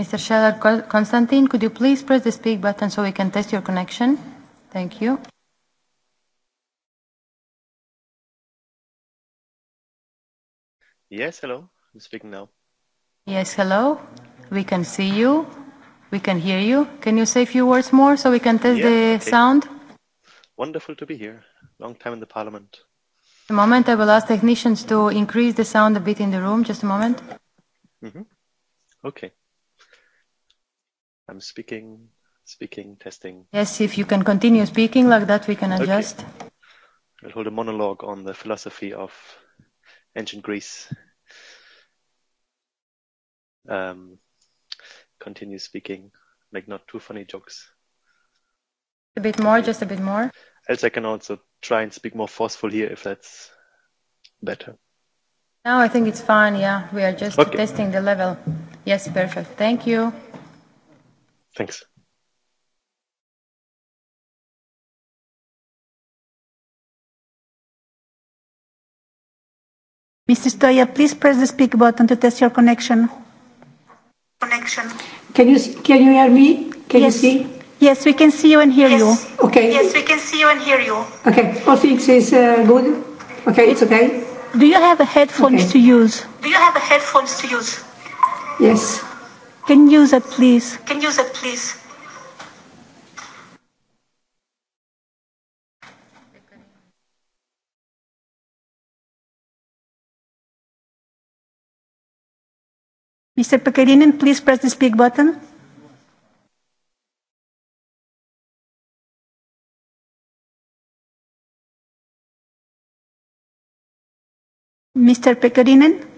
Mr. Scheller Konstantin, could you please press the speak button so we can test your connection? Thank you. Yes, hello. I'm speaking now. Yes, hello. We can see you. We can hear you. Can you say a few words more so we can test yeah, the okay. sound? Wonderful to be here. Long time in the parliament. A moment, I will ask technicians to increase the sound a bit in the room. Just a moment. Mm-hmm. Okay. I'm speaking, speaking, testing. Yes, if you can continue speaking like that, we can adjust. Okay. I'll hold a monologue on the philosophy of ancient Greece. Um, continue speaking. Make not too funny jokes. A bit more, just a bit more. Else I can also try and speak more forceful here if that's better. Now I think it's fine, yeah. We are just okay. testing the level. Yes, perfect. Thank you. Thanks Mrs. Toya, please press the speak button to test your connection. Connection. Can you can you hear me? Can yes. you see? Yes, we can see you and hear yes. you. Okay. Yes, we can see you and hear you. Okay. All things is uh, good. Okay, it's okay. Do you have headphones okay. to use? Do you have headphones to use? Yes. Can you use it, please? Can you use it, please? Mr. Pekarinen, please press the speak button. Mr. Pekarinen?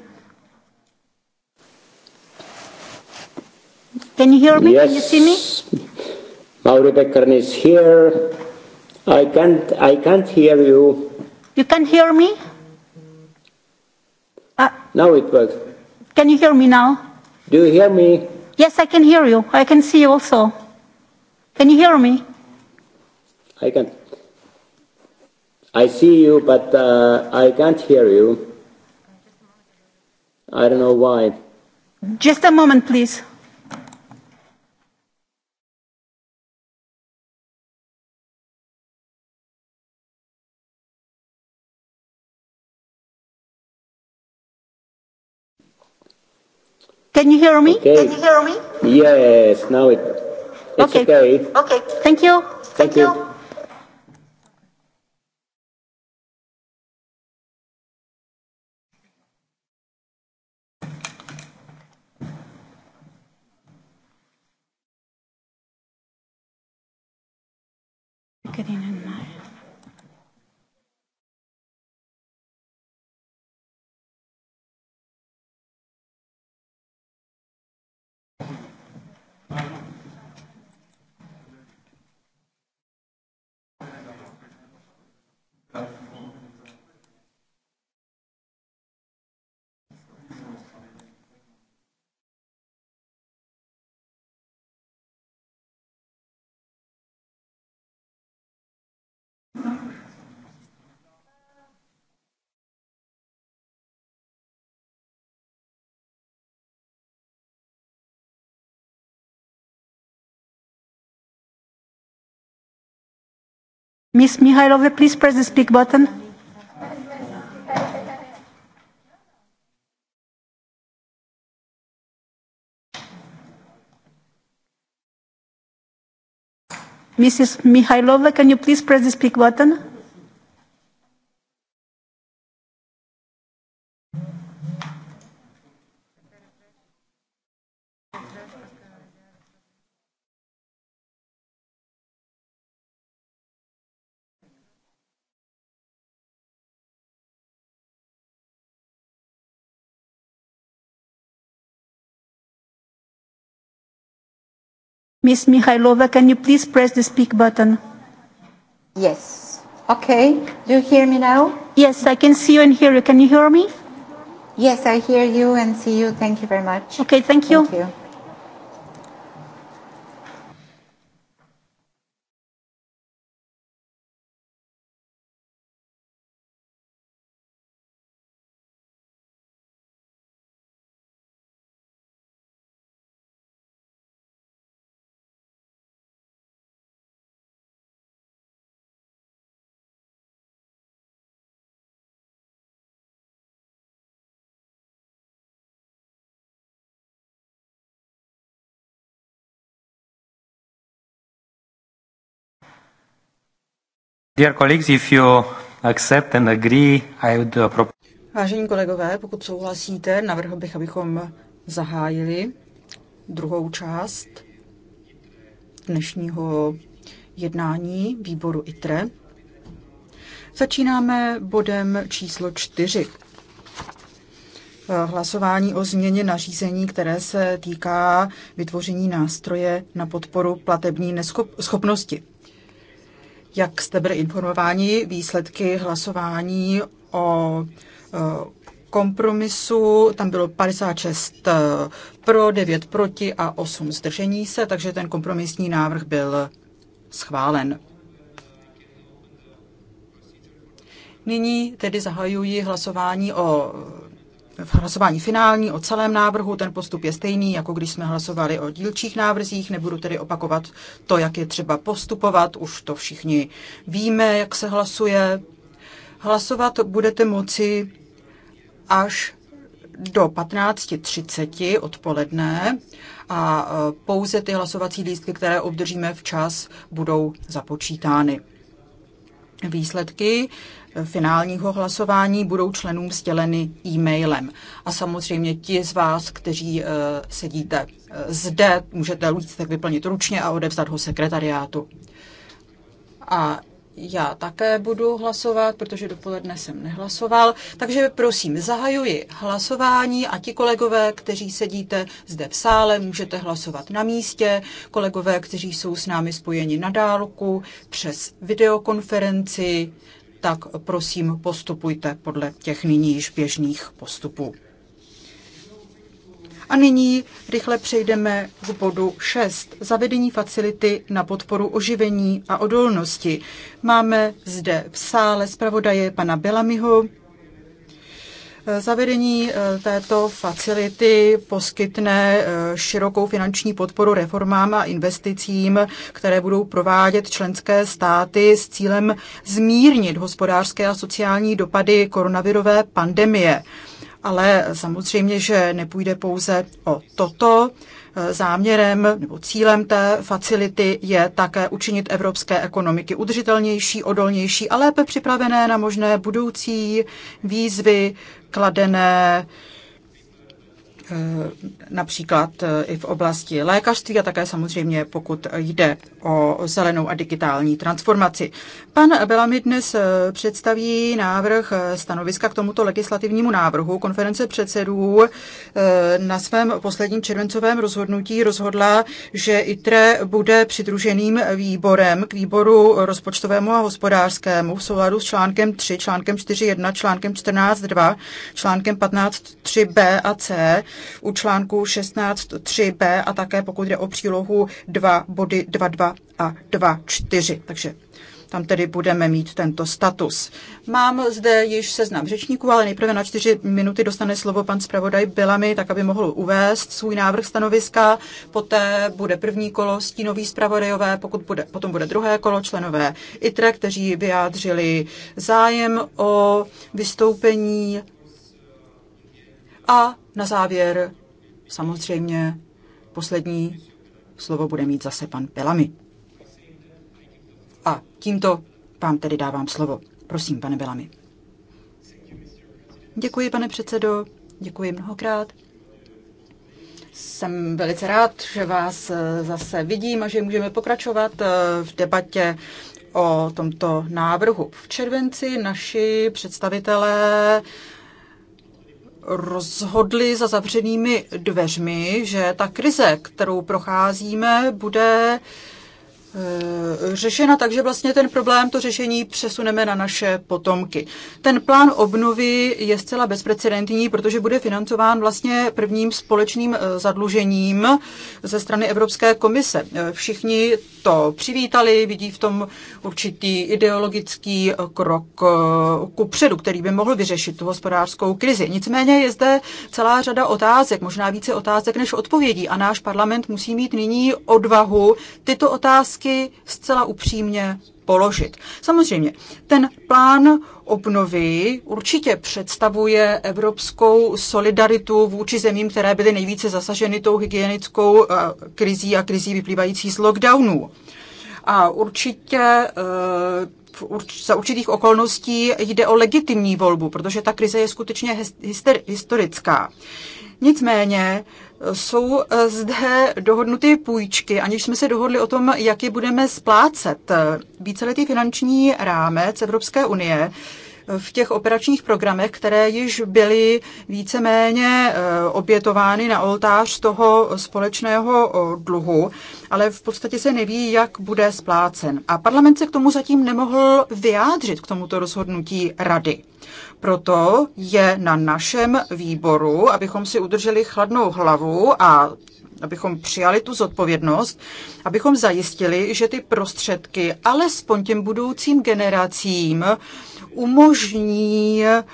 Can you hear me? Yes. Can you see me? Mauri Beckern is here. I can't, I can't hear you. You can't hear me? Uh, now it works. Can you hear me now? Do you hear me? Yes, I can hear you. I can see you also. Can you hear me? I can. I see you, but uh, I can't hear you. I don't know why. Just a moment, please. Can you hear me? Okay. Can you hear me? Yes, now it, it's okay. okay. Okay, thank you. Thank, thank you. you. Miss Mihailova, please press the speak button. Mrs. Mihailova, can you please press the speak button? Ms. Mihailova, can you please press the speak button? Yes. Okay. Do you hear me now? Yes, I can see you and hear you. Can you hear me? Yes, I hear you and see you. Thank you very much. Okay, thank you. Thank you. Dear colleagues, if you accept and agree, I would propose... Vážení kolegové, pokud souhlasíte, navrhl bych, abychom zahájili druhou část dnešního jednání výboru ITRE. Začínáme bodem číslo čtyři. Hlasování o změně nařízení, které se týká vytvoření nástroje na podporu platební schopnosti. Jak jste byli informováni, výsledky hlasování o e, kompromisu, tam bylo 56 e, pro, 9 proti a 8 zdržení se, takže ten kompromisní návrh byl schválen. Nyní tedy zahajuji hlasování o v hlasování finální o celém návrhu. Ten postup je stejný, jako když jsme hlasovali o dílčích návrzích. Nebudu tedy opakovat to, jak je třeba postupovat. Už to všichni víme, jak se hlasuje. Hlasovat budete moci až do 15.30 odpoledne a e, pouze ty hlasovací lístky, které obdržíme včas, budou započítány. Výsledky finálního hlasování budou členům sděleny e-mailem. A samozřejmě ti z vás, kteří eh, sedíte eh, zde, můžete tak vyplnit ručně a odevzdat ho sekretariátu. A já také budu hlasovat, protože dopoledne jsem nehlasoval. Takže prosím, zahajuji hlasování a ti kolegové, kteří sedíte zde v sále, můžete hlasovat na místě. Kolegové, kteří jsou s námi spojeni na dálku přes videokonferenci, tak prosím postupujte podle těch nyní již běžných postupů. A nyní rychle přejdeme k bodu 6. Zavedení facility na podporu oživení a odolnosti. Máme zde v sále zpravodaje pana Belamiho, Zavedení eh, této facility poskytne eh, širokou finanční podporu reformám a investicím, které budou provádět členské státy s cílem zmírnit hospodářské a sociální dopady koronavirové pandemie. Ale samozřejmě, že nepůjde pouze o toto záměrem nebo cílem té facility je také učinit evropské ekonomiky udržitelnější, odolnější a lépe připravené na možné budoucí výzvy kladené eh, například eh, i v oblasti lékařství a také samozřejmě pokud jde o zelenou a digitální transformaci. Pan Bela mi dnes eh, představí návrh eh, stanoviska k tomuto legislativnímu návrhu. Konference předsedů eh, na svém posledním červencovém rozhodnutí rozhodla, že ITRE bude přidruženým výborem k výboru rozpočtovému a hospodářskému v souladu s článkem 3, článkem 4.1, článkem 14.2, článkem 15.3b a c, u článku 16.3b a také pokud jde o přílohu 2 body 2.2 a 2, 4. Takže tam tedy budeme mít tento status. Mám zde již seznam řečníků, ale nejprve na čtyři minuty dostane slovo pan zpravodaj Bilami, tak aby mohl uvést svůj návrh stanoviska. Poté bude první kolo stínový zpravodajové, pokud bude, potom bude druhé kolo členové ITRE, kteří vyjádřili zájem o vystoupení a na závěr samozřejmě poslední slovo bude mít zase pan Pelami. Tímto vám tedy dávám slovo. Prosím, pane Belami. Děkuji, pane předsedo, děkuji mnohokrát. Jsem velice rád, že vás eh, zase vidím a že můžeme pokračovat eh, v debatě o tomto návrhu. V červenci naši představitelé rozhodli za zavřenými dveřmi, že ta krize, kterou procházíme, bude uh, Eh, řešena, takže vlastně ten problém, to řešení přesuneme na naše potomky. Ten plán obnovy je zcela bezprecedentní, protože bude financován vlastně prvním společným eh, zadlužením ze strany Evropské komise. Eh, všichni to přivítali, vidí v tom určitý ideologický krok ku předu, který by mohl vyřešit tu hospodářskou krizi. Nicméně je zde celá řada otázek, možná více otázek než odpovědí a náš parlament musí mít nyní odvahu tyto otázky otázky zcela upřímně položit. Samozřejmě, ten plán obnovy určitě představuje evropskou solidaritu vůči zemím, které byly nejvíce zasaženy tou hygienickou eh, krizí a krizí vyplývající z lockdownů. A určitě eh, za určitých okolností jde o legitimní volbu, protože ta krize je skutečně historická. Nicméně jsou eh, zde dohodnuty půjčky, aniž jsme se dohodli o tom, jak je budeme splácet. Víceletý finanční rámec Evropské unie eh, v těch operačních programech, které již byly víceméně eh, obětovány na oltář toho společného dluhu, ale v podstatě se neví, jak bude splácen. A parlament se k tomu zatím nemohl vyjádřit, k tomuto rozhodnutí rady. Proto je na našem výboru, abychom si udrželi chladnou hlavu a abychom přijali tu zodpovědnost, abychom zajistili, že ty prostředky alespoň těm budoucím generacím umožní eh,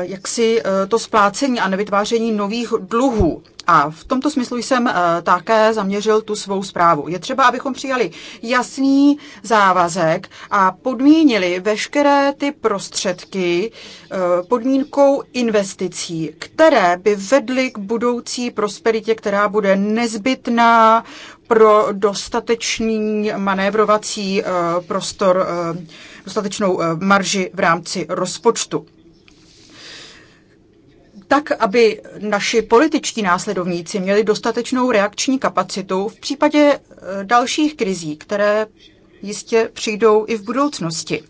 jaksi eh, to splácení a nevytváření nových dluhů. A v tomto smyslu jsem eh, také zaměřil tu svou zprávu. Je třeba, abychom přijali jasný závazek a podmínili veškeré ty prostředky eh, podmínkou investicí, které by vedly k budoucí prosperitě, která bude nezbytná pro dostatečný manévrovací eh, prostor, dostatečnou marži v rámci rozpočtu tak, aby naši političtí následovníci měli dostatečnou reakční kapacitu v případě eh, dalších krizí, které jistě přijdou i v budoucnosti.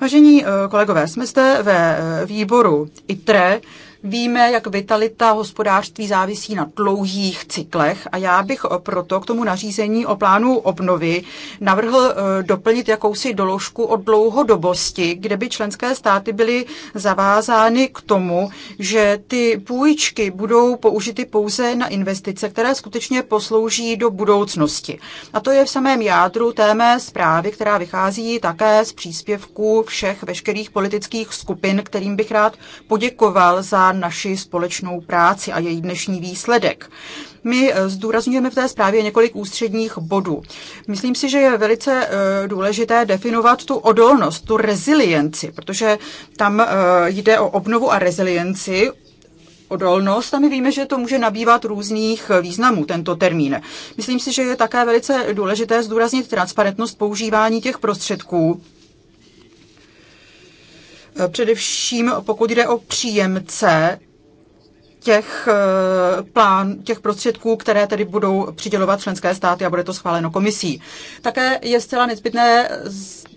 Vážení eh, kolegové, jsme zde ve eh, výboru ITRE, Víme, jak vitalita hospodářství závisí na dlouhých cyklech a já bych proto k tomu nařízení o plánu obnovy navrhl e, doplnit jakousi doložku o dlouhodobosti, kde by členské státy byly zavázány k tomu, že ty půjčky budou použity pouze na investice, které skutečně poslouží do budoucnosti. A to je v samém jádru té mé zprávy, která vychází také z příspěvků všech veškerých politických skupin, kterým bych rád poděkoval za naši společnou práci a její dnešní výsledek. My eh, zdůrazňujeme v té zprávě několik ústředních bodů. Myslím si, že je velice eh, důležité definovat tu odolnost, tu rezilienci, protože tam eh, jde o obnovu a rezilienci odolnost a my víme, že to může nabývat různých významů, tento termín. Myslím si, že je také velice důležité zdůraznit transparentnost používání těch prostředků, Eh, především pokud jde o příjemce těch, eh, plán, těch prostředků, které tedy budou přidělovat členské státy a bude to schváleno komisí. Také je zcela nezbytné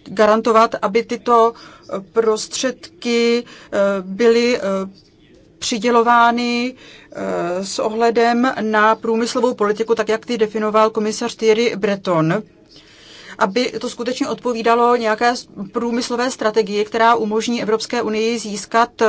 garantovat, aby tyto eh, prostředky byly přidělovány s ohledem na průmyslovou politiku, tak jak ty definoval komisař Thierry Breton aby to skutečně odpovídalo nějaké průmyslové strategii, která umožní Evropské unii získat eh,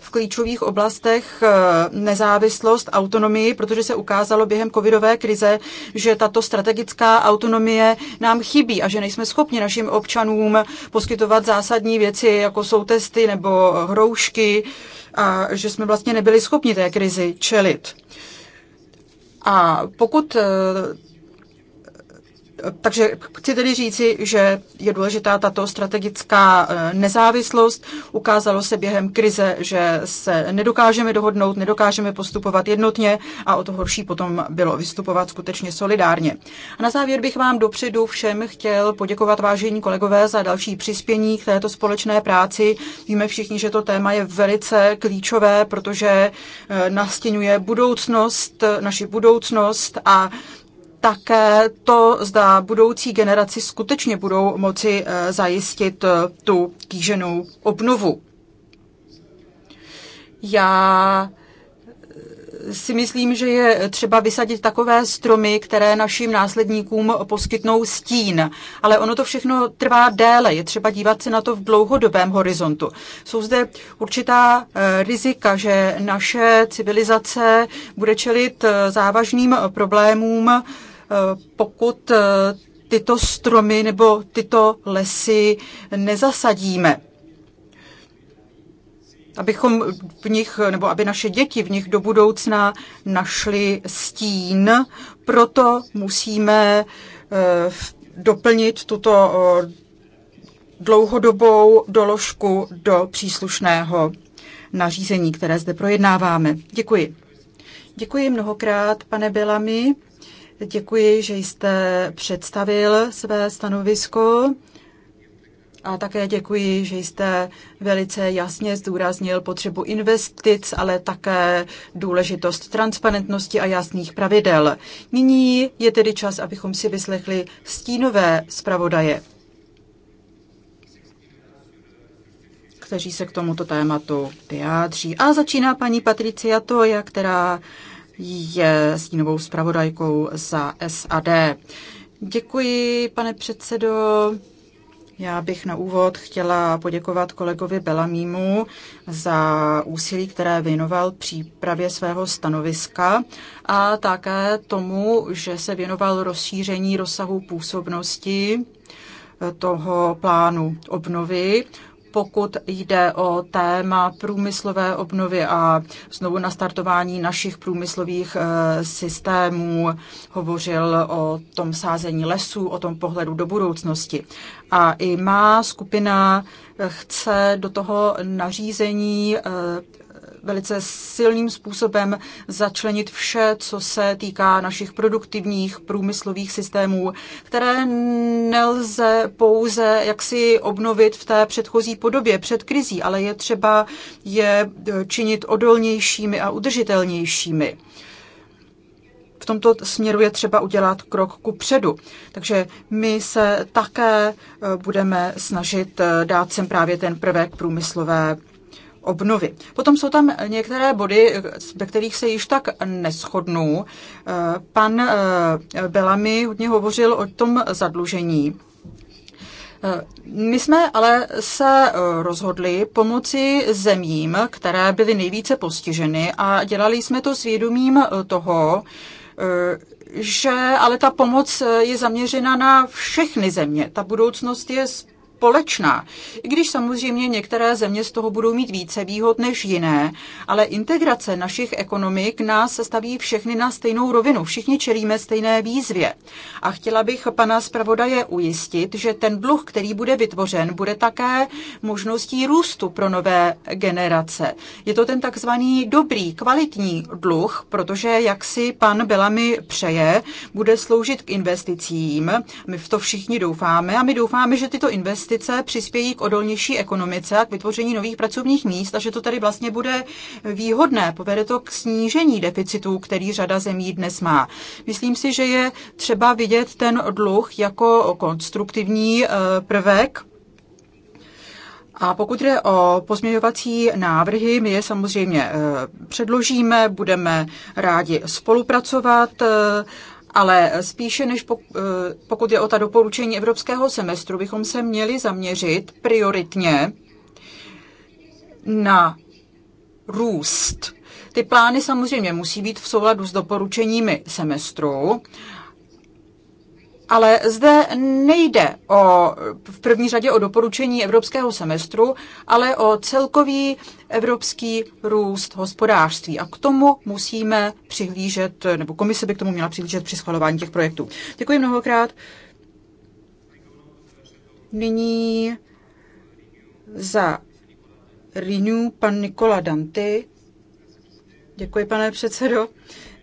v klíčových oblastech eh, nezávislost, autonomii, protože se ukázalo během covidové krize, že tato strategická autonomie nám chybí a že nejsme schopni našim občanům poskytovat zásadní věci, jako jsou testy nebo hroušky, a že jsme vlastně nebyli schopni té krizi čelit. A pokud eh, takže chci tedy říci, že je důležitá tato strategická eh, nezávislost. Ukázalo se během krize, že se nedokážeme dohodnout, nedokážeme postupovat jednotně a o to horší potom bylo vystupovat skutečně solidárně. A na závěr bych vám dopředu všem chtěl poděkovat vážení kolegové za další přispění k této společné práci. Víme všichni, že to téma je velice klíčové, protože eh, nastěňuje budoucnost, eh, naši budoucnost a také to, zda budoucí generaci skutečně budou moci eh, zajistit eh, tu kýženou obnovu. Já eh, si myslím, že je třeba vysadit takové stromy, které našim následníkům poskytnou stín. Ale ono to všechno trvá déle, je třeba dívat se na to v dlouhodobém horizontu. Jsou zde určitá rizika, že naše civilizace bude čelit závažným problémům, Eh, pokud eh, tyto stromy nebo tyto lesy nezasadíme abychom v nich, nebo aby naše děti v nich do budoucna našly stín. Proto musíme eh, doplnit tuto dlouhodobou doložku do příslušného nařízení, které zde projednáváme. Děkuji. Děkuji mnohokrát, pane Belami. Děkuji, že jste představil své stanovisko a také děkuji, že jste velice jasně zdůraznil potřebu investic, ale také důležitost transparentnosti a jasných pravidel. Nyní je tedy čas, abychom si vyslechli stínové zpravodaje, kteří se k tomuto tématu vyjádří. A začíná paní Patricia Toja, která je stínovou zpravodajkou za SAD. Děkuji, pane předsedo. Já bych na úvod chtěla poděkovat kolegovi Belamímu za úsilí, které věnoval přípravě svého stanoviska a také tomu, že se věnoval rozšíření rozsahu působnosti toho plánu obnovy pokud jde o téma průmyslové obnovy a znovu nastartování našich průmyslových eh, systémů. Hovořil o tom sázení lesů, o tom pohledu do budoucnosti. A i má skupina eh, chce do toho nařízení eh, velice silným způsobem začlenit vše, co se týká našich produktivních průmyslových systémů, které nelze pouze jaksi obnovit v té předchozí podobě před krizí, ale je třeba je eh, činit odolnějšími a udržitelnějšími. V tomto směru je třeba udělat krok ku předu. Takže my se také eh, budeme snažit eh, dát sem právě ten prvek průmyslové obnovy. Potom jsou tam některé body, ve kterých se již tak neschodnou. Eh, pan eh, Belami hodně hovořil o tom zadlužení. Eh, my jsme ale se rozhodli pomoci zemím, které byly nejvíce postiženy a dělali jsme to svědomím toho, že ale ta pomoc je zaměřena na všechny země. Ta budoucnost je společná. I když samozřejmě některé země z toho budou mít více výhod než jiné, ale integrace našich ekonomik nás staví všechny na stejnou rovinu. Všichni čelíme stejné výzvě. A chtěla bych pana zpravodaje ujistit, že ten dluh, který bude vytvořen, bude také možností růstu pro nové generace. Je to ten takzvaný dobrý, kvalitní dluh, protože jak si pan Belami přeje, bude sloužit k investicím. My v to všichni doufáme a my doufáme, že tyto investice investice přispějí k odolnější ekonomice a k vytvoření nových pracovních míst a že to tady vlastně bude výhodné. Povede to k snížení deficitů, který řada zemí dnes má. Myslím si, že je třeba vidět ten dluh jako konstruktivní eh, prvek. A pokud jde o pozměňovací návrhy, my je samozřejmě eh, předložíme, budeme rádi spolupracovat eh, ale spíše než eh, pokud je o ta doporučení evropského semestru, bychom se měli zaměřit prioritně na růst. Ty plány samozřejmě musí být v souladu s doporučeními semestru, ale zde nejde o, v první řadě o doporučení evropského semestru, ale o celkový evropský růst hospodářství. A k tomu musíme přihlížet, nebo komise by k tomu měla přihlížet při schvalování těch projektů. Děkuji mnohokrát. Nyní za Renew pan Nikola Danty. Děkuji, pane předsedo.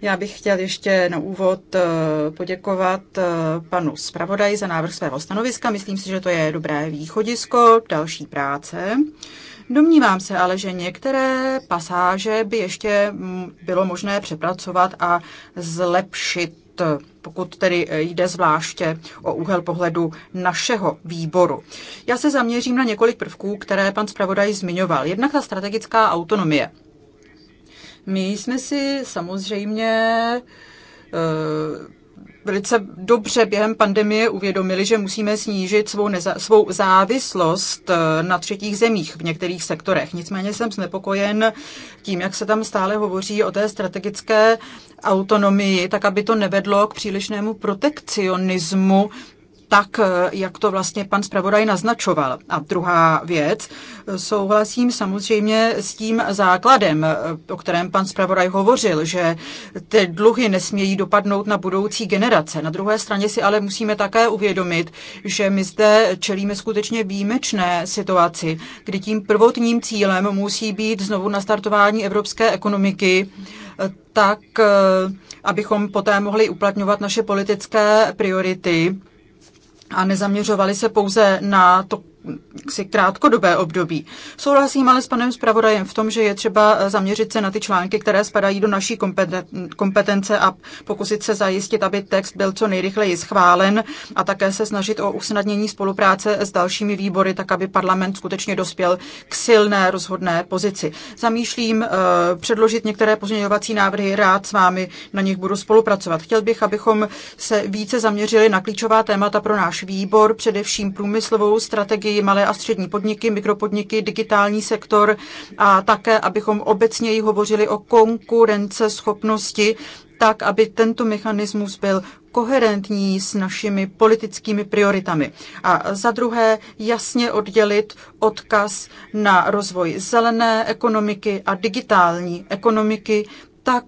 Já bych chtěl ještě na úvod eh, poděkovat eh, panu zpravodaji za návrh svého stanoviska. Myslím si, že to je dobré východisko další práce. Domnívám se ale, že některé pasáže by ještě mm, bylo možné přepracovat a zlepšit pokud tedy eh, jde zvláště o úhel pohledu našeho výboru. Já se zaměřím na několik prvků, které pan zpravodaj zmiňoval. Jednak ta strategická autonomie. My jsme si samozřejmě eh, velice dobře během pandemie uvědomili, že musíme snížit svou, neza, svou závislost eh, na třetích zemích v některých sektorech. Nicméně jsem znepokojen tím, jak se tam stále hovoří o té strategické autonomii, tak aby to nevedlo k přílišnému protekcionismu tak, eh, jak to vlastně pan zpravodaj naznačoval. A druhá věc, souhlasím samozřejmě s tím základem, eh, o kterém pan zpravodaj hovořil, že ty dluhy nesmějí dopadnout na budoucí generace. Na druhé straně si ale musíme také uvědomit, že my zde čelíme skutečně výjimečné situaci, kdy tím prvotním cílem musí být znovu nastartování evropské ekonomiky, eh, tak abychom poté mohli uplatňovat naše politické priority a nezaměřovali se pouze na to si krátkodobé období. Souhlasím ale s panem zpravodajem v tom, že je třeba eh, zaměřit se na ty články, které spadají do naší kompetence a pokusit se zajistit, aby text byl co nejrychleji schválen a také se snažit o usnadnění spolupráce s dalšími výbory, tak aby parlament skutečně dospěl k silné rozhodné pozici. Zamýšlím eh, předložit některé pozměňovací návrhy, rád s vámi na nich budu spolupracovat. Chtěl bych, abychom se více zaměřili na klíčová témata pro náš výbor, především průmyslovou strategii energii, malé a střední podniky, mikropodniky, digitální sektor a také, abychom obecněji hovořili o konkurenceschopnosti, tak, aby tento mechanismus byl koherentní s našimi politickými prioritami. A za druhé jasně oddělit odkaz na rozvoj zelené ekonomiky a digitální ekonomiky tak,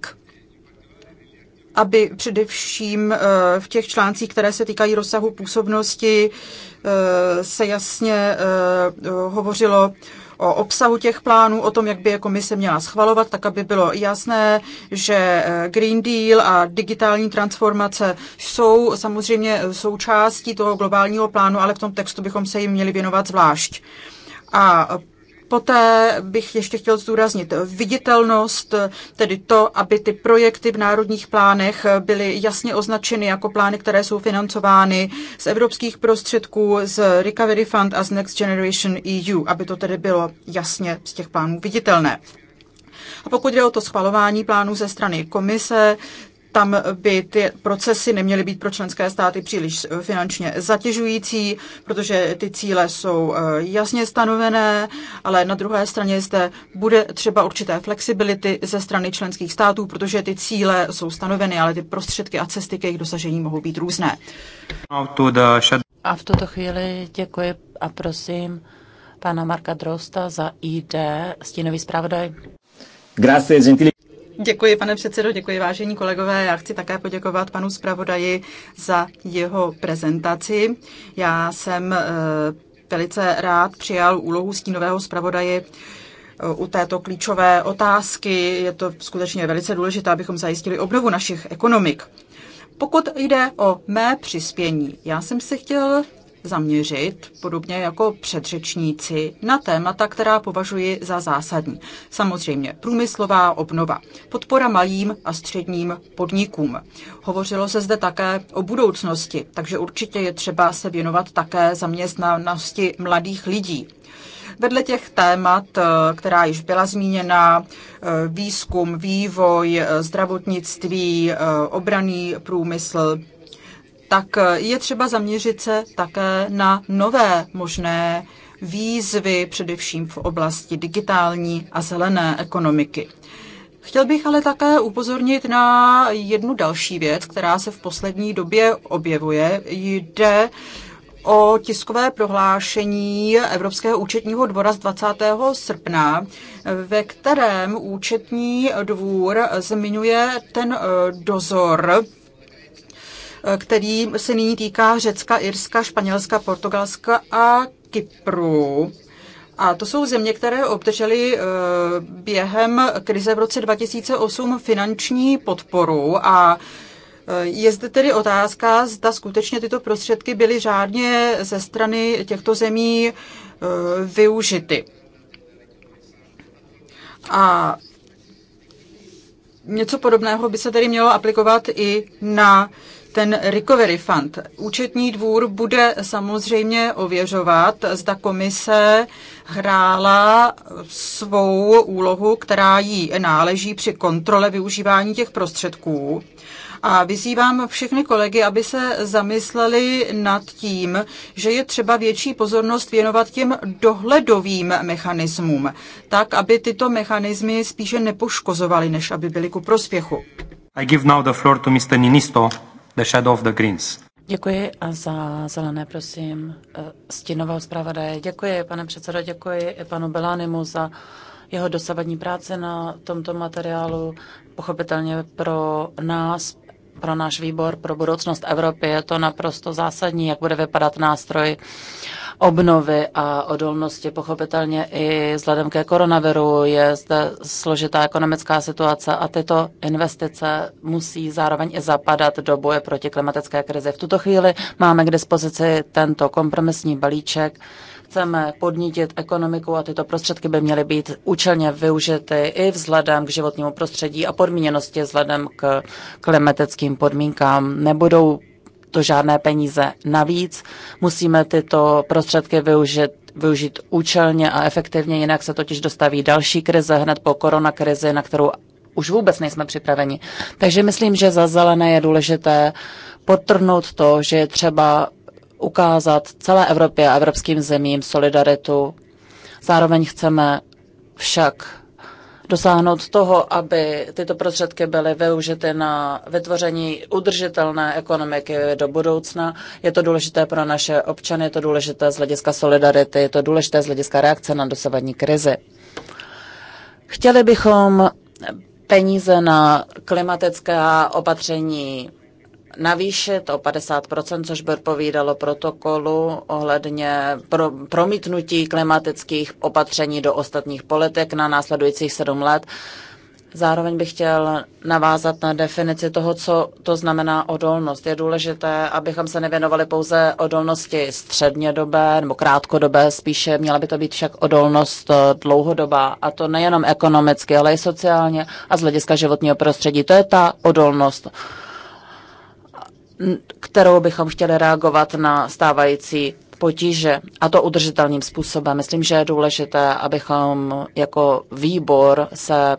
aby především eh, v těch článcích, které se týkají rozsahu působnosti, Eh, se jasně eh, hovořilo o obsahu těch plánů, o tom, jak by je komise měla schvalovat, tak aby bylo jasné, že eh, Green Deal a digitální transformace jsou samozřejmě součástí toho globálního plánu, ale v tom textu bychom se jim měli věnovat zvlášť. A Poté bych ještě chtěl zdůraznit viditelnost, tedy to, aby ty projekty v národních plánech byly jasně označeny jako plány, které jsou financovány z evropských prostředků, z Recovery Fund a z Next Generation EU, aby to tedy bylo jasně z těch plánů viditelné. A pokud jde o to schvalování plánů ze strany komise, tam by ty procesy neměly být pro členské státy příliš eh, finančně zatěžující, protože ty cíle jsou eh, jasně stanovené, ale na druhé straně zde bude třeba určité flexibility ze strany členských států, protože ty cíle jsou stanoveny, ale ty prostředky a cesty k jejich dosažení mohou být různé. A v tuto chvíli děkuji a prosím pana Marka Drosta za ID, stínový zpravodaj. Grazie, gentili. Děkuji, pane předsedo, děkuji, vážení kolegové. Já chci také poděkovat panu zpravodaji za jeho prezentaci. Já jsem eh, velice rád přijal úlohu stínového zpravodaje eh, u této klíčové otázky. Je to skutečně velice důležité, abychom zajistili obnovu našich ekonomik. Pokud jde o mé přispění, já jsem se chtěl zaměřit, podobně jako předřečníci, na témata, která považuji za zásadní. Samozřejmě průmyslová obnova, podpora malým a středním podnikům. Hovořilo se zde také o budoucnosti, takže určitě je třeba se věnovat také zaměstnanosti mladých lidí. Vedle těch témat, eh, která již byla zmíněna, eh, výzkum, vývoj, eh, zdravotnictví, obraný průmysl, tak je třeba zaměřit se také na nové možné výzvy, především v oblasti digitální a zelené ekonomiky. Chtěl bych ale také upozornit na jednu další věc, která se v poslední době objevuje. Jde o tiskové prohlášení Evropského účetního dvora z 20. srpna, ve kterém účetní dvůr zmiňuje ten eh, dozor který se nyní týká Řecka, Irska, Španělska, Portugalska a Kypru. A to jsou země, které obdržely eh, během krize v roce 2008 finanční podporu a eh, je zde tedy otázka, zda skutečně tyto prostředky byly řádně ze strany těchto zemí eh, využity. A něco podobného by se tedy mělo aplikovat i na ten Recovery Fund. Účetní dvůr bude samozřejmě ověřovat, zda komise hrála svou úlohu, která jí náleží při kontrole využívání těch prostředků. A vyzývám všechny kolegy, aby se zamysleli nad tím, že je třeba větší pozornost věnovat těm dohledovým mechanismům, tak aby tyto mechanismy spíše nepoškozovaly, než aby byly ku prospěchu. I give now the floor to Mr. The Shadow of the Greens. Děkuji a za zelené, prosím, eh, stínového zpravodaje. Děkuji, pane předsedo, děkuji i panu Belánimu za jeho dosavadní práce na tomto materiálu. Pochopitelně pro nás, pro náš výbor, pro budoucnost Evropy je to naprosto zásadní, jak bude vypadat nástroj obnovy a odolnosti. Pochopitelně i vzhledem ke koronaviru je zde složitá ekonomická situace a tyto investice musí zároveň i zapadat do boje proti klimatické krizi. V tuto chvíli máme k dispozici tento kompromisní balíček, chceme podnítit ekonomiku a tyto prostředky by měly být účelně využity i vzhledem k životnímu prostředí a podmíněnosti vzhledem k klimatickým podmínkám. Nebudou to žádné peníze navíc. Musíme tyto prostředky využít využít účelně a efektivně, jinak se totiž dostaví další krize hned po koronakrizi, na kterou už vůbec nejsme připraveni. Takže myslím, že za zelené je důležité potrhnout to, že je třeba ukázat celé Evropě a evropským zemím solidaritu. Zároveň chceme však dosáhnout toho, aby tyto prostředky byly využity na vytvoření udržitelné ekonomiky do budoucna. Je to důležité pro naše občany, je to důležité z hlediska solidarity, je to důležité z hlediska reakce na dosavadní krizi. Chtěli bychom peníze na klimatická opatření navýšit o 50%, což by odpovídalo protokolu ohledně pro, promítnutí klimatických opatření do ostatních politik na následujících sedm let. Zároveň bych chtěl navázat na definici toho, co to znamená odolnost. Je důležité, abychom se nevěnovali pouze odolnosti střednědobé nebo krátkodobé, spíše měla by to být však odolnost eh, dlouhodobá. A to nejenom ekonomicky, ale i sociálně a z hlediska životního prostředí. To je ta odolnost kterou bychom chtěli reagovat na stávající potíže a to udržitelným způsobem. Myslím, že je důležité, abychom jako výbor se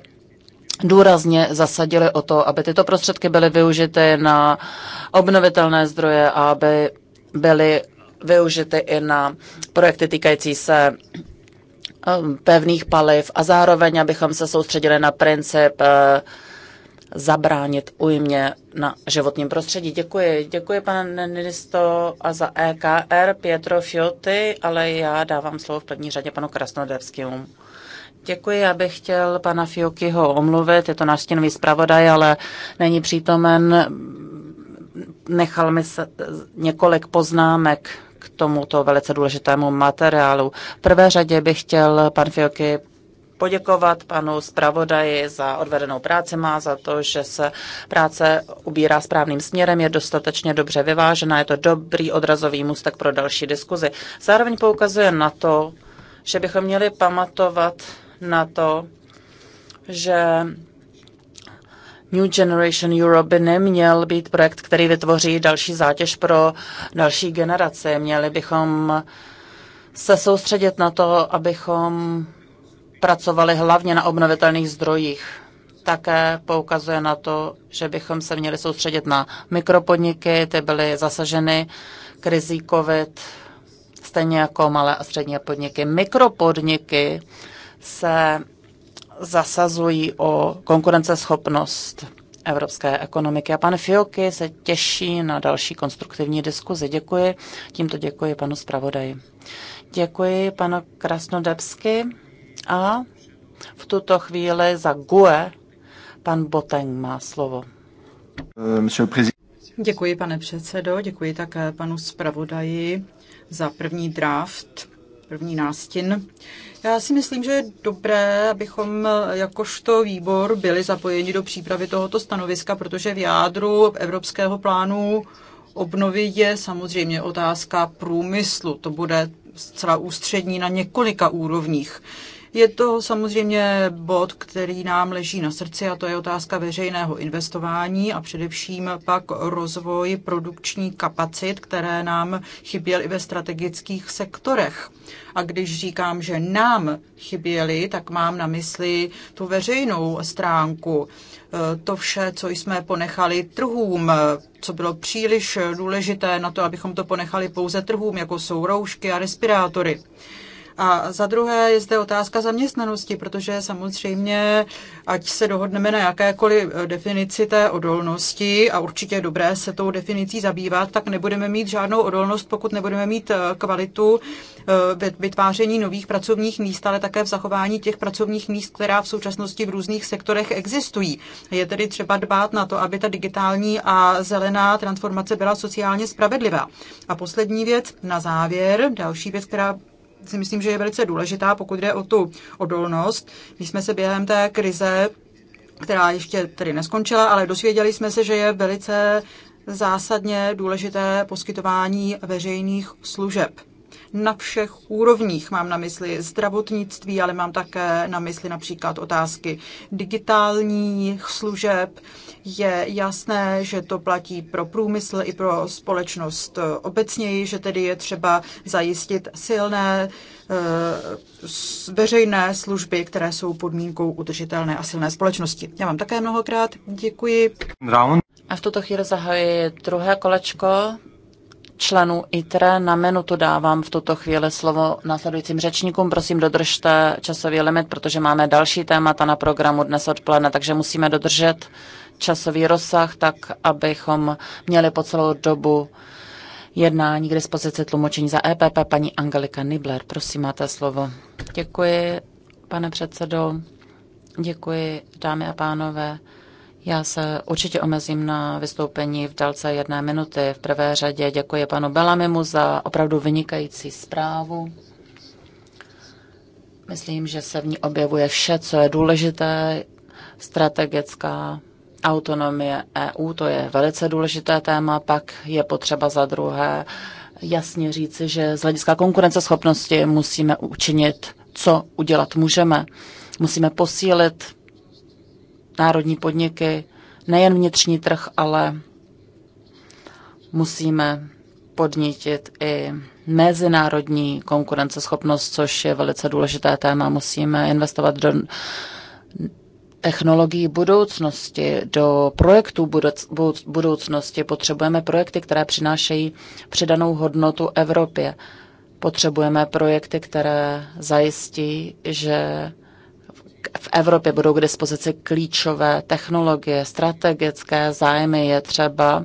důrazně zasadili o to, aby tyto prostředky byly využity na obnovitelné zdroje a aby byly využity i na projekty týkající se um, pevných paliv a zároveň abychom se soustředili na princip eh, zabránit ujmě na životním prostředí. Děkuji. Děkuji, pane ministro, a za EKR Pietro Fioty, ale já dávám slovo v první řadě panu Krasnodevskému. Děkuji, já bych chtěl pana Fiokyho omluvit, je to náš stěnový zpravodaj, ale není přítomen. Nechal mi se několik poznámek k tomuto velice důležitému materiálu. V prvé řadě bych chtěl pan Fioky poděkovat panu zpravodaji za odvedenou práci. Má za to, že se práce ubírá správným směrem, je dostatečně dobře vyvážená, je to dobrý odrazový můstek pro další diskuzi. Zároveň poukazuje na to, že bychom měli pamatovat na to, že New Generation Europe by neměl být projekt, který vytvoří další zátěž pro další generace. Měli bychom se soustředit na to, abychom pracovali hlavně na obnovitelných zdrojích. Také poukazuje na to, že bychom se měli soustředit na mikropodniky, ty byly zasaženy krizí COVID, stejně jako malé a střední podniky. Mikropodniky se zasazují o konkurenceschopnost evropské ekonomiky. A pan Fioky se těší na další konstruktivní diskuzi. Děkuji. Tímto děkuji panu zpravodaji. Děkuji panu Krasnodebsky. A v tuto chvíli za GUE pan Boteng má slovo. Děkuji, pane předsedo, děkuji také panu zpravodaji za první draft, první nástin. Já si myslím, že je dobré, abychom jakožto výbor byli zapojeni do přípravy tohoto stanoviska, protože v jádru evropského plánu obnovy je samozřejmě otázka průmyslu. To bude zcela ústřední na několika úrovních. Je to samozřejmě bod, který nám leží na srdci a to je otázka veřejného investování a především pak rozvoj produkční kapacit, které nám chyběly i ve strategických sektorech. A když říkám, že nám chyběly, tak mám na mysli tu veřejnou stránku. E, to vše, co jsme ponechali trhům, co bylo příliš důležité na to, abychom to ponechali pouze trhům, jako jsou roušky a respirátory. A za druhé je zde otázka zaměstnanosti, protože samozřejmě, ať se dohodneme na jakékoliv eh, definici té odolnosti, a určitě je dobré se tou definicí zabývat, tak nebudeme mít žádnou odolnost, pokud nebudeme mít eh, kvalitu eh, vytváření nových pracovních míst, ale také v zachování těch pracovních míst, která v současnosti v různých sektorech existují. Je tedy třeba dbát na to, aby ta digitální a zelená transformace byla sociálně spravedlivá. A poslední věc na závěr, další věc, která si myslím, že je velice důležitá, pokud jde o tu odolnost. My jsme se během té krize, která ještě tedy neskončila, ale dosvěděli jsme se, že je velice zásadně důležité poskytování veřejných služeb na všech úrovních. Mám na mysli zdravotnictví, ale mám také na mysli například otázky digitálních služeb, je jasné, že to platí pro průmysl i pro společnost obecněji, že tedy je třeba zajistit silné eh, veřejné služby, které jsou podmínkou udržitelné a silné společnosti. Já vám také mnohokrát děkuji. A v tuto chvíli zahajuji druhé kolečko členů ITRE. Na minutu dávám v tuto chvíli slovo následujícím řečníkům. Prosím, dodržte časový limit, protože máme další témata na programu dnes odpoledne, takže musíme dodržet časový rozsah, tak abychom měli po celou dobu jednání k dispozici tlumočení za EPP. Paní Angelika Nibler, prosím, máte slovo. Děkuji, pane předsedo. Děkuji, dámy a pánové. Já se určitě omezím na vystoupení v délce jedné minuty. V prvé řadě děkuji panu Belamimu za opravdu vynikající zprávu. Myslím, že se v ní objevuje vše, co je důležité. Strategická autonomie EU, to je velice důležité téma. Pak je potřeba za druhé jasně říci, že z hlediska konkurenceschopnosti musíme učinit, co udělat můžeme. Musíme posílit národní podniky, nejen vnitřní trh, ale musíme podnítit i mezinárodní konkurenceschopnost, což je velice důležité téma. Musíme investovat do technologií budoucnosti, do projektů budoucnosti. Potřebujeme projekty, které přinášejí přidanou hodnotu Evropě. Potřebujeme projekty, které zajistí, že v Evropě budou k dispozici klíčové technologie, strategické zájmy je třeba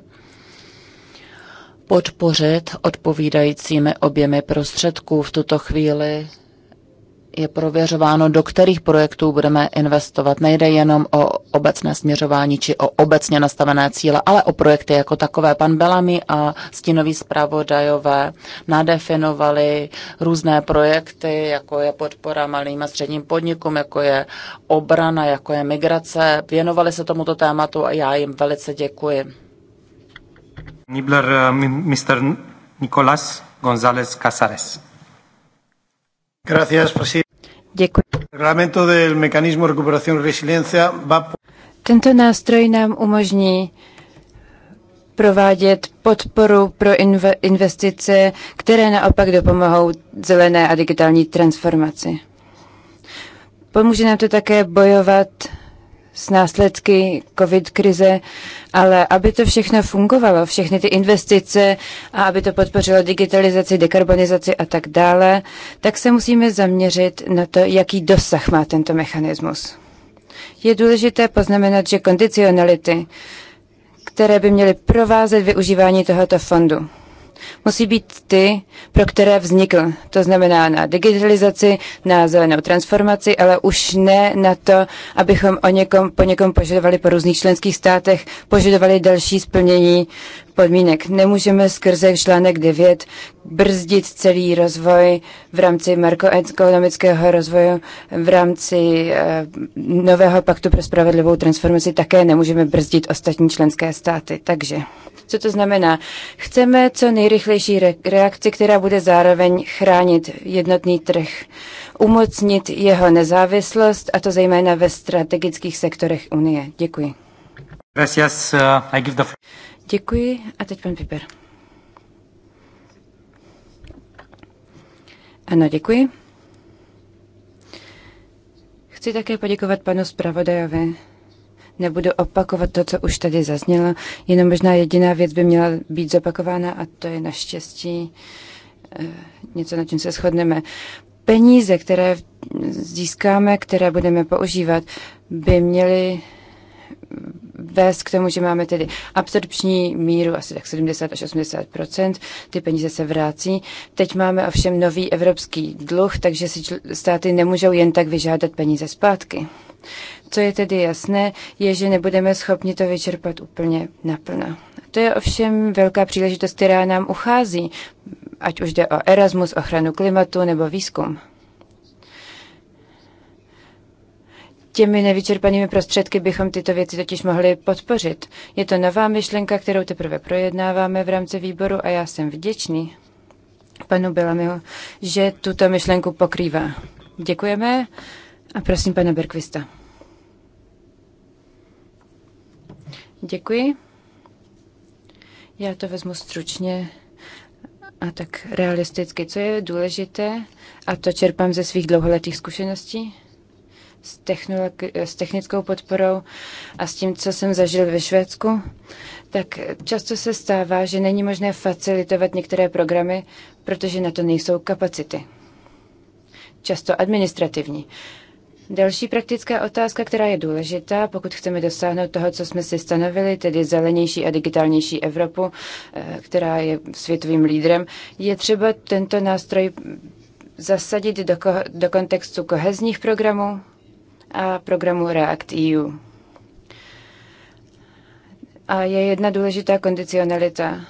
podpořit odpovídajícími objemy prostředků. V tuto chvíli je prověřováno, do kterých projektů budeme investovat. Nejde jenom o obecné směřování či o obecně nastavené cíle, ale o projekty jako takové. Pan Belami a stínoví zpravodajové nadefinovali různé projekty, jako je podpora malým a středním podnikům, jako je obrana, jako je migrace. Věnovali se tomuto tématu a já jim velice děkuji. Nibler, eh, Mr. Nicolás González Casares. Gracias, presidente. Děkuji. Reglamento del mecanismo recuperación resiliencia va... Tento nástroj nám umožní provádět podporu pro inv- investice, které naopak dopomohou zelené a digitální transformaci. Pomůže nám to také bojovat s následky COVID krize ale aby to všechno fungovalo, všechny ty investice a aby to podpořilo digitalizaci, dekarbonizaci a tak dále, tak se musíme zaměřit na to, jaký dosah má tento mechanismus. Je důležité poznamenat, že kondicionality, které by měly provázet využívání tohoto fondu, musí být ty, pro které vznikl. To znamená na digitalizaci, na zelenou transformaci, ale už ne na to, abychom o někom, po někom požadovali po různých členských státech, požadovali další splnění podmínek. Nemůžeme skrze článek 9 brzdit celý rozvoj v rámci markoekonomického rozvoje, v rámci eh, nového paktu pro spravedlivou transformaci také nemůžeme brzdit ostatní členské státy. Takže co to znamená? Chceme co nejrychlejší re- reakci, která bude zároveň chránit jednotný trh, umocnit jeho nezávislost, a to zejména ve strategických sektorech Unie. Děkuji. Gracias. Eh, I give the... Děkuji a teď pan Piper. Ano, děkuji. Chci také poděkovat panu zpravodajovi. Nebudu opakovat to, co už tady zaznělo, jenom možná jediná věc by měla být zopakována a to je naštěstí eh, něco, na čem se shodneme. Peníze, které získáme, které budeme používat, by měly vést k tomu, že máme tedy absorpční míru asi tak 70 až 80 ty peníze se vrací. Teď máme ovšem nový evropský dluh, takže si státy nemůžou jen tak vyžádat peníze zpátky. Co je tedy jasné, je, že nebudeme schopni to vyčerpat úplně naplno. To je ovšem velká příležitost, která nám uchází, ať už jde o Erasmus, ochranu klimatu nebo výzkum. Těmi nevyčerpanými prostředky bychom tyto věci totiž mohli podpořit. Je to nová myšlenka, kterou teprve projednáváme v rámci výboru a já jsem vděčný panu Bilamiho, že tuto myšlenku pokrývá. Děkujeme a prosím pana Berkvista. Děkuji. Já to vezmu stručně a tak realisticky. Co je důležité, a to čerpám ze svých dlouholetých zkušeností, s, s technickou podporou a s tím, co jsem zažil ve Švédsku, tak často se stává, že není možné facilitovat některé programy, protože na to nejsou kapacity. Často administrativní. Další praktická otázka, která je důležitá, pokud chceme dosáhnout toho, co jsme si stanovili, tedy zelenější a digitálnější Evropu, eh, která je světovým lídrem, je třeba tento nástroj zasadit do, ko- do kontextu kohezních programů, a programu React EU. A je jedna důležitá kondicionalita,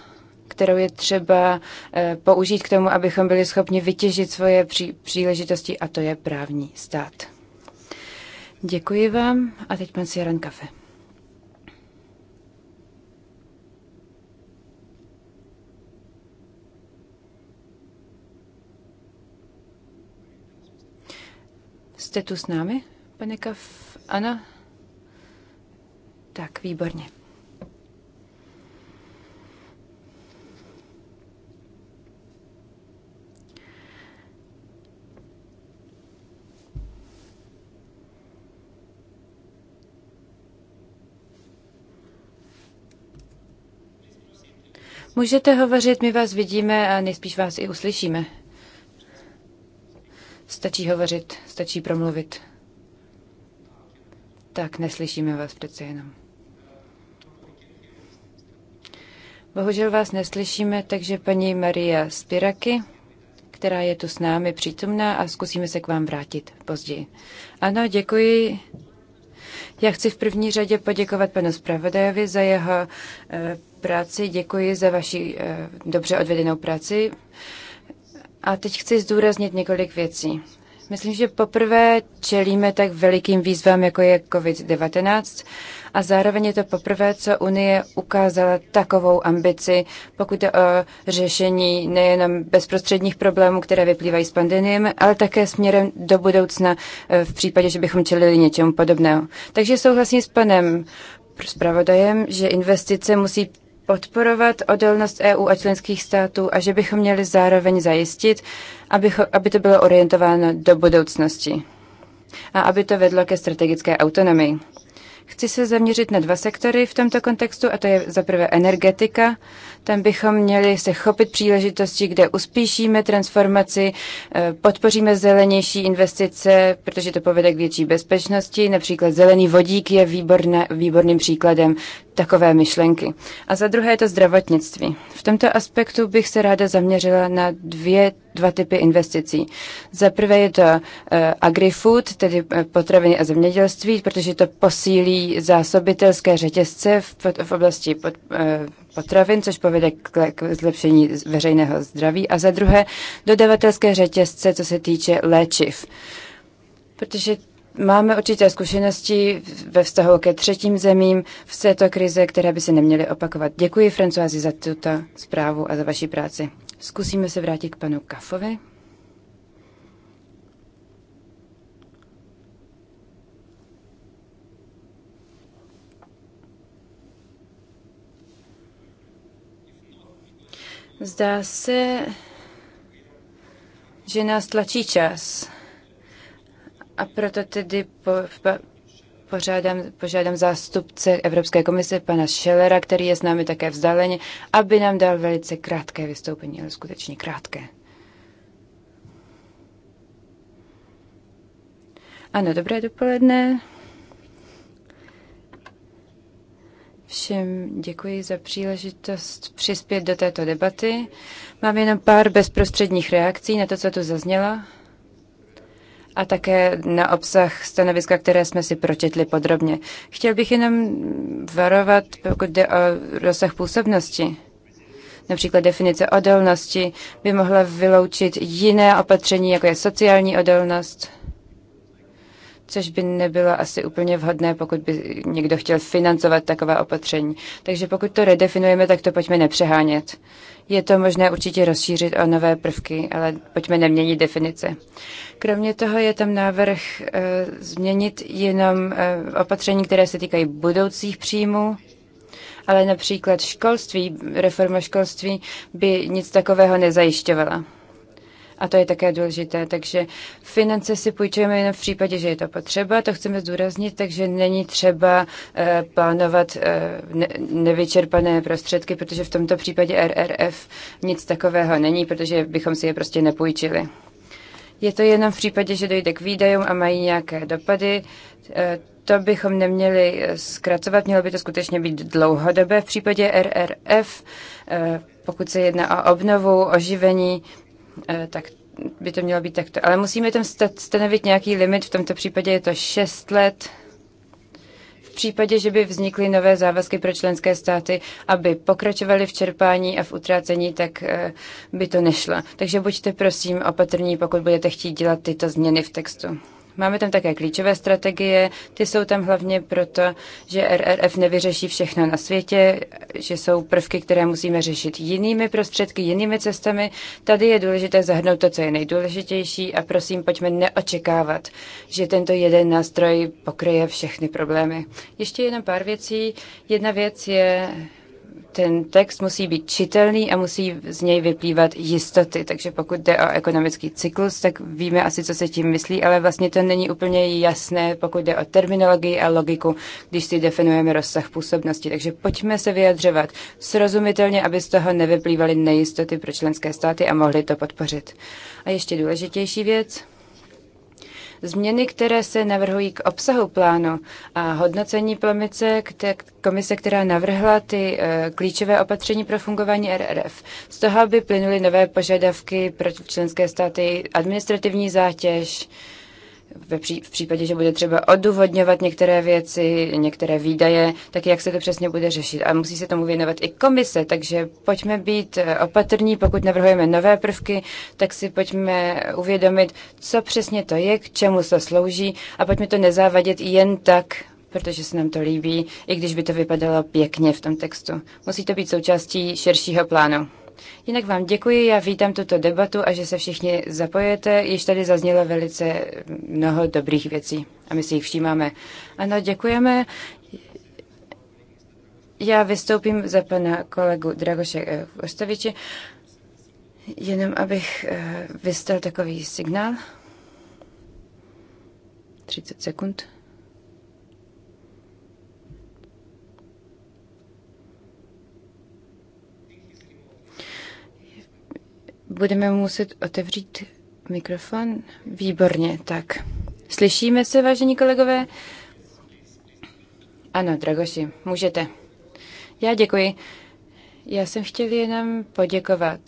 kterou je třeba eh, použít k tomu, abychom byli schopni vytěžit svoje pří, příležitosti, a to je právní stát. Děkuji vám a teď pan Sieran Kafe. Jste tu s námi? Penekav, ano? Tak, výborně. Můžete hovořit, my vás vidíme a nejspíš vás i uslyšíme. Stačí hovořit, stačí promluvit. Tak, neslyšíme vás přece jenom. Bohužel vás neslyšíme, takže paní Maria Spiraky, která je tu s námi přítomná a zkusíme se k vám vrátit později. Ano, děkuji. Já chci v první řadě poděkovat panu spravodajovi za jeho eh, práci. Děkuji za vaši eh, dobře odvedenou práci. A teď chci zdůraznit několik věcí. Myslím, že poprvé čelíme tak velikým výzvám, jako je COVID-19 a zároveň je to poprvé, co Unie ukázala takovou ambici, pokud je o řešení nejenom bezprostředních problémů, které vyplývají z pandemie, ale také směrem do budoucna e, v případě, že bychom čelili něčemu podobného. Takže souhlasím s panem zpravodajem, že investice musí podporovat odolnost EU a členských států a že bychom měli zároveň zajistit, aby, aby to bylo orientováno do budoucnosti a aby to vedlo ke strategické autonomii. Chci se zaměřit na dva sektory v tomto kontextu, a to je zaprvé energetika. Tam bychom měli se chopit příležitosti, kde uspíšíme transformaci, eh, podpoříme zelenější investice, protože to povede k větší bezpečnosti. Například zelený vodík je výborné, výborným příkladem takové myšlenky. A za druhé je to zdravotnictví. V tomto aspektu bych se ráda zaměřila na dvě dva typy investicí. Za prvé je to uh, agrifood, tedy eh, potraviny a zemědělství, protože to posílí zásobitelské řetězce v, v oblasti pod, uh, eh, potravin, což povede k, k zlepšení veřejného zdraví. A za druhé dodavatelské řetězce, co se týče léčiv. Protože Máme určité zkušenosti ve vztahu ke třetím zemím v této krize, které by se neměly opakovat. Děkuji, Francoisi, za tuto zprávu a za vaši práci. Zkusíme se vrátit k panu Kafovi. Zdá se, že nás tlačí čas. A proto tedy po, po, požádám, požádám zástupce Evropské komise, pana Schellera, který je s námi také vzdáleně, aby nám dal velice krátké vystoupení, ale skutečně krátké. Ano, dobré dopoledne. Všem děkuji za příležitost přispět do této debaty. Mám jenom pár bezprostředních reakcí na to, co tu zaznělo a také na obsah stanoviska, které jsme si pročetli podrobně. Chtěl bych jenom varovat, pokud jde o rozsah působnosti. Například definice odolnosti by mohla vyloučit jiné opatření, jako je sociální odolnost což by nebylo asi úplně vhodné, pokud by někdo chtěl financovat taková opatření. Takže pokud to redefinujeme, tak to pojďme nepřehánět. Je to možné určitě rozšířit o nové prvky, ale pojďme neměnit definice. Kromě toho je tam návrh e, změnit jenom e, opatření, které se týkají budoucích příjmů, ale například školství, reforma školství by nic takového nezajišťovala a to je také důležité. Takže finance si půjčujeme jen v případě, že je to potřeba, to chceme zdůraznit, takže není třeba eh, plánovat eh, nevyčerpané prostředky, protože v tomto případě RRF nic takového není, protože bychom si je prostě nepůjčili. Je to jenom v případě, že dojde k výdajům a mají nějaké dopady. Eh, to bychom neměli zkracovat, mělo by to skutečně být dlouhodobé. V případě RRF, pokud se jedná o obnovu, oživení, Eh, tak by to mělo být takto. Ale musíme tam stanovit nějaký limit, v tomto případě je to 6 let. V případě, že by vznikly nové závazky pro členské státy, aby pokračovaly v čerpání a v utrácení, tak eh, by to nešlo. Takže buďte prosím opatrní, pokud budete chtít dělat tyto změny v textu. Máme tam také klíčové strategie, ty jsou tam hlavně proto, že RRF nevyřeší všechno na světě, že jsou prvky, které musíme řešit jinými prostředky, jinými cestami. Tady je důležité zahrnout to, co je nejdůležitější a prosím, pojďme neočekávat, že tento jeden nástroj pokryje všechny problémy. Ještě jenom pár věcí. Jedna věc je ten text musí být čitelný a musí z něj vyplývat jistoty. Takže pokud jde o ekonomický cyklus, tak víme asi, co se tím myslí, ale vlastně to není úplně jasné, pokud jde o terminologii a logiku, když si definujeme rozsah působnosti. Takže pojďme se vyjadřovat srozumitelně, aby z toho nevyplývaly nejistoty pro členské státy a mohli to podpořit. A ještě důležitější věc. Změny, které se navrhují k obsahu plánu a hodnocení plomice, komise, která navrhla ty eh, klíčové opatření pro fungování RRF. Z toho by plynuly nové požadavky pro členské státy, administrativní zátěž, v případě, že bude třeba odůvodňovat některé věci, některé výdaje, tak jak se to přesně bude řešit. A musí se tomu věnovat i komise, takže pojďme být eh, opatrní, pokud navrhujeme nové prvky, tak si pojďme uvědomit, co přesně to je, k čemu se slouží a pojďme to nezávadit jen tak, protože se nám to líbí, i když by to vypadalo pěkně v tom textu. Musí to být součástí širšího plánu. Jinak vám děkuji, já vítám tuto debatu a že se všichni zapojete. Již tady zaznělo velice mnoho dobrých věcí a my si jich všímáme. Ano, děkujeme. Já vystoupím za pana kolegu Dragoše Kostaviče, eh, jenom abych eh, vystal takový signál. 30 sekund. Budeme muset otevřít mikrofon. Výborně, tak. Slyšíme se, vážení kolegové? Ano, Dragoši, můžete. Já děkuji. Já jsem chtěl jenom poděkovat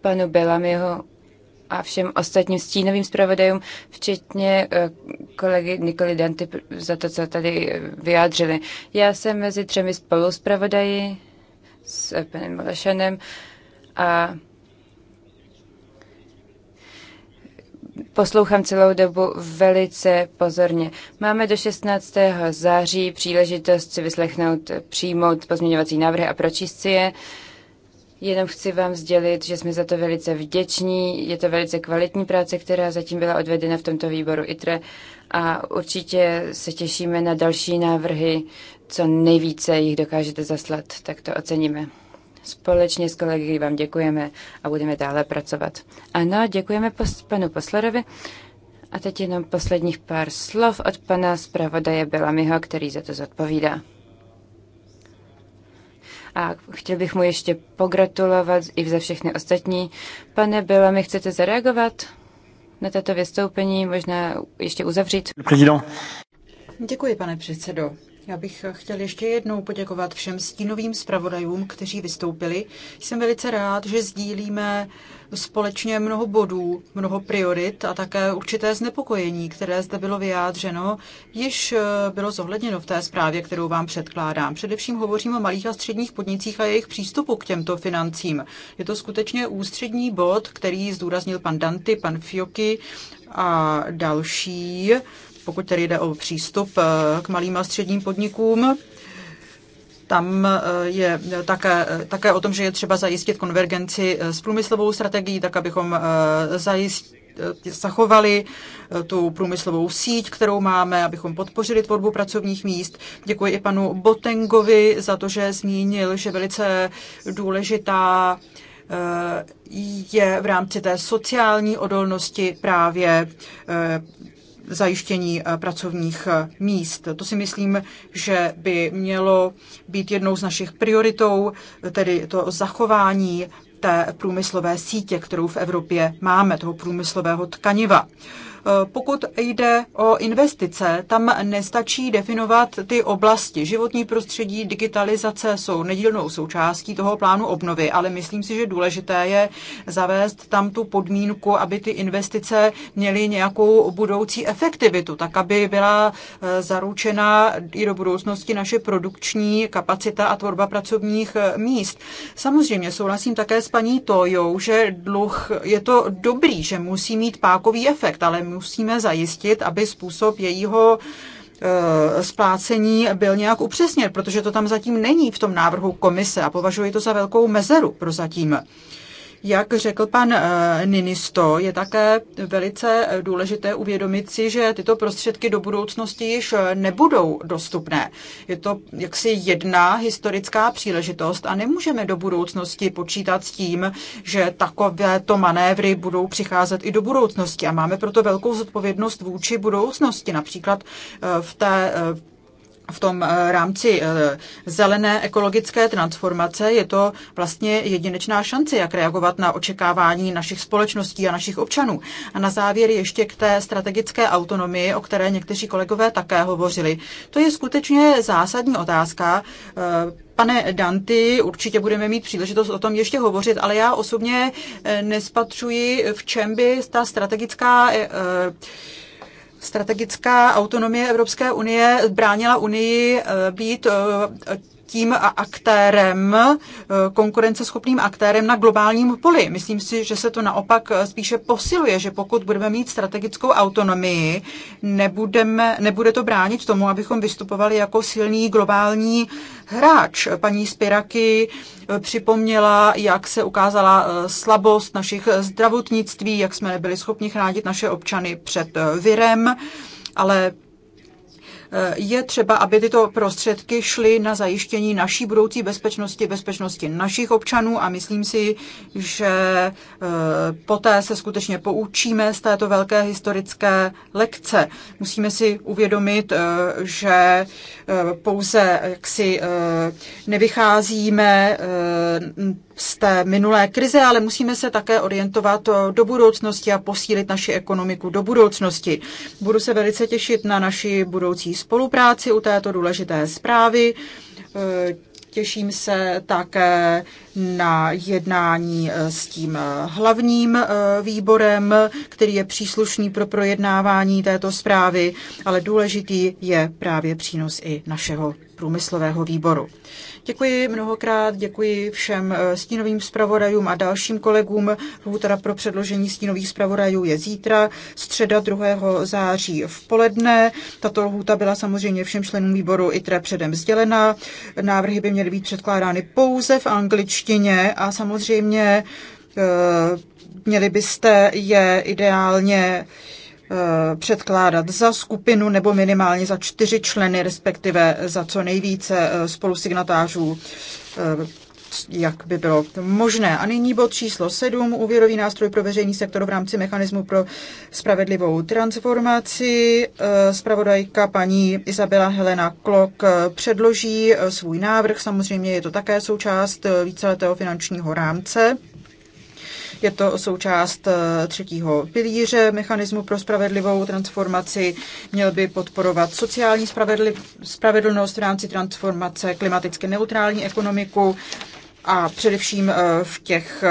panu Belamiho a všem ostatním stínovým zpravodajům, včetně eh, kolegy Nikoli Danty za to, co tady eh, vyjádřili. Já jsem mezi třemi spoluzpravodaji s panem Lešanem a poslouchám celou dobu velice pozorně. Máme do 16. září příležitost si vyslechnout, přijmout pozměňovací návrhy a pročíst si je. Jenom chci vám sdělit, že jsme za to velice vděční. Je to velice kvalitní práce, která zatím byla odvedena v tomto výboru ITRE a určitě se těšíme na další návrhy, co nejvíce jich dokážete zaslat, tak to oceníme. Společně s kolegy vám děkujeme a budeme dále pracovat. Ano, děkujeme pos- panu Poslerovi. A teď jenom posledních pár slov od pana zpravodaje Belamiho, který za to zodpovídá. A chtěl bych mu ještě pogratulovat i za všechny ostatní. Pane Belami, chcete zareagovat na tato vystoupení, možná ještě uzavřít? Prezident. Děkuji, pane předsedo. Já bych chtěl ještě jednou poděkovat všem stínovým zpravodajům, kteří vystoupili. Jsem velice rád, že sdílíme společně mnoho bodů, mnoho priorit a také určité znepokojení, které zde bylo vyjádřeno, již eh, bylo zohledněno v té zprávě, kterou vám předkládám. Především hovořím o malých a středních podnicích a jejich přístupu k těmto financím. Je to skutečně ústřední bod, který zdůraznil pan Danty, pan Fioky a další pokud tedy jde o přístup eh, k malým a středním podnikům. Tam eh, je také, eh, také o tom, že je třeba zajistit konvergenci s průmyslovou strategií, tak abychom zajistili zachovali tu průmyslovou síť, kterou máme, abychom podpořili tvorbu pracovních míst. Děkuji i panu Botengovi za to, že zmínil, že velice důležitá je v rámci té sociální odolnosti právě zajištění eh, pracovních eh, míst. To si myslím, že by mělo být jednou z našich prioritou, tedy to zachování té průmyslové sítě, kterou v Evropě máme, toho průmyslového tkaniva. Eh, pokud jde o investice, tam nestačí definovat ty oblasti. Životní prostředí, digitalizace jsou nedílnou součástí toho plánu obnovy, ale myslím si, že důležité je zavést tam tu podmínku, aby ty investice měly nějakou budoucí efektivitu, tak aby byla eh, zaručena i do budoucnosti naše produkční kapacita a tvorba pracovních eh, míst. Samozřejmě souhlasím také s paní Tojou, že dluh je to dobrý, že musí mít pákový efekt, ale musíme zajistit, aby způsob jejího eh, splácení byl nějak upřesněn, protože to tam zatím není v tom návrhu komise a považuji to za velkou mezeru pro zatím. Jak řekl pan eh, Ninisto, je také velice důležité uvědomit si, že tyto prostředky do budoucnosti již nebudou dostupné. Je to jaksi jedna historická příležitost a nemůžeme do budoucnosti počítat s tím, že takovéto manévry budou přicházet i do budoucnosti. A máme proto velkou zodpovědnost vůči budoucnosti, například eh, v té eh, v tom eh, rámci eh, zelené ekologické transformace je to vlastně jedinečná šance, jak reagovat na očekávání našich společností a našich občanů. A na závěr ještě k té strategické autonomii, o které někteří kolegové také hovořili. To je skutečně zásadní otázka. Eh, pane Danty, určitě budeme mít příležitost o tom ještě hovořit, ale já osobně nespatřuji, v čem by ta strategická strategická autonomie Evropské unie bránila Unii eh, být eh, tím aktérem, eh, konkurenceschopným aktérem na globálním poli. Myslím si, že se to naopak eh, spíše posiluje, že pokud budeme mít strategickou autonomii, nebudeme, nebude to bránit tomu, abychom vystupovali jako silný globální hráč. Paní Spiraky eh, připomněla, jak se ukázala slabost našich zdravotnictví, jak jsme nebyli schopni chránit naše občany před virem ale je třeba, aby tyto prostředky šly na zajištění naší budoucí bezpečnosti, bezpečnosti našich občanů a myslím si, že eh, poté se skutečně poučíme z této velké historické lekce. Musíme si uvědomit, eh, že eh, pouze jaksi nevycházíme z té minulé krize, ale musíme se také orientovat eh, do budoucnosti a posílit naši ekonomiku do budoucnosti. Budu se velice těšit na naši budoucí spolupráci u této důležité zprávy. Eh, těším se také na jednání eh, s tím hlavním výborem, který je příslušný pro projednávání této zprávy, ale důležitý je právě přínos i našeho průmyslového výboru. Děkuji mnohokrát, děkuji všem eh, stínovým zpravodajům a dalším kolegům. Lhůta pro předložení stínových zpravodajů je zítra, středa 2. září v poledne. Tato lhůta byla samozřejmě všem členům výboru ITRE předem sdělena. Návrhy by měly být předkládány pouze v angličtině a samozřejmě eh, měli byste je ideálně Eh, předkládat za skupinu nebo minimálně za čtyři členy, respektive za co nejvíce eh, spolusignatářů eh, jak by bylo možné. A nyní bod číslo 7, úvěrový nástroj pro veřejný sektor v rámci mechanismu pro spravedlivou transformaci. Spravodajka paní Izabela Helena Klok předloží svůj návrh, samozřejmě je to také součást víceletého finančního rámce. Je to součást eh, třetího pilíře mechanismu pro spravedlivou transformaci. Měl by podporovat sociální spravedlnost v rámci transformace, klimaticky neutrální ekonomiku a především eh, v těch eh,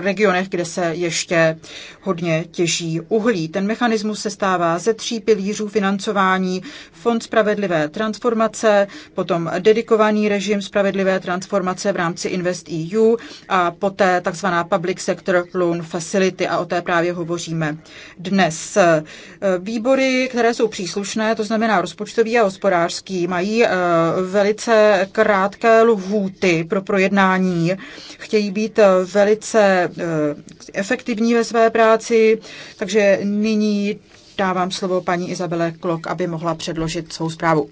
regionech, kde se ještě hodně těží uhlí. Ten mechanismus se stává ze tří pilířů financování, fond spravedlivé transformace, potom dedikovaný režim spravedlivé transformace v rámci Invest EU a poté takzvaná Public Sector Loan Facility a o té právě hovoříme dnes. Eh, výbory, které jsou příslušné, to znamená rozpočtový a hospodářský, mají velice krátké lhůty pro projednání vzdělání, chtějí být eh, velice eh, efektivní ve své práci, takže nyní dávám slovo paní Izabele Klok, aby mohla předložit svou zprávu.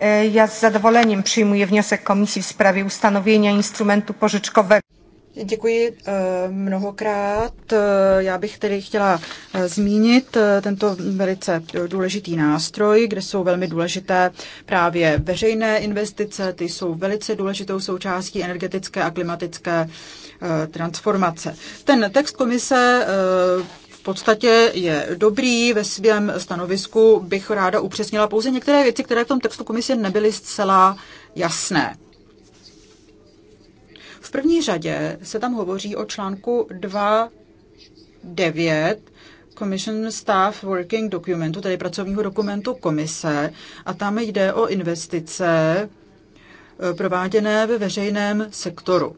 Eh, já s zadovolením přijmuji vněsek komisí v sprawie ustanowienia instrumentu pożyczkowego. Děkuji eh, mnohokrát. Eh, já bych tedy chtěla eh, zmínit tento velice důležitý nástroj, kde jsou velmi důležité právě veřejné investice. Ty jsou velice důležitou součástí energetické a klimatické transformace. Ten text komise v podstatě je dobrý. Ve svém stanovisku bych ráda upřesnila pouze některé věci, které v tom textu komise nebyly zcela jasné první řadě se tam hovoří o článku 2.9 Commission Staff Working Documentu, tedy pracovního dokumentu komise, a tam jde o investice eh, prováděné ve veřejném sektoru.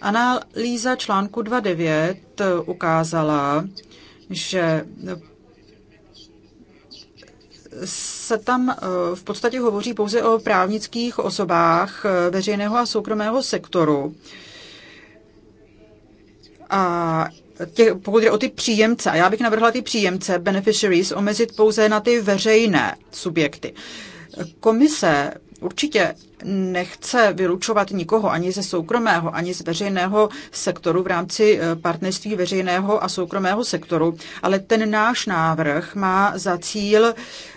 Analýza článku 2.9 eh, ukázala, že se tam eh, v podstatě hovoří pouze o právnických osobách eh, veřejného a soukromého sektoru. A tě, pokud jde o ty příjemce, a já bych navrhla ty příjemce, beneficiaries, omezit pouze na ty veřejné subjekty. Komise určitě nechce vylučovat nikoho ani ze soukromého, ani z veřejného sektoru v rámci eh, partnerství veřejného a soukromého sektoru, ale ten náš návrh má za cíl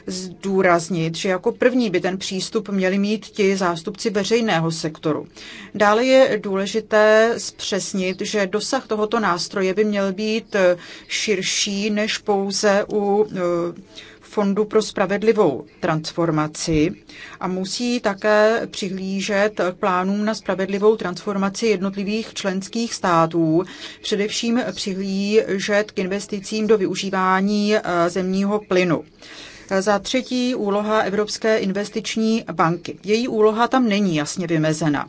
zdůraznit, že jako první by ten přístup měli mít ti zástupci veřejného sektoru. Dále je důležité zpřesnit, že dosah tohoto nástroje by měl být eh, širší než pouze u eh, Fondu pro spravedlivou transformaci a musí také přihlížet k plánům na spravedlivou transformaci jednotlivých členských států, především přihlížet k investicím do využívání eh, zemního plynu. Za třetí úloha Evropské investiční banky. Její úloha tam není jasně vymezena.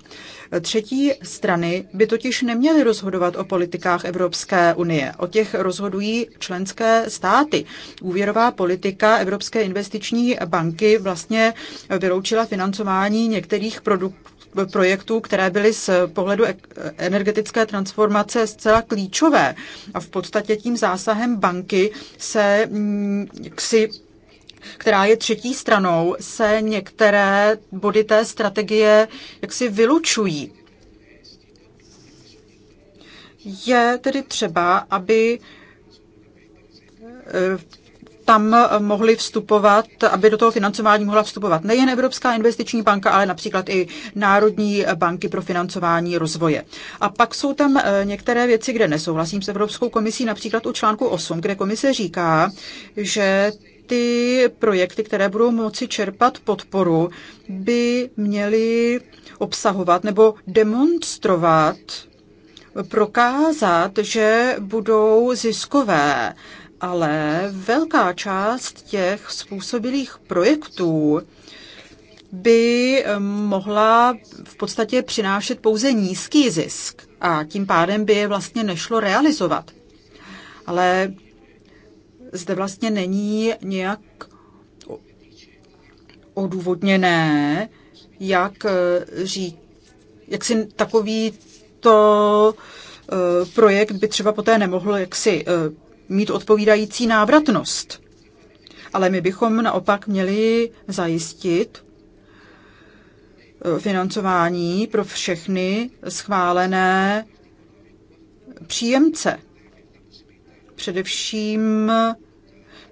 Třetí strany by totiž neměly rozhodovat o politikách Evropské unie. O těch rozhodují členské státy. Úvěrová politika Evropské investiční banky vlastně vyloučila financování některých produktů projektů, které byly z pohledu energetické transformace zcela klíčové. A v podstatě tím zásahem banky se mm, si která je třetí stranou, se některé body té strategie jaksi vylučují. Je tedy třeba, aby eh, tam mohly vstupovat, aby do toho financování mohla vstupovat nejen Evropská investiční banka, ale například i Národní banky pro financování rozvoje. A pak jsou tam eh, některé věci, kde nesouhlasím s Evropskou komisí, například u článku 8, kde komise říká, že ty projekty, které budou moci čerpat podporu, by měly obsahovat nebo demonstrovat, prokázat, že budou ziskové. Ale velká část těch způsobilých projektů by eh, mohla v podstatě přinášet pouze nízký zisk a tím pádem by je vlastně nešlo realizovat. Ale zde vlastně není nějak odůvodněné, jak eh, říct, jak si takový to eh, projekt by třeba poté nemohl jaksi eh, mít odpovídající návratnost. Ale my bychom naopak měli zajistit financování pro všechny schválené příjemce. Především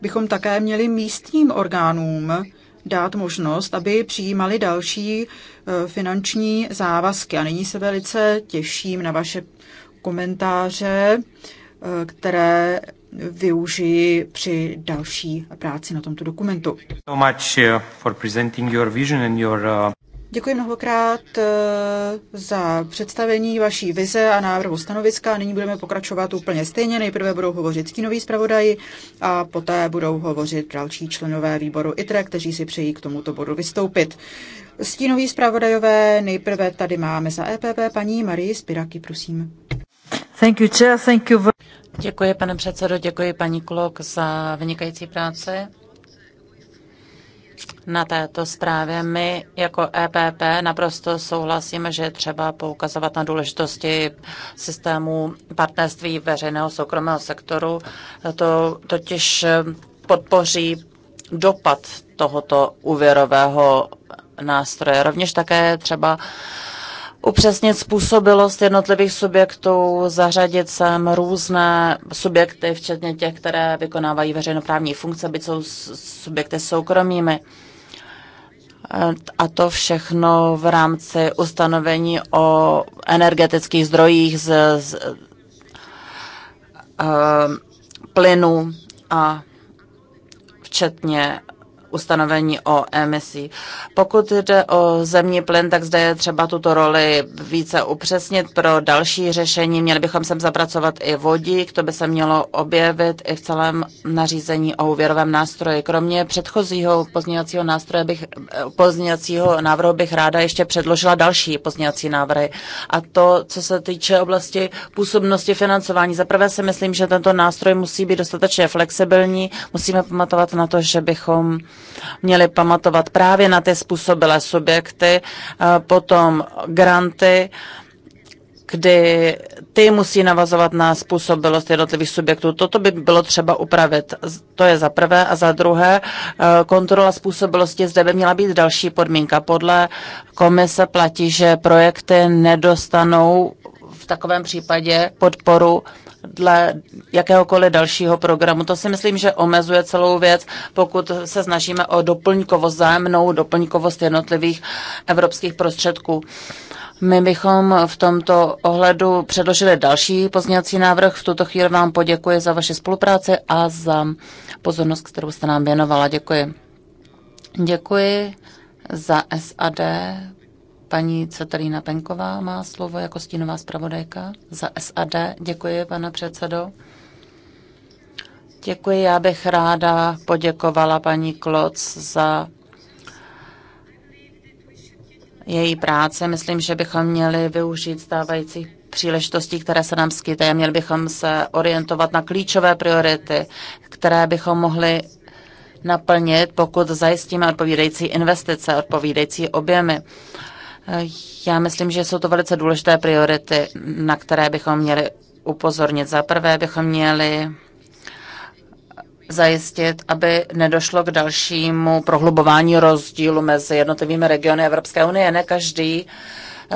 bychom také měli místním orgánům dát možnost, aby přijímali další e, finanční závazky. A nyní se velice těším na vaše komentáře, e, které využiji při další práci na tomto dokumentu. Děkuji mnohokrát eh, za představení vaší vize a návrhu stanoviska. Nyní budeme pokračovat úplně stejně. Nejprve budou hovořit stínoví zpravodaji a poté budou hovořit další členové výboru ITRE, kteří si přejí k tomuto bodu vystoupit. Stínoví zpravodajové, nejprve tady máme za EPP paní Marii Spiraky, prosím. Thank you, chair. Thank you. Děkuji, pane předsedo, děkuji paní Klok za vynikající práci na této zprávě. My jako EPP naprosto souhlasíme, že je třeba poukazovat na důležitosti systému partnerství veřejného soukromého sektoru. To totiž podpoří dopad tohoto úvěrového nástroje. Rovněž také třeba upřesnit způsobilost jednotlivých subjektů, zařadit sem různé subjekty, včetně těch, které vykonávají veřejnoprávní funkce, byť jsou subjekty soukromými a to všechno v rámci ustanovení o energetických zdrojích z, z eh, plynu a včetně ustanovení o emisí. Pokud jde o zemní plyn, tak zde je třeba tuto roli více upřesnit pro další řešení. Měli bychom sem zapracovat i vodík, to by se mělo objevit i v celém nařízení o úvěrovém nástroji. Kromě předchozího pozměňovacího nástroje bych, pozměňovacího návrhu bych ráda ještě předložila další pozměňovací návrhy. A to, co se týče oblasti působnosti financování. Zaprvé si myslím, že tento nástroj musí být dostatečně flexibilní. Musíme pamatovat na to, že bychom měli pamatovat právě na ty způsobilé subjekty, eh, potom granty, kdy ty musí navazovat na způsobilost jednotlivých subjektů. Toto by bylo třeba upravit. To je za prvé. A za druhé, eh, kontrola způsobilosti zde by měla být další podmínka. Podle komise platí, že projekty nedostanou v takovém případě podporu dle jakéhokoliv dalšího programu. To si myslím, že omezuje celou věc, pokud se snažíme o doplňkovost, zájemnou doplňkovost jednotlivých evropských prostředků. My bychom v tomto ohledu předložili další pozměňovací návrh. V tuto chvíli vám poděkuji za vaši spolupráci a za pozornost, kterou jste nám věnovala. Děkuji. Děkuji za SAD Paní Cetarína Penková má slovo jako stínová zpravodajka za SAD. Děkuji, pane předsedo. Děkuji, já bych ráda poděkovala paní Kloc za její práce. Myslím, že bychom měli využít stávající příležitostí, které se nám skytají a měli bychom se orientovat na klíčové priority, které bychom mohli naplnit, pokud zajistíme odpovídající investice, odpovídající objemy. Já myslím, že jsou to velice důležité priority, na které bychom měli upozornit. Za prvé bychom měli zajistit, aby nedošlo k dalšímu prohlubování rozdílu mezi jednotlivými regiony Evropské unie. Ne každý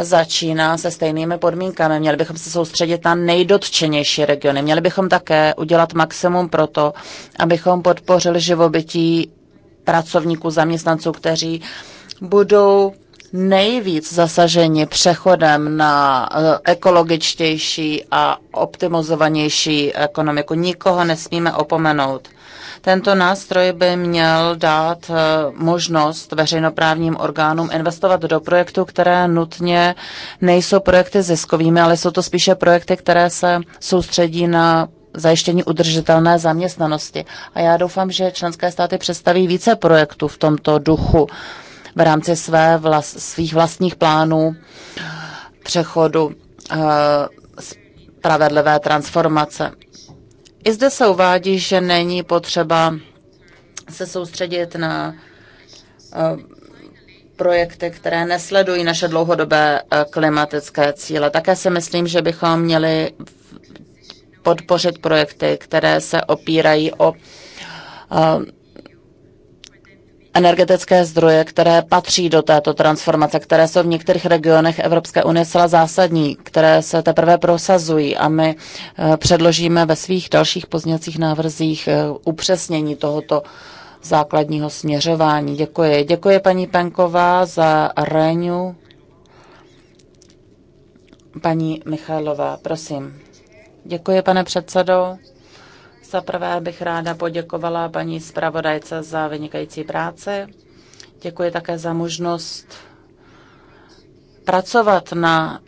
začíná se stejnými podmínkami. Měli bychom se soustředit na nejdotčenější regiony. Měli bychom také udělat maximum pro to, abychom podpořili živobytí pracovníků, zaměstnanců, kteří budou nejvíc zasaženi přechodem na eh, ekologičtější a optimizovanější ekonomiku. Nikoho nesmíme opomenout. Tento nástroj by měl dát eh, možnost veřejnoprávním orgánům investovat do projektů, které nutně nejsou projekty ziskovými, ale jsou to spíše projekty, které se soustředí na zajištění udržitelné zaměstnanosti. A já doufám, že členské státy představí více projektů v tomto duchu v rámci své vlas, svých vlastních plánů přechodu eh, spravedlivé transformace. I zde se uvádí, že není potřeba se soustředit na eh, projekty, které nesledují naše dlouhodobé eh, klimatické cíle. Také si myslím, že bychom měli podpořit projekty, které se opírají o energetické zdroje, které patří do této transformace, které jsou v některých regionech Evropské unie zcela zásadní, které se teprve prosazují a my eh, předložíme ve svých dalších pozněcích návrzích eh, upřesnění tohoto základního směřování. Děkuji. Děkuji paní Penková za Reňu. Paní Michalová, prosím. Děkuji, pane předsedo. Za prvé bych ráda poděkovala paní zpravodajce za vynikající práci. Děkuji také za možnost pracovat na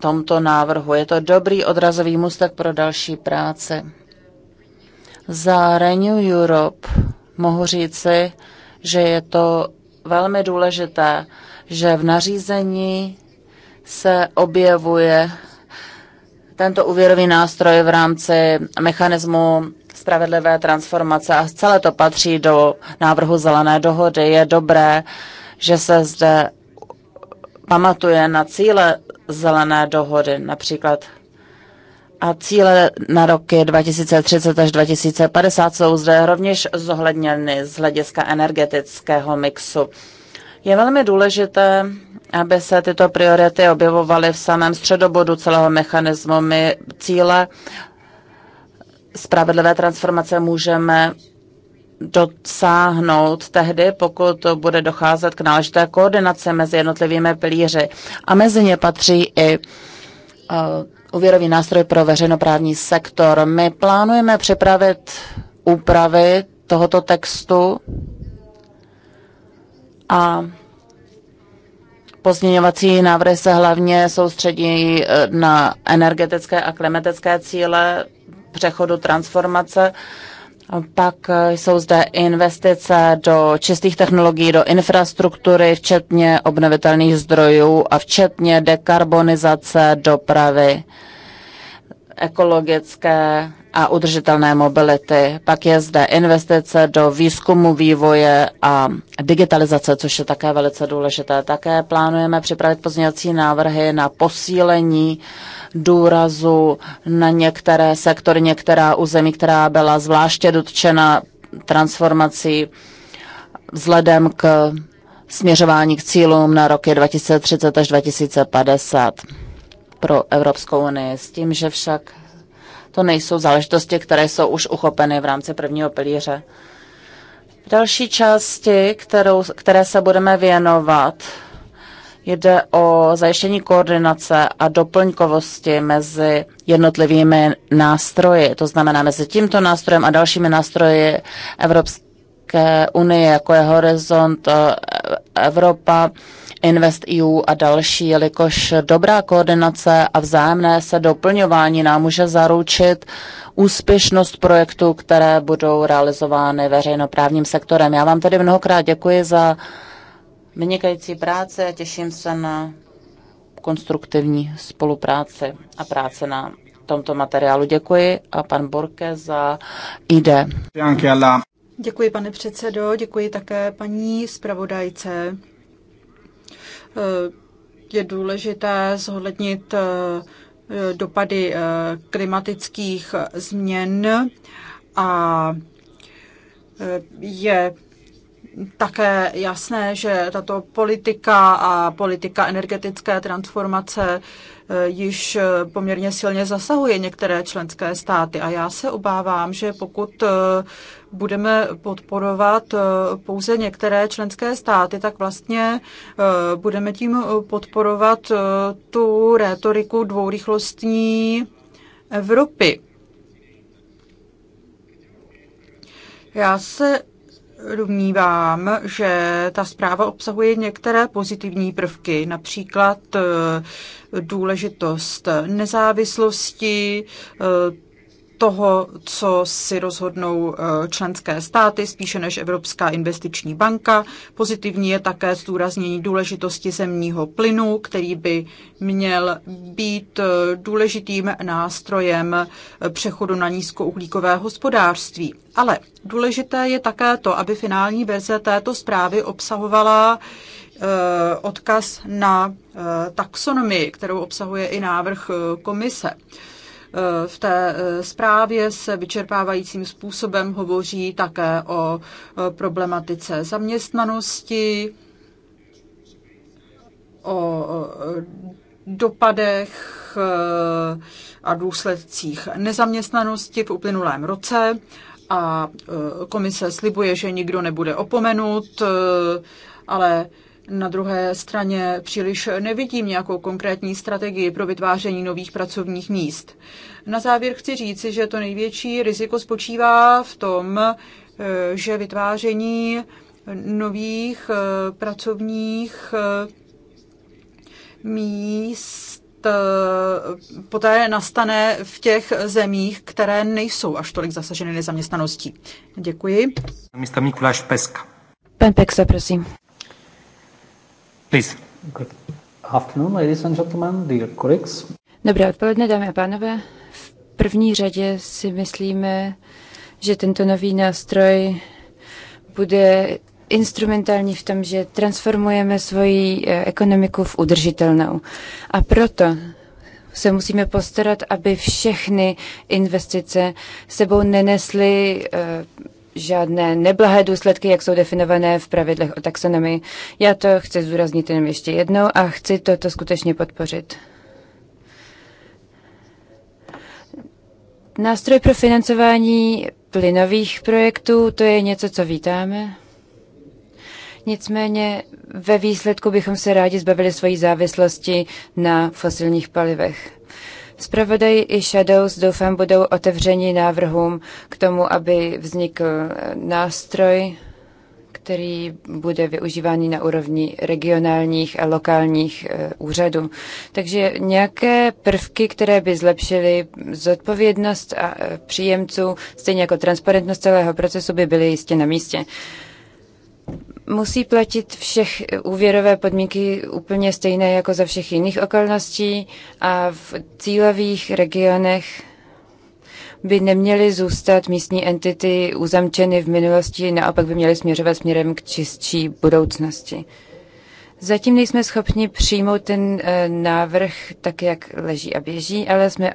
tomto návrhu. Je to dobrý odrazový mustek pro další práce. Za Renew Europe mohu říci, že je to velmi důležité, že v nařízení se objevuje tento úvěrový nástroj v rámci mechanismu spravedlivé transformace a celé to patří do návrhu zelené dohody. Je dobré, že se zde pamatuje na cíle zelené dohody, například a cíle na roky 2030 až 2050 jsou zde rovněž zohledněny z hlediska energetického mixu. Je velmi důležité, aby se tyto priority objevovaly v samém středobodu celého mechanismu. My cíle spravedlivé transformace můžeme dosáhnout tehdy, pokud bude docházet k náležité koordinaci mezi jednotlivými pilíři. A mezi ně patří i e, úvěrový nástroj pro veřejnoprávní sektor. My plánujeme připravit úpravy tohoto textu a pozměňovací návrhy se hlavně soustředí eh, na energetické a klimatické cíle přechodu transformace. Pak eh, jsou zde investice do čistých technologií, do infrastruktury, včetně obnovitelných zdrojů a včetně dekarbonizace dopravy, ekologické a udržitelné mobility. Pak je zde investice do výzkumu, vývoje a digitalizace, což je také velice důležité. Také plánujeme připravit pozměňovací návrhy na posílení důrazu na některé sektory, některá území, která byla zvláště dotčena transformací vzhledem k směřování k cílům na roky 2030 až 2050 pro Evropskou unii, s tím, že však to nejsou záležitosti, které jsou už uchopeny v rámci prvního pilíře. Další části, kterou, které se budeme věnovat, jde o zajištění koordinace a doplňkovosti mezi jednotlivými nástroji, to znamená mezi tímto nástrojem a dalšími nástroji Evropské unie, jako je Horizont eh, Evropa, InvestEU a další, jelikož dobrá koordinace a vzájemné se doplňování nám může zaručit úspěšnost projektů, které budou realizovány veřejnoprávním sektorem. Já vám tedy mnohokrát děkuji za vynikající práci a těším se na konstruktivní spolupráci a práce na tomto materiálu. Děkuji a pan Borke za ID. Děkuji, pane předsedo, děkuji také paní zpravodajce je důležité zohlednit eh, dopady eh, klimatických změn a eh, je také jasné, že tato politika a politika energetické transformace již poměrně silně zasahuje některé členské státy. A já se obávám, že pokud budeme podporovat eh, pouze některé členské státy, tak vlastně eh, budeme tím podporovat eh, tu rétoriku dvourychlostní Evropy. Já se domnívám, že ta zpráva obsahuje některé pozitivní prvky, například důležitost nezávislosti, toho, co si rozhodnou eh, členské státy, spíše než Evropská investiční banka. Pozitivní je také zdůraznění důležitosti zemního plynu, který by měl být eh, důležitým nástrojem eh, přechodu na nízkouhlíkové hospodářství. Ale důležité je také to, aby finální verze této zprávy obsahovala odkaz na taxonomii, kterou obsahuje i návrh komise. V té eh, zprávě se vyčerpávajícím způsobem hovoří také o eh, problematice zaměstnanosti, o eh, dopadech a důsledcích nezaměstnanosti v uplynulém roce a komise slibuje, že nikdo nebude opomenut, ale na druhé straně příliš nevidím nějakou konkrétní strategii pro vytváření nových pracovních míst. Na závěr chci říci, že to největší riziko spočívá v tom, eh, že vytváření nových eh, pracovních eh, míst poté nastane v těch zemích, které nejsou až tolik zasaženy nezaměstnaností. Děkuji. Místa Mikuláš Peska. Pan Pexa, prosím. Please. Good afternoon, ladies and gentlemen, dear colleagues. Dobré odpoledne, dámy a pánové. V první řadě si myslíme, že tento nový nástroj bude instrumentální v tom, že transformujeme svoji eh, ekonomiku v udržitelnou. A proto se musíme postarat, aby všechny investice sebou nenesly eh, žádné neblahé důsledky, jak jsou definované v pravidlech o taxonomii. Já to chci zdůraznit jenom ještě jednou a chci toto skutečně podpořit. Nástroj pro financování plynových projektů, to je něco, co vítáme. Nicméně ve výsledku bychom se rádi zbavili svojí závislosti na fosilních palivech. Spravodaj i Shadows doufám budou otevřeni návrhům k tomu, aby vznikl eh, nástroj, který bude využívaný na úrovni regionálních a lokálních eh, úřadů. Takže nějaké prvky, které by zlepšily zodpovědnost a eh, příjemců, stejně jako transparentnost celého procesu, by byly jistě na místě musí platit všech úvěrové podmínky úplně stejné jako za všech jiných okolností a v cílových regionech by neměly zůstat místní entity uzamčeny v minulosti, naopak by měly směřovat směrem k čistší budoucnosti. Zatím nejsme schopni přijmout ten eh, návrh tak, jak leží a běží, ale jsme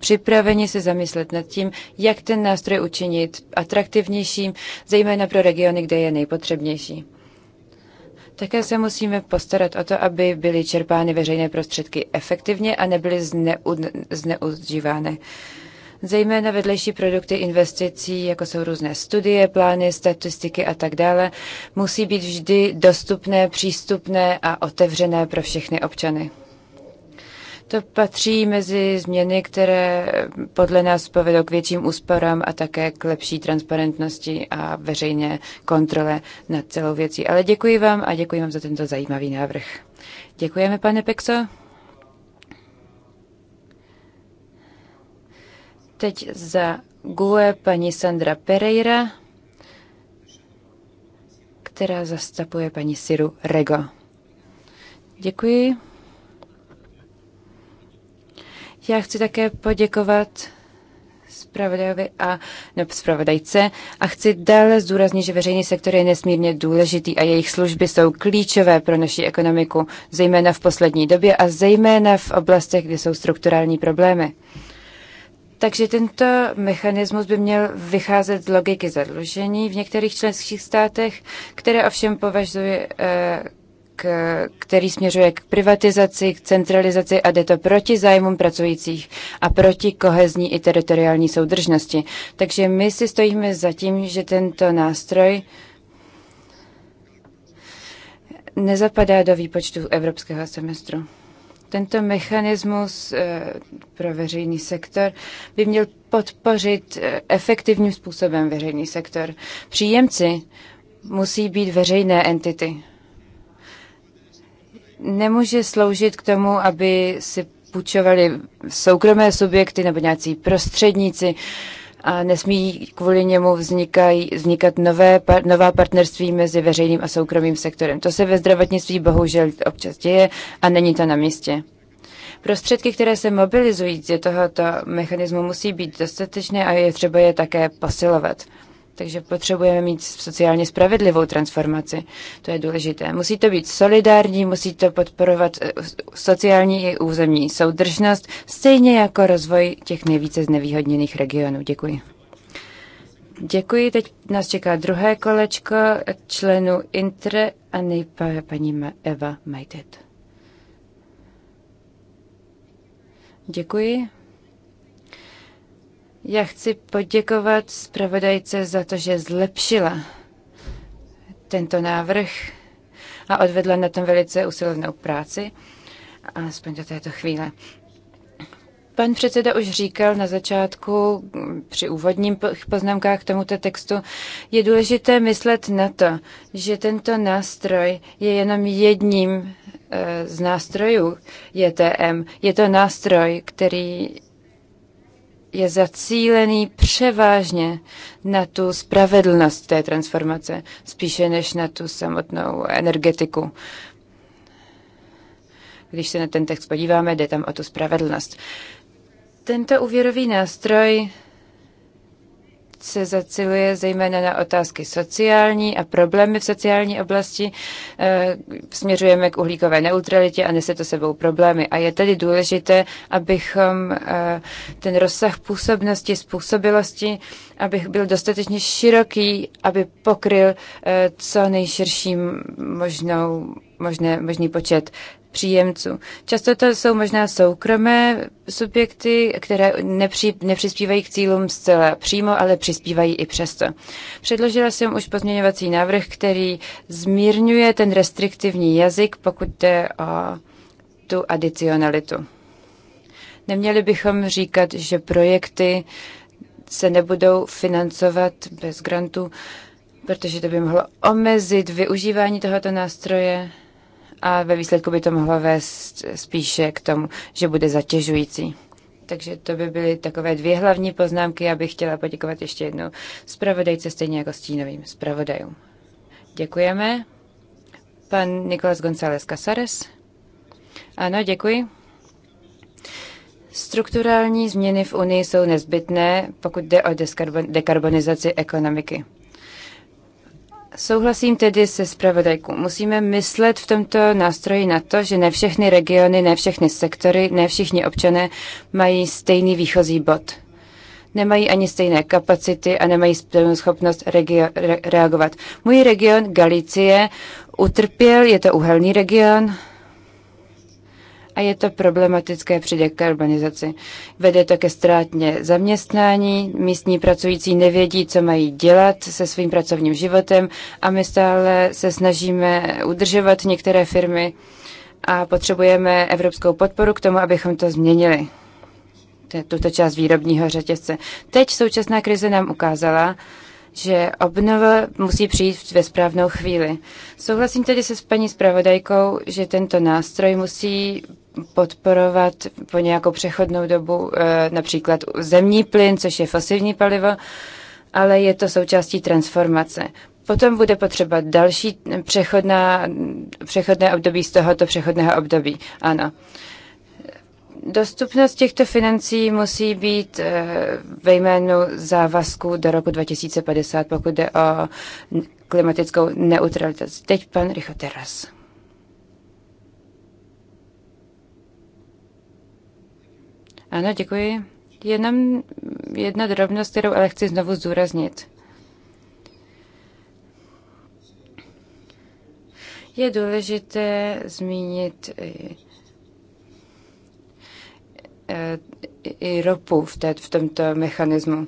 připraveni se zamyslet nad tím, jak ten nástroj učinit atraktivnějším, zejména pro regiony, kde je nejpotřebnější. Také se musíme postarat o to, aby byly čerpány veřejné prostředky efektivně a nebyly zneu, zneužívány. Zejména vedlejší produkty investicí, jako jsou různé studie, plány, statistiky a tak dále, musí být vždy dostupné, přístupné a otevřené pro všechny občany. To patří mezi změny, které podle nás povedou k větším úsporám a také k lepší transparentnosti a veřejné kontrole nad celou věcí. Ale děkuji vám a děkuji vám za tento zajímavý návrh. Děkujeme, pane Pexo. Teď za GUE paní Sandra Pereira, která zastupuje paní Siru Rego. Děkuji. Já chci také poděkovat zpravodajovi a nebo zpravodajce a chci dále zdůraznit, že veřejný sektor je nesmírně důležitý a jejich služby jsou klíčové pro naši ekonomiku, zejména v poslední době a zejména v oblastech, kde jsou strukturální problémy. Takže tento mechanismus by měl vycházet z logiky zadlužení v některých členských státech, které ovšem považuje eh, k, který směřuje k privatizaci, k centralizaci a jde to proti zájmům pracujících a proti kohezní i teritoriální soudržnosti. Takže my si stojíme za tím, že tento nástroj nezapadá do výpočtu evropského semestru. Tento mechanismus eh, pro veřejný sektor by měl podpořit eh, efektivním způsobem veřejný sektor. Příjemci musí být veřejné entity nemůže sloužit k tomu, aby si půjčovali soukromé subjekty nebo nějací prostředníci a nesmí kvůli němu vznikají, vznikat nové, nová partnerství mezi veřejným a soukromým sektorem. To se ve zdravotnictví bohužel občas děje a není to na místě. Prostředky, které se mobilizují z tohoto mechanismu, musí být dostatečné a je třeba je také posilovat. Takže potřebujeme mít sociálně spravedlivou transformaci. To je důležité. Musí to být solidární, musí to podporovat eh, sociální i územní soudržnost, stejně jako rozvoj těch nejvíce znevýhodněných regionů. Děkuji. Děkuji. Teď nás čeká druhé kolečko členů INTRE a nejprve paní Eva Majtet. Děkuji. Já chci poděkovat zpravodajce za to, že zlepšila tento návrh a odvedla na tom velice usilovnou práci, aspoň do této chvíle. Pan předseda už říkal na začátku při úvodním poznámkách k tomuto textu, je důležité myslet na to, že tento nástroj je jenom jedním eh, z nástrojů JTM. Je to nástroj, který je zacílený převážně na tu spravedlnost té transformace, spíše než na tu samotnou energetiku. Když se na ten text podíváme, jde tam o tu spravedlnost. Tento úvěrový nástroj se zaciluje zejména na otázky sociální a problémy v sociální oblasti. Eh, směřujeme k uhlíkové neutralitě a nese to sebou problémy. A je tedy důležité, abychom eh, ten rozsah působnosti, způsobilosti, abych byl dostatečně široký, aby pokryl eh, co nejširší možnou, možné, možný počet příjemců. Často to jsou možná soukromé subjekty, které nepři, nepřispívají k cílům zcela přímo, ale přispívají i přesto. Předložila jsem už pozměňovací návrh, který zmírňuje ten restriktivní jazyk, pokud jde o tu adicionalitu. Neměli bychom říkat, že projekty se nebudou financovat bez grantů, protože to by mohlo omezit využívání tohoto nástroje a ve výsledku by to mohlo vést spíše k tomu, že bude zatěžující. Takže to by byly takové dvě hlavní poznámky. Já bych chtěla poděkovat ještě jednou zpravodajce, stejně jako stínovým zpravodajům. Děkujeme. Pan Nikolas González Casares. Ano, děkuji. Strukturální změny v Unii jsou nezbytné, pokud jde o dekarbonizaci ekonomiky. Souhlasím tedy se zpravodajkou. Musíme myslet v tomto nástroji na to, že ne všechny regiony, ne všechny sektory, ne všichni občané mají stejný výchozí bod. Nemají ani stejné kapacity a nemají stejnou schopnost regio- re- reagovat. Můj region Galicie utrpěl, je to uhelný region, a je to problematické při dekarbonizaci. Vede to ke ztrátně zaměstnání, místní pracující nevědí, co mají dělat se svým pracovním životem a my stále se snažíme udržovat některé firmy a potřebujeme evropskou podporu k tomu, abychom to změnili tuto část výrobního řetězce. Teď současná krize nám ukázala, že obnova musí přijít ve správnou chvíli. Souhlasím tedy se s paní zpravodajkou, že tento nástroj musí podporovat po nějakou přechodnou dobu eh, například zemní plyn, což je fosilní palivo, ale je to součástí transformace. Potom bude potřeba další přechodná, přechodné období z tohoto přechodného období. Ano. Dostupnost těchto financí musí být eh, ve jménu závazku do roku 2050, pokud jde o klimatickou neutralitu. Teď pan Richo Teras. Ano, děkuji. Jenom jedna drobnost, kterou ale chci znovu zdůraznit. Je důležité zmínit i, e, i ropu v, té, v tomto mechanismu.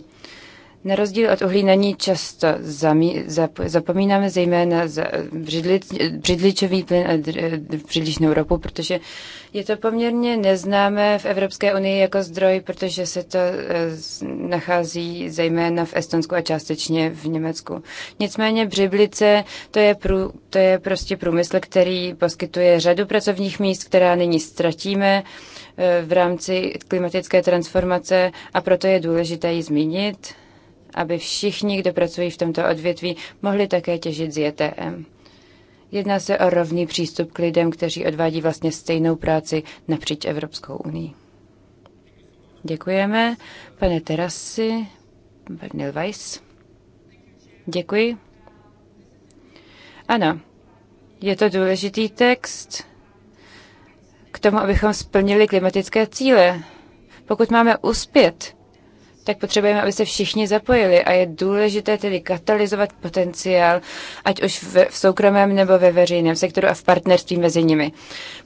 Na rozdíl od uhlí na ní často zamí, zap, zapomínáme zejména za břidli, břidličový plyn a břidličnou ropu, protože je to poměrně neznámé v Evropské unii jako zdroj, protože se to eh, nachází zejména v Estonsku a částečně v Německu. Nicméně břiblice to je, prů, to je prostě průmysl, který poskytuje řadu pracovních míst, která nyní ztratíme eh, v rámci klimatické transformace a proto je důležité ji zmínit aby všichni, kdo pracují v tomto odvětví, mohli také těžit z JTM. Jedná se o rovný přístup k lidem, kteří odvádí vlastně stejnou práci napříč Evropskou unii. Děkujeme. Pane Terasi, Bernil Weiss. Děkuji. Ano, je to důležitý text k tomu, abychom splnili klimatické cíle. Pokud máme uspět, tak potřebujeme, aby se všichni zapojili a je důležité tedy katalyzovat potenciál, ať už v, v soukromém nebo ve veřejném sektoru a v partnerství mezi nimi.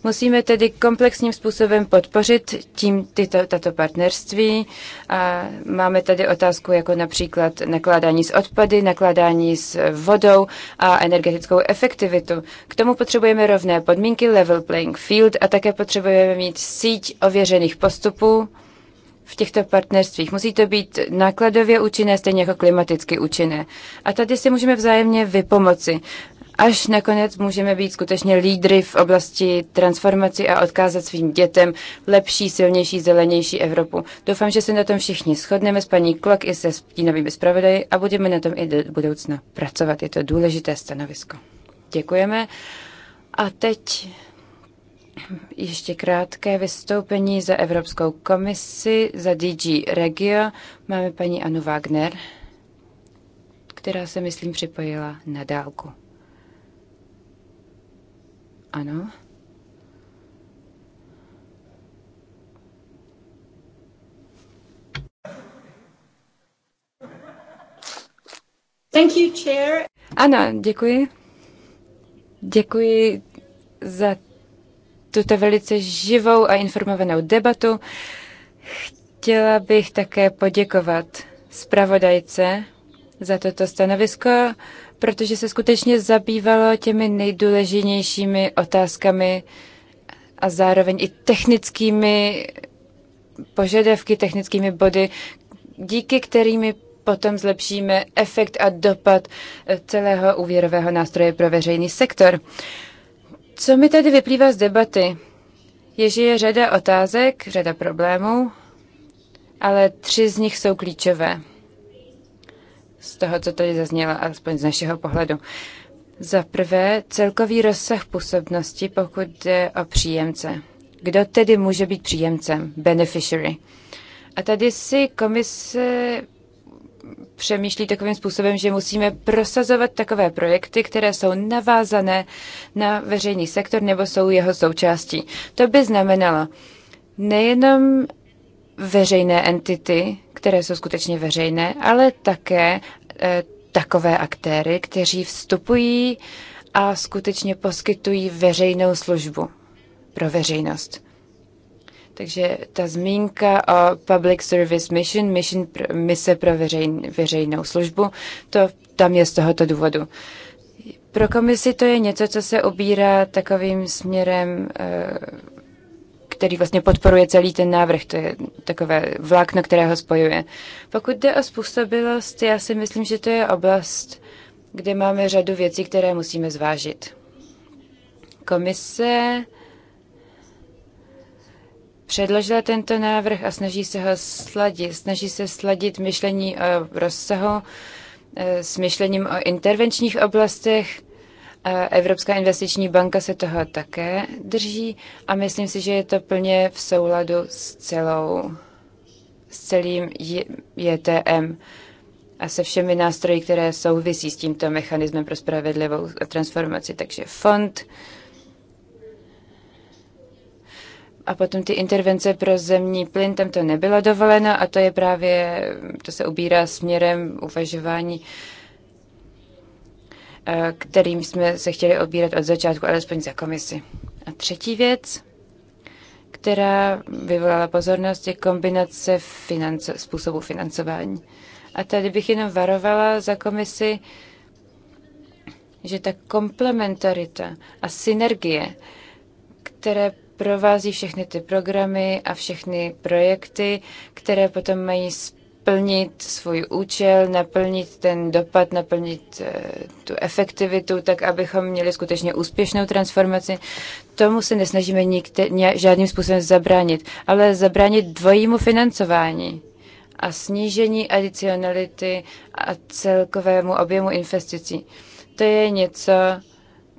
Musíme tedy komplexním způsobem podpořit tím tyto, tato partnerství a máme tady otázku jako například nakládání s odpady, nakládání s vodou a energetickou efektivitu. K tomu potřebujeme rovné podmínky, level playing field a také potřebujeme mít síť ověřených postupů, v těchto partnerstvích. Musí to být nákladově účinné, stejně jako klimaticky účinné. A tady si můžeme vzájemně vypomoci. Až nakonec můžeme být skutečně lídry v oblasti transformaci a odkázat svým dětem lepší, silnější, zelenější Evropu. Doufám, že se na tom všichni shodneme s paní Klok i se stínovými zpravodaji a budeme na tom i do budoucna pracovat. Je to důležité stanovisko. Děkujeme. A teď ještě krátké vystoupení za Evropskou komisi, za DG Regio. Máme paní Anu Wagner, která se, myslím, připojila na dálku. Ano. Thank you, chair. Ano, děkuji. Děkuji za tuto velice živou a informovanou debatu. Chtěla bych také poděkovat zpravodajce za toto stanovisko, protože se skutečně zabývalo těmi nejdůležitějšími otázkami a zároveň i technickými požadavky, technickými body, díky kterými potom zlepšíme efekt a dopad celého úvěrového nástroje pro veřejný sektor. Uh, co mi tedy vyplývá z debaty? Je, že je řada otázek, řada problémů, ale tři z nich jsou klíčové. Z toho, co tady zaznělo, alespoň z našeho pohledu. Za prvé, celkový rozsah působnosti, pokud jde o příjemce. Kdo tedy může být příjemcem? Beneficiary. A tady si komise přemýšlí takovým způsobem, že musíme prosazovat takové projekty, které jsou navázané na veřejný sektor nebo jsou jeho součástí. To by znamenalo nejenom veřejné entity, které jsou skutečně veřejné, ale také e, takové aktéry, kteří vstupují a skutečně poskytují veřejnou službu pro veřejnost. Takže ta zmínka o Public Service Mission, mission mise pro veřejn, veřejnou službu, to tam je z tohoto důvodu. Pro komisi to je něco, co se obírá takovým směrem, eh, který vlastně podporuje celý ten návrh. To je takové vlákno, které ho spojuje. Pokud jde o způsobilost, já si myslím, že to je oblast, kde máme řadu věcí, které musíme zvážit. Komise předložila tento návrh a snaží se ho sladit. Snaží se sladit myšlení o rozsahu eh, s myšlením o intervenčních oblastech. Evropská investiční banka se toho také drží a myslím si, že je to plně v souladu s celou s celým JTM a se všemi nástroji, které souvisí s tímto mechanismem pro spravedlivou transformaci. Takže fond, A potom ty intervence pro zemní plyn, tam to nebylo dovoleno a to je právě, to se ubírá směrem uvažování, eh, kterým jsme se chtěli obírat od začátku, alespoň za komisi. A třetí věc, která vyvolala pozornost, je kombinace financo- způsobu financování. A tady bych jenom varovala za komisi, že ta komplementarita a synergie, které provází všechny ty programy a všechny projekty, které potom mají splnit svůj účel, naplnit ten dopad, naplnit eh, tu efektivitu, tak abychom měli skutečně úspěšnou transformaci. Tomu se nesnažíme nikde, žádným způsobem zabránit, ale zabránit dvojímu financování a snížení adicionality a celkovému objemu investicí. To je něco,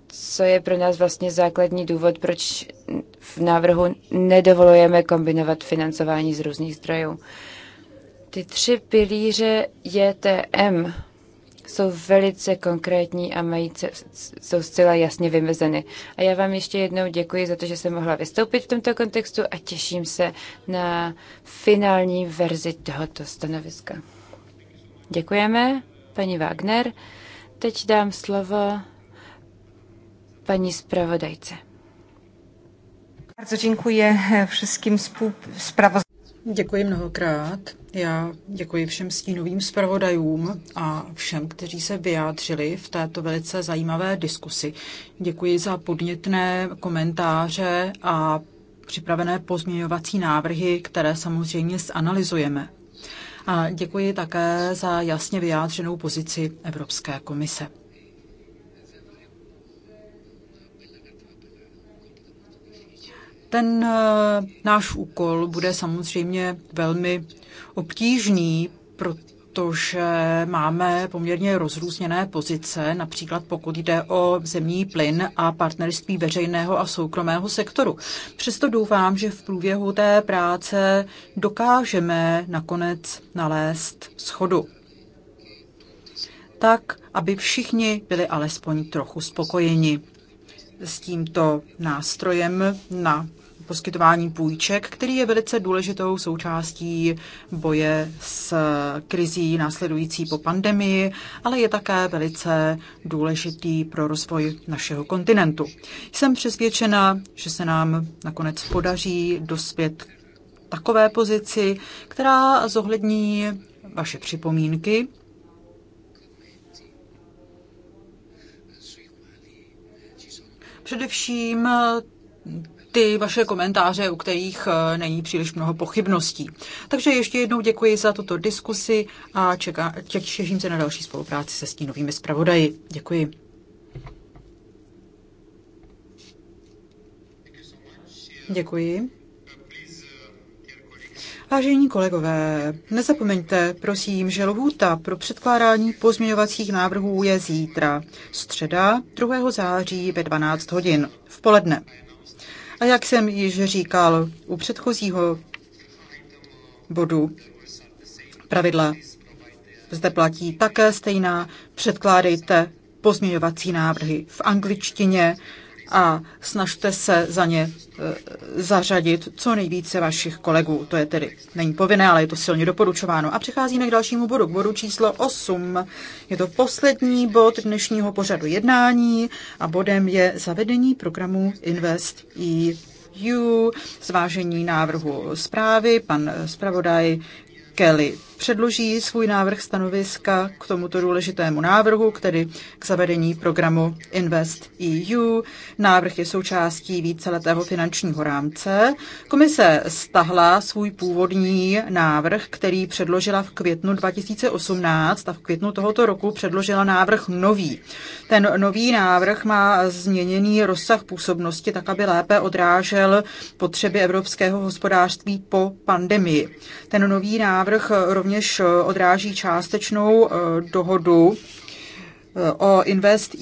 co je pro nás vlastně základní důvod, proč v návrhu nedovolujeme kombinovat financování z různých zdrojů. Ty tři pilíře JTM jsou velice konkrétní a mají, jsou zcela jasně vymezeny. A já vám ještě jednou děkuji za to, že jsem mohla vystoupit v tomto kontextu a těším se na finální verzi tohoto stanoviska. Děkujeme, paní Wagner. Teď dám slovo paní zpravodajce. Bardzo dziękuję e, wszystkim sprawozdawcom. Děkuji mnohokrát. Já děkuji všem stínovým zpravodajům a všem, kteří se vyjádřili v této velice zajímavé diskusi. Děkuji za podnětné komentáře a připravené pozměňovací návrhy, které samozřejmě zanalizujeme. A děkuji také za jasně vyjádřenou pozici Evropské komise. Ten eh, náš úkol bude samozřejmě velmi obtížný, protože máme poměrně rozrůzněné pozice, například pokud jde o zemní plyn a partnerství veřejného a soukromého sektoru. Přesto doufám, že v průběhu té práce dokážeme nakonec nalézt schodu. Tak, aby všichni byli alespoň trochu spokojeni s tímto nástrojem na poskytování půjček, který je velice důležitou součástí boje s krizí následující po pandemii, ale je také velice důležitý pro rozvoj našeho kontinentu. Jsem přesvědčena, že se nám nakonec podaří dospět takové pozici, která zohlední vaše připomínky Především ty vaše komentáře, u kterých eh, není příliš mnoho pochybností. Takže ještě jednou děkuji za tuto diskusi a čeká, těším se na další spolupráci se stínovými zpravodaji. Děkuji. Děkuji. Vážení kolegové, nezapomeňte, prosím, že lhůta pro předkládání pozměňovacích návrhů je zítra, středa 2. září ve 12 hodin v poledne. A jak jsem již říkal u předchozího bodu, pravidla zde platí také stejná. Předkládejte pozměňovací návrhy v angličtině a snažte se za ně e, zařadit co nejvíce vašich kolegů. To je tedy, není povinné, ale je to silně doporučováno. A přecházíme k dalšímu bodu, k bodu číslo 8. Je to poslední bod dnešního pořadu jednání a bodem je zavedení programu Invest EU, zvážení návrhu zprávy, pan zpravodaj Kelly předloží svůj návrh stanoviska k tomuto důležitému návrhu, tedy k zavedení programu Invest EU. Návrh je součástí víceletého finančního rámce. Komise stahla svůj původní návrh, který předložila v květnu 2018 a v květnu tohoto roku předložila návrh nový. Ten nový návrh má změněný rozsah působnosti tak, aby lépe odrážel potřeby evropského hospodářství po pandemii. Ten nový návrh rovněž rovněž eh, odráží částečnou eh, dohodu eh, o Invest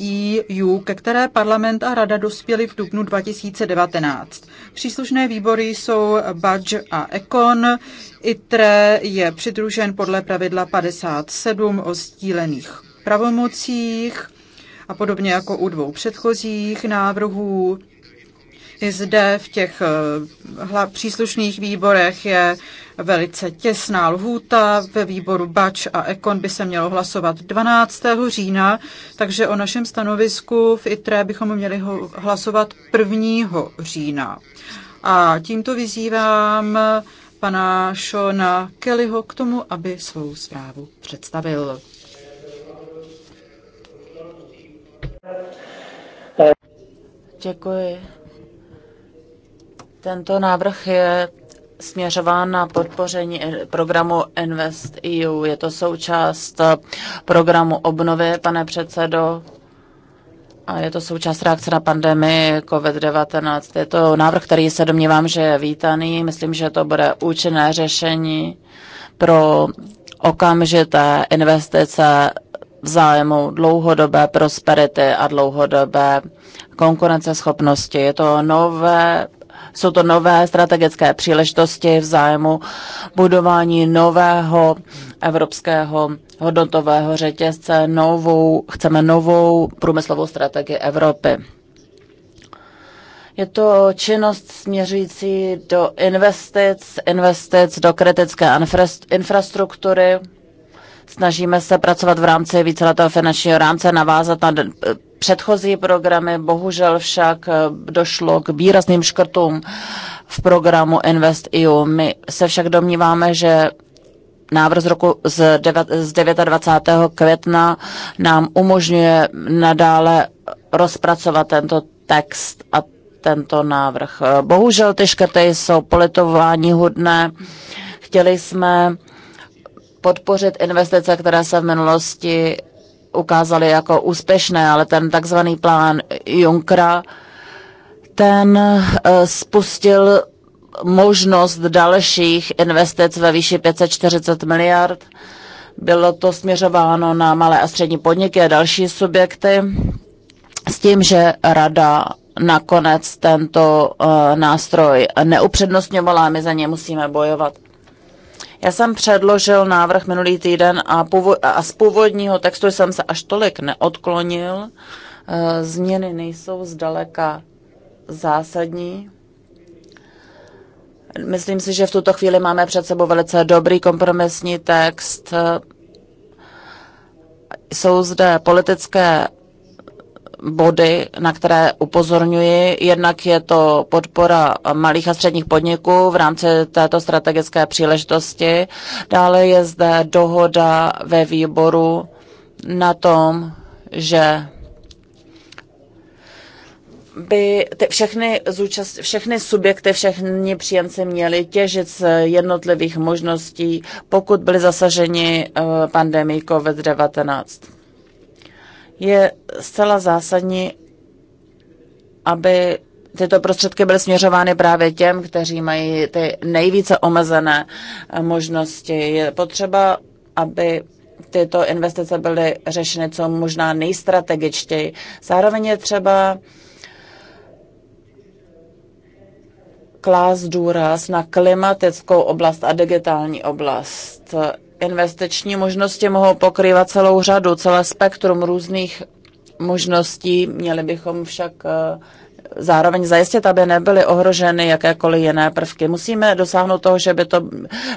EU, ke které parlament a rada dospěly v dubnu 2019. Příslušné výbory jsou Budge a Econ. ITRE je přidružen podle pravidla 57 o sdílených pravomocích a podobně jako u dvou předchozích návrhů zde v těch eh, příslušných výborech je velice těsná lhůta. Ve výboru Bač a Ekon by se mělo hlasovat 12. října, takže o našem stanovisku v ITRE bychom měli hlasovat 1. října. A tímto vyzývám pana Šona Kellyho k tomu, aby svou zprávu představil. Děkuji tento návrh je směřován na podpoření programu Invest EU. Je to součást programu obnovy, pane předsedo, a je to součást reakce na pandemii COVID-19. Je to návrh, který se domnívám, že je vítaný. Myslím, že to bude účinné řešení pro okamžité investice v zájmu dlouhodobé prosperity a dlouhodobé konkurenceschopnosti. Je to nové jsou to nové strategické příležitosti v zájmu budování nového evropského hodnotového řetězce, novou, chceme novou průmyslovou strategii Evropy. Je to činnost směřující do investic, investic do kritické infrastruktury, Snažíme se pracovat v rámci víceletého finančního rámce, navázat na předchozí programy, bohužel však eh, došlo k výrazným škrtům v programu InvestEU. My se však domníváme, že návrh z roku z, z 29. května nám umožňuje nadále rozpracovat tento text a tento návrh. Bohužel ty škrty jsou politování hodné. Chtěli jsme podpořit investice, které se v minulosti ukázaly jako úspěšné, ale ten takzvaný plán Junkra, ten eh, spustil možnost dalších investic ve výši 540 miliard. Bylo to směřováno na malé a střední podniky a další subjekty s tím, že rada nakonec tento eh, nástroj neupřednostňovala a my za ně musíme bojovat. Já jsem předložil návrh minulý týden a, a z původního textu jsem se až tolik neodklonil. Eh, změny nejsou zdaleka zásadní. Myslím si, že v tuto chvíli máme před sebou velice dobrý kompromisní text. Eh, jsou zde politické body, na které upozorňuji. Jednak je to podpora malých a středních podniků v rámci této strategické příležitosti. Dále je zde dohoda ve výboru na tom, že by ty všechny, zúčast, všechny subjekty, všechny příjemci měli těžit z jednotlivých možností, pokud byli zasaženi eh, pandemí COVID-19 je zcela zásadní, aby tyto prostředky byly směřovány právě těm, kteří mají ty nejvíce omezené eh, možnosti. Je potřeba, aby tyto investice byly řešeny co možná nejstrategičtěji. Zároveň je třeba klást důraz na klimatickou oblast a digitální oblast investiční možnosti mohou pokrývat celou řadu, celé spektrum různých možností. Měli bychom však eh, zároveň zajistit, aby nebyly ohroženy jakékoliv jiné prvky. Musíme dosáhnout toho, že by to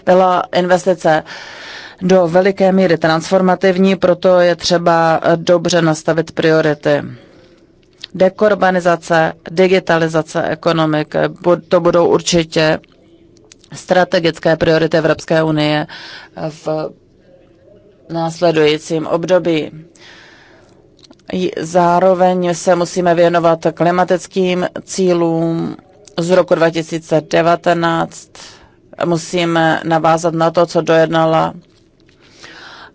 byla investice do veliké míry transformativní, proto je třeba eh, dobře nastavit priority. Dekorbanizace, digitalizace ekonomik, eh, to budou určitě strategické priority Evropské unie v následujícím období. Zároveň se musíme věnovat klimatickým cílům z roku 2019. Musíme navázat na to, co dojednala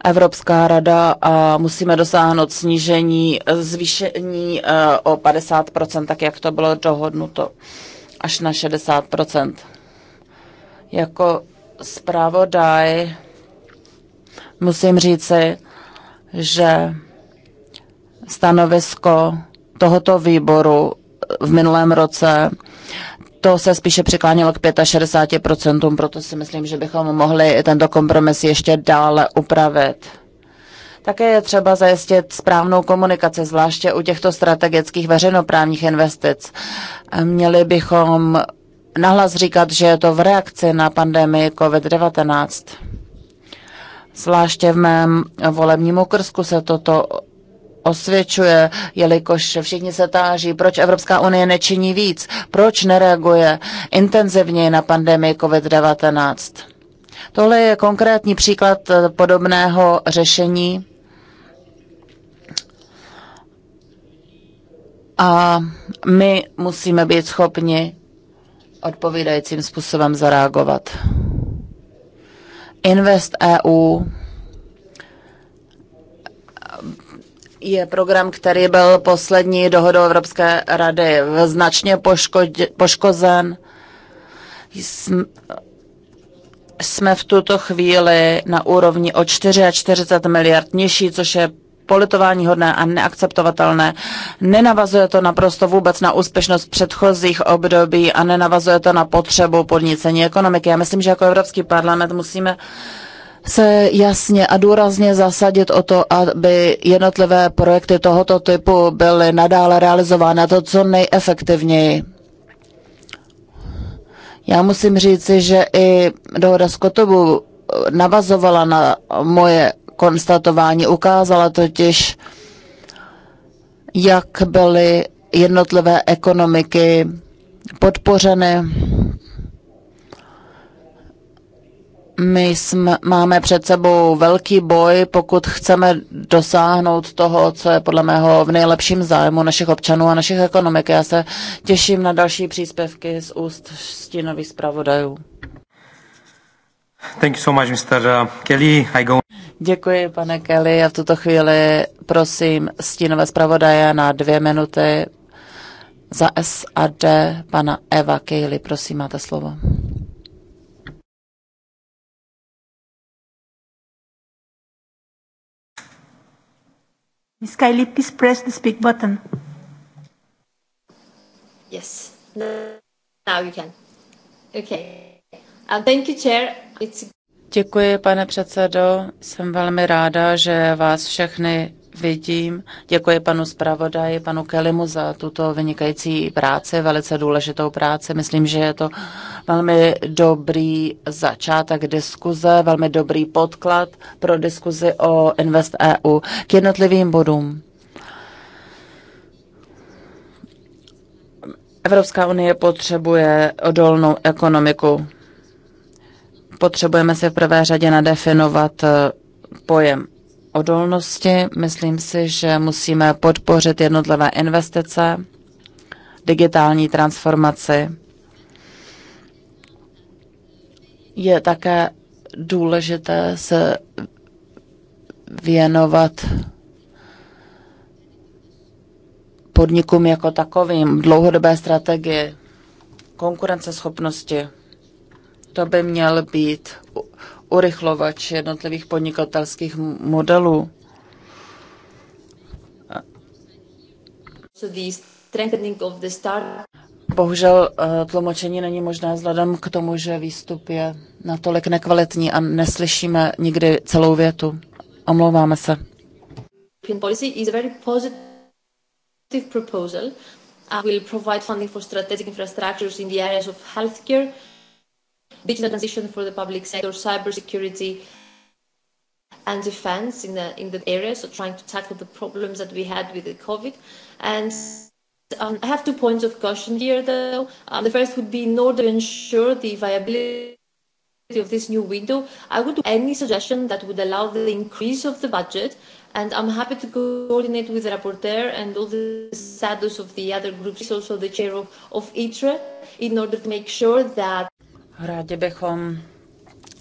Evropská rada a musíme dosáhnout snížení, zvýšení eh, o 50%, tak jak to bylo dohodnuto, až na 60%. Jako zpravodaj musím říci, že stanovisko tohoto výboru v minulém roce to se spíše přiklánilo k 65%, proto si myslím, že bychom mohli tento kompromis ještě dále upravit. Také je třeba zajistit správnou komunikaci, zvláště u těchto strategických veřejnoprávních investic. Měli bychom nahlas říkat, že je to v reakci na pandemii COVID-19. Zvláště v mém volebním okrsku se toto osvědčuje, jelikož všichni se táží, proč Evropská unie nečiní víc, proč nereaguje intenzivněji na pandemii COVID-19. Tohle je konkrétní příklad podobného řešení. A my musíme být schopni odpovídajícím způsobem zareagovat. Invest EU je program, který byl poslední dohodou Evropské rady značně poškodě, poškozen. Jsme, jsme v tuto chvíli na úrovni o 44 miliard nižší, což je politování hodné a neakceptovatelné. Nenavazuje to naprosto vůbec na úspěšnost předchozích období a nenavazuje to na potřebu podnícení ekonomiky. Já myslím, že jako Evropský parlament musíme se jasně a důrazně zasadit o to, aby jednotlivé projekty tohoto typu byly nadále realizovány a to co nejefektivněji. Já musím říci, že i dohoda s Kotobu navazovala na moje konstatování. Ukázala totiž, jak byly jednotlivé ekonomiky podpořeny. My jsme, máme před sebou velký boj, pokud chceme dosáhnout toho, co je podle mého v nejlepším zájmu našich občanů a našich ekonomik. Já se těším na další příspěvky z úst stínových zpravodajů. Thank you so much, Mr. Uh, Kelly. I go... Děkuji, pane Kelly. A v tuto chvíli prosím stínové zpravodaje na dvě minuty za SAD pana Eva Kejli. Prosím, máte slovo. Miss Kylie, please press the speak button. Yes, now you can. Okay. Uh, thank you, Chair. It's Děkuji, pane předsedo. Jsem velmi ráda, že vás všechny vidím. Děkuji panu zpravodaji, panu Kelimu za tuto vynikající práci, velice důležitou práci. Myslím, že je to velmi dobrý začátek diskuze, velmi dobrý podklad pro diskuzi o Invest EU k jednotlivým bodům. Evropská unie potřebuje odolnou ekonomiku potřebujeme si v prvé řadě nadefinovat eh, pojem odolnosti. Myslím si, že musíme podpořit jednotlivé investice, digitální transformaci. Je také důležité se věnovat podnikům jako takovým, dlouhodobé strategie, konkurenceschopnosti. To by měl být urychlovač jednotlivých podnikatelských modelů. Bohužel eh, tlumočení není možné vzhledem k tomu, že výstup je natolik nekvalitní a neslyšíme nikdy celou větu. Omlouváme se. proposal provide funding for strategic infrastructures in the areas of healthcare, digital transition for the public sector, cybersecurity, and defense in the in the area. So trying to tackle the problems that we had with the COVID, and um, I have two points of caution here, though. Um, the first would be in order to ensure the viability of this new window, I would do any suggestion that would allow the increase of the budget, and I'm happy to coordinate with the rapporteur and all the status of the other groups, also the chair of, of ITRE, in order to make sure that Rádi bychom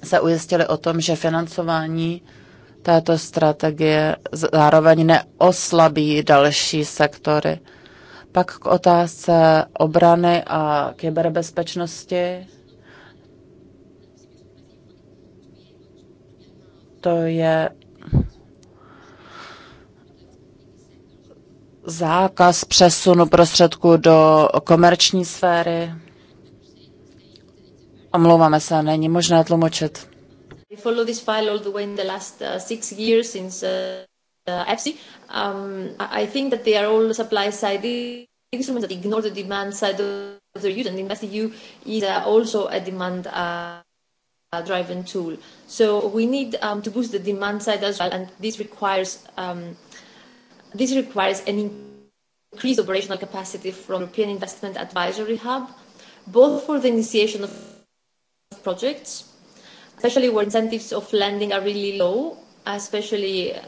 se ujistili o tom, že financování této strategie zároveň neoslabí další sektory. Pak k otázce obrany a kyberbezpečnosti. To je zákaz přesunu prostředků do komerční sféry. Omlouváme se, není možné tlumočit. I follow this file all the way in the last uh, six years since EFSI. Uh, uh, um, I think that they are all supply side instruments that ignore the demand side of and is also a demand driven tool. So we need um, to boost the demand side as well, and this requires um, this requires an increased operational capacity from European Investment Advisory Hub, both for the initiation of projects, especially where incentives of lending are really low, especially uh,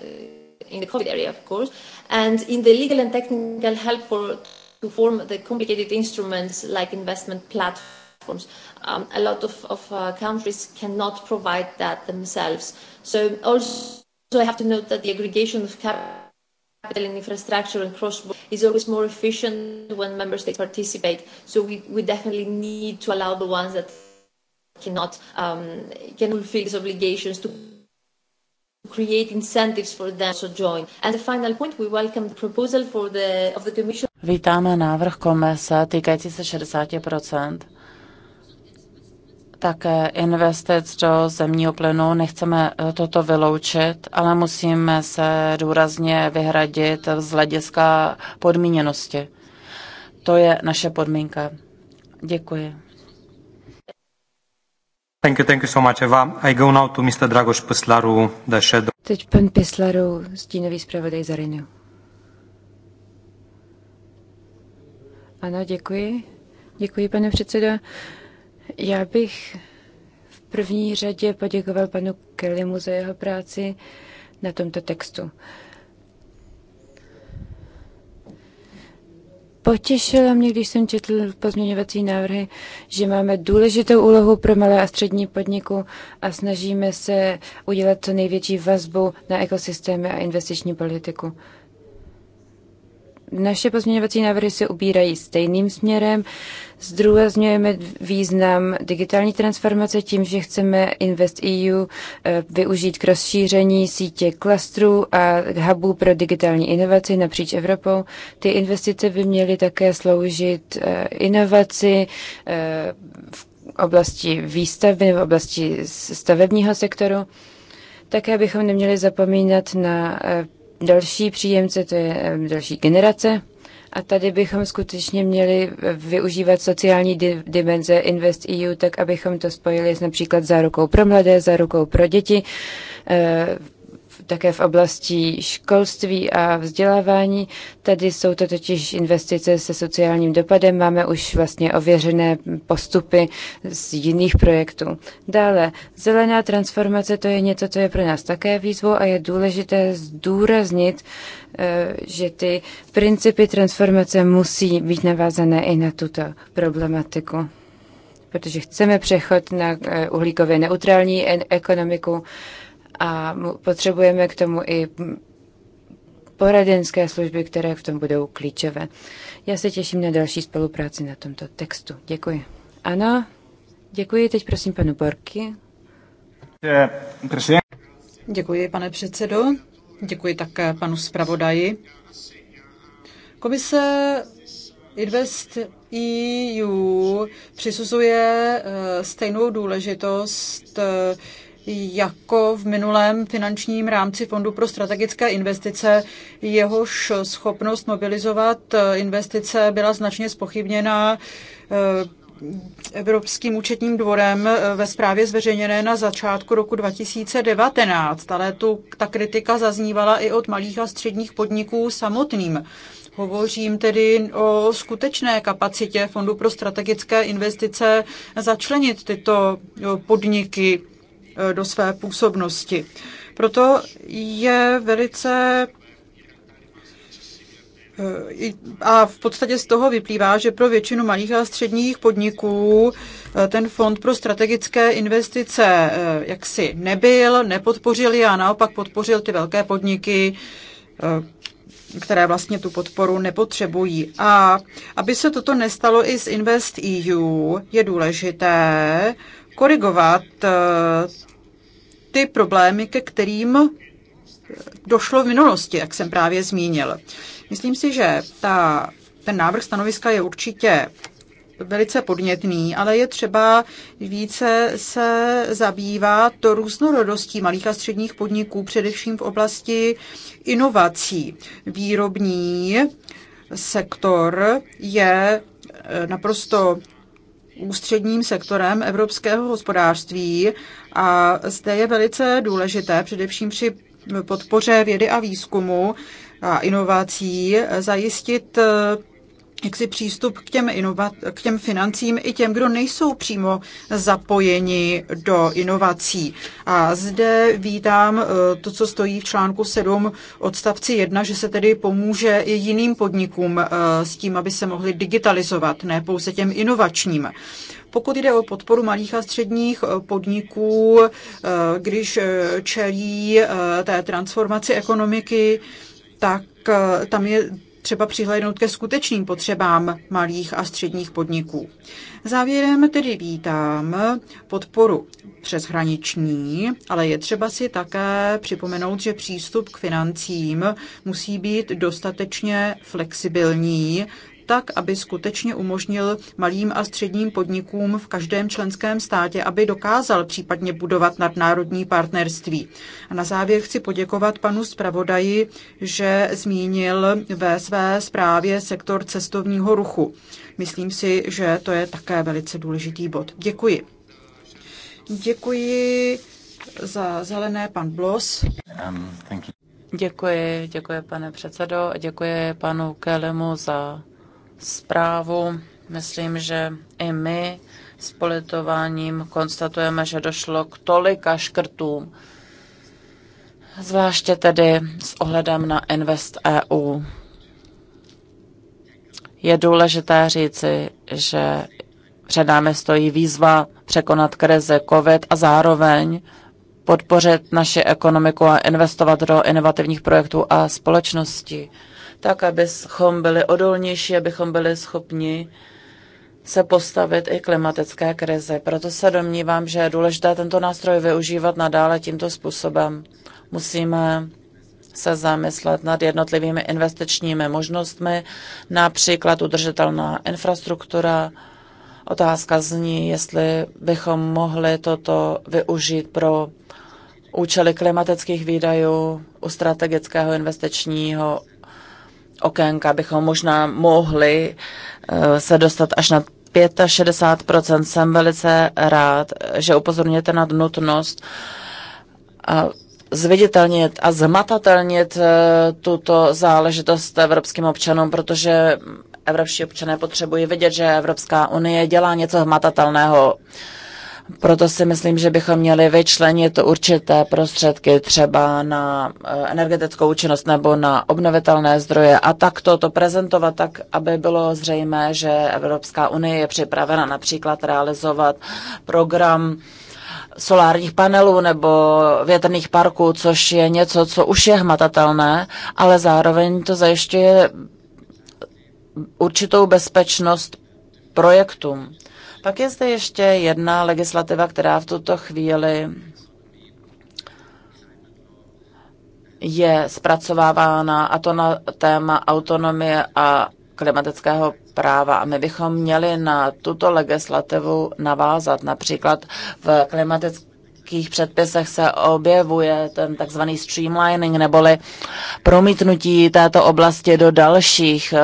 in the COVID area, of course, and in the legal and technical help for to form the complicated instruments like investment platforms. Um, a lot of, of uh, countries cannot provide that themselves. So also I have to note that the aggregation of capital and infrastructure and cross is always more efficient when member states participate. So we, we definitely need to allow the ones that cannot um, can fulfill its obligations to create incentives for them to join. And the final point, we welcome the proposal for the, of the Commission. Vítáme návrh komise týkající se 60 také investic do zemního plynu. Nechceme eh, toto vyloučit, ale musíme se důrazně vyhradit z hlediska podmíněnosti. To je naše podmínka. Děkuji. Thank you, thank you so much, Eva. I go now to Mr. Dragoš Pislaru, the shadow. Teď pan Pislaru, stínový zpravodaj za Renew. Ano, děkuji. Děkuji, pane předsedo. Já bych v první řadě poděkoval panu Kellymu za jeho práci na tomto textu. Uh, Potěšilo mě, když jsem četl pozměňovací návrhy, že máme důležitou úlohu pro malé a střední podniku a snažíme se udělat co největší vazbu na ekosystémy a investiční politiku. Naše pozměňovací návrhy se ubírají stejným směrem, Zdůrazňujeme význam digitální transformace tím, že chceme InvestEU eh, využít k rozšíření sítě klastrů a hubů pro digitální inovaci napříč Evropou. Ty investice by měly také sloužit eh, inovaci eh, v oblasti výstavby, v oblasti stavebního sektoru. Také bychom neměli zapomínat na další příjemce, to je další generace a tady bychom skutečně měli využívat sociální di- dimenze Invest EU, tak abychom to spojili s například zárukou pro mladé, zárukou pro děti, eh, také v oblasti školství a vzdělávání. Tady jsou to totiž investice se sociálním dopadem. Máme už vlastně ověřené postupy z jiných projektů. Dále, zelená transformace, to je něco, co je pro nás také výzvou a je důležité zdůraznit, eh, že ty principy transformace musí být navázané i na tuto problematiku protože chceme přechod na eh, uhlíkově neutrální ekonomiku a potřebujeme k tomu i poradenské služby, které v tom budou klíčové. Já se těším na další spolupráci na tomto textu. Děkuji. Ano, děkuji. Teď prosím panu Borky. Děkuji, pane předsedo. Děkuji také panu zpravodaji. Komise Invest EU přisuzuje eh, stejnou důležitost eh, jako v minulém finančním rámci Fondu pro strategické investice. Jehož schopnost mobilizovat eh, investice byla značně spochybněna eh, Evropským účetním dvorem eh, ve zprávě zveřejněné na začátku roku 2019, ale tu, ta kritika zaznívala i od malých a středních podniků samotným. Hovořím tedy o skutečné kapacitě Fondu pro strategické investice začlenit tyto podniky Eh, do své působnosti. Proto je velice eh, a v podstatě z toho vyplývá, že pro většinu malých a středních podniků eh, ten fond pro strategické investice jaksi nebyl, nepodpořil je a naopak podpořil ty velké podniky, které vlastně tu podporu nepotřebují. A aby se toto nestalo i z InvestEU, je důležité korigovat eh, ty problémy, ke kterým došlo v minulosti, jak jsem právě zmínil. Myslím si, že ta, ten návrh stanoviska je určitě velice podnětný, ale je třeba více se zabývat to různorodostí malých a středních podniků, především v oblasti inovací. Výrobní sektor je eh, naprosto ústředním sektorem evropského hospodářství a zde je velice důležité, především při podpoře vědy a výzkumu a inovací, zajistit jaksi přístup k těm, inovat, k těm financím i těm, kdo nejsou přímo zapojeni do inovací. A zde vítám e, to, co stojí v článku 7 odstavci 1, že se tedy pomůže i jiným podnikům e, s tím, aby se mohli digitalizovat, ne pouze těm inovačním. Pokud jde o podporu malých a středních e, podniků, když čelí té transformaci ekonomiky, tak tam je třeba přihlédnout ke skutečným potřebám malých a středních podniků. Závěrem tedy vítám podporu přeshraniční, ale je třeba si také připomenout, že přístup k financím musí být dostatečně flexibilní, tak, aby skutečně umožnil malým a středním podnikům v každém členském státě, aby dokázal případně budovat nadnárodní partnerství. A na závěr chci poděkovat panu zpravodaji, že zmínil ve své zprávě sektor cestovního ruchu. Myslím si, že to je také velice důležitý bod. Děkuji. Děkuji za zelené pan Blos. Um, Děkuji, děkuji pane předsedo a děkuji panu Kelemu za zprávu. Myslím, že i my s politováním konstatujeme, že došlo k tolika škrtům, zvláště tedy s ohledem na Invest EU. Je důležité říci, že před námi stojí výzva překonat krize COVID a zároveň podpořit naši ekonomiku a investovat do inovativních projektů a společností tak abychom byli odolnější, abychom byli schopni se postavit i klimatické krizi. Proto se domnívám, že je důležité tento nástroj využívat nadále tímto způsobem. Musíme se zamyslet nad jednotlivými investičními možnostmi, například udržitelná infrastruktura. Otázka zní, jestli bychom mohli toto využít pro účely klimatických výdajů u strategického investičního okénka bychom možná mohli eh, se dostat až na 65%. Jsem velice rád, že upozorněte na nutnost a zviditelnit a zmatatelnit eh, tuto záležitost evropským občanům, protože evropští občané potřebují vědět, že Evropská unie dělá něco hmatatelného. Uh, proto si myslím, že bychom měli vyčlenit určité prostředky třeba na eh, energetickou účinnost nebo na obnovitelné zdroje a tak to prezentovat tak, aby bylo zřejmé, že Evropská unie je připravena například realizovat program solárních panelů nebo větrných parků, což je něco, co už je hmatatelné, ale zároveň to zajišťuje určitou bezpečnost projektům. Pak je zde ještě jedna legislativa, která v tuto chvíli je zpracovávána, a to na téma autonomie a klimatického práva. A my bychom měli na tuto legislativu navázat. Například v klimatických předpisech se objevuje ten takzvaný streamlining, neboli promítnutí této oblasti do dalších eh,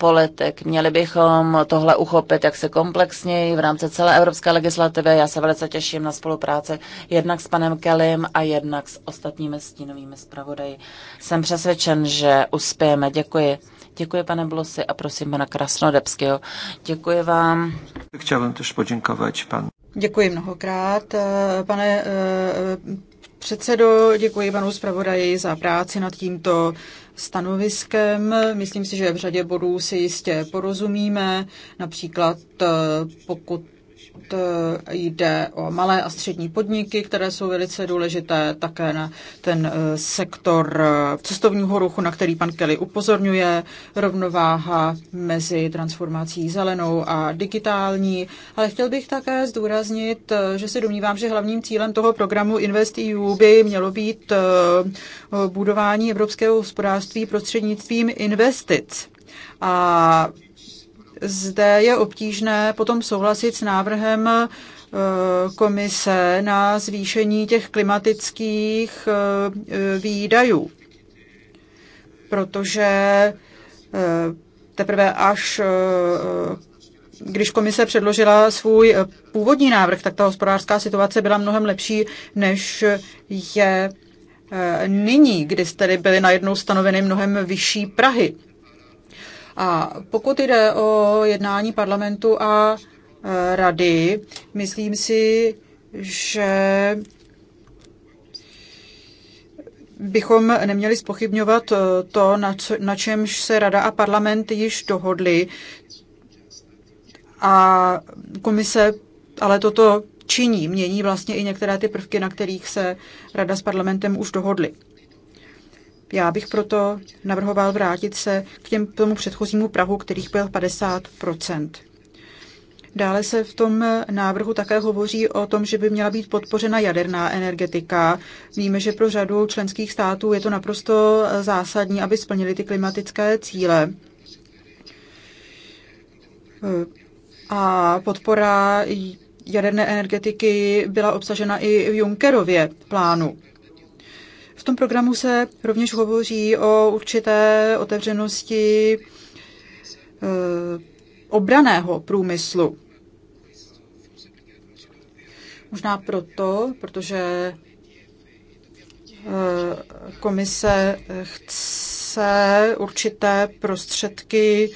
politik. Měli bychom tohle uchopit jak se komplexněji v rámci celé evropské legislativy. Já se velice těším na spolupráci jednak s panem Kellym a jednak s ostatními stínovými zpravodaji. Jsem přesvědčen, že uspějeme. Děkuji. Děkuji, pane Blosy, a prosím pana Krasnodebského. Děkuji vám. Chtěl tož poděkovat panu. Děkuji mnohokrát, pane eh, předsedo, děkuji panu zpravodaji za práci nad tímto stanoviskem. Myslím si, že v řadě bodů si jistě porozumíme, například eh, pokud Eh, jde o malé a střední podniky, které jsou velice důležité, také na ten eh, sektor eh, cestovního ruchu, na který pan Kelly upozorňuje, rovnováha mezi transformací zelenou a digitální. Ale chtěl bych také zdůraznit, že se domnívám, že hlavním cílem toho programu InvestEU by mělo být budování evropského hospodářství prostřednictvím investic. A zde je obtížné potom souhlasit s návrhem eh, komise na zvýšení těch klimatických eh, výdajů, protože eh, teprve až když komise předložila svůj původní návrh, tak ta hospodářská situace byla mnohem lepší, než je nyní, kdy tedy byly najednou stanoveny mnohem vyšší Prahy. A pokud jde o jednání parlamentu a e, rady, myslím si, že bychom neměli spochybňovat e, to, na, co, na čemž se Rada a parlament již dohodli. A komise ale toto činí, mění vlastně i některé ty prvky, na kterých se Rada s parlamentem už dohodli. Já bych proto navrhoval vrátit se k těm, tomu předchozímu Prahu, kterých byl 50 Dále se v tom návrhu také hovoří o tom, že by měla být podpořena jaderná energetika. Víme, že pro řadu členských států je to naprosto zásadní, aby splnili ty klimatické cíle. A podpora jaderné energetiky byla obsažena i v Junckerově plánu. V tom programu se rovněž hovoří o určité otevřenosti eh, obraného průmyslu. Možná proto, protože eh, komise chce určité prostředky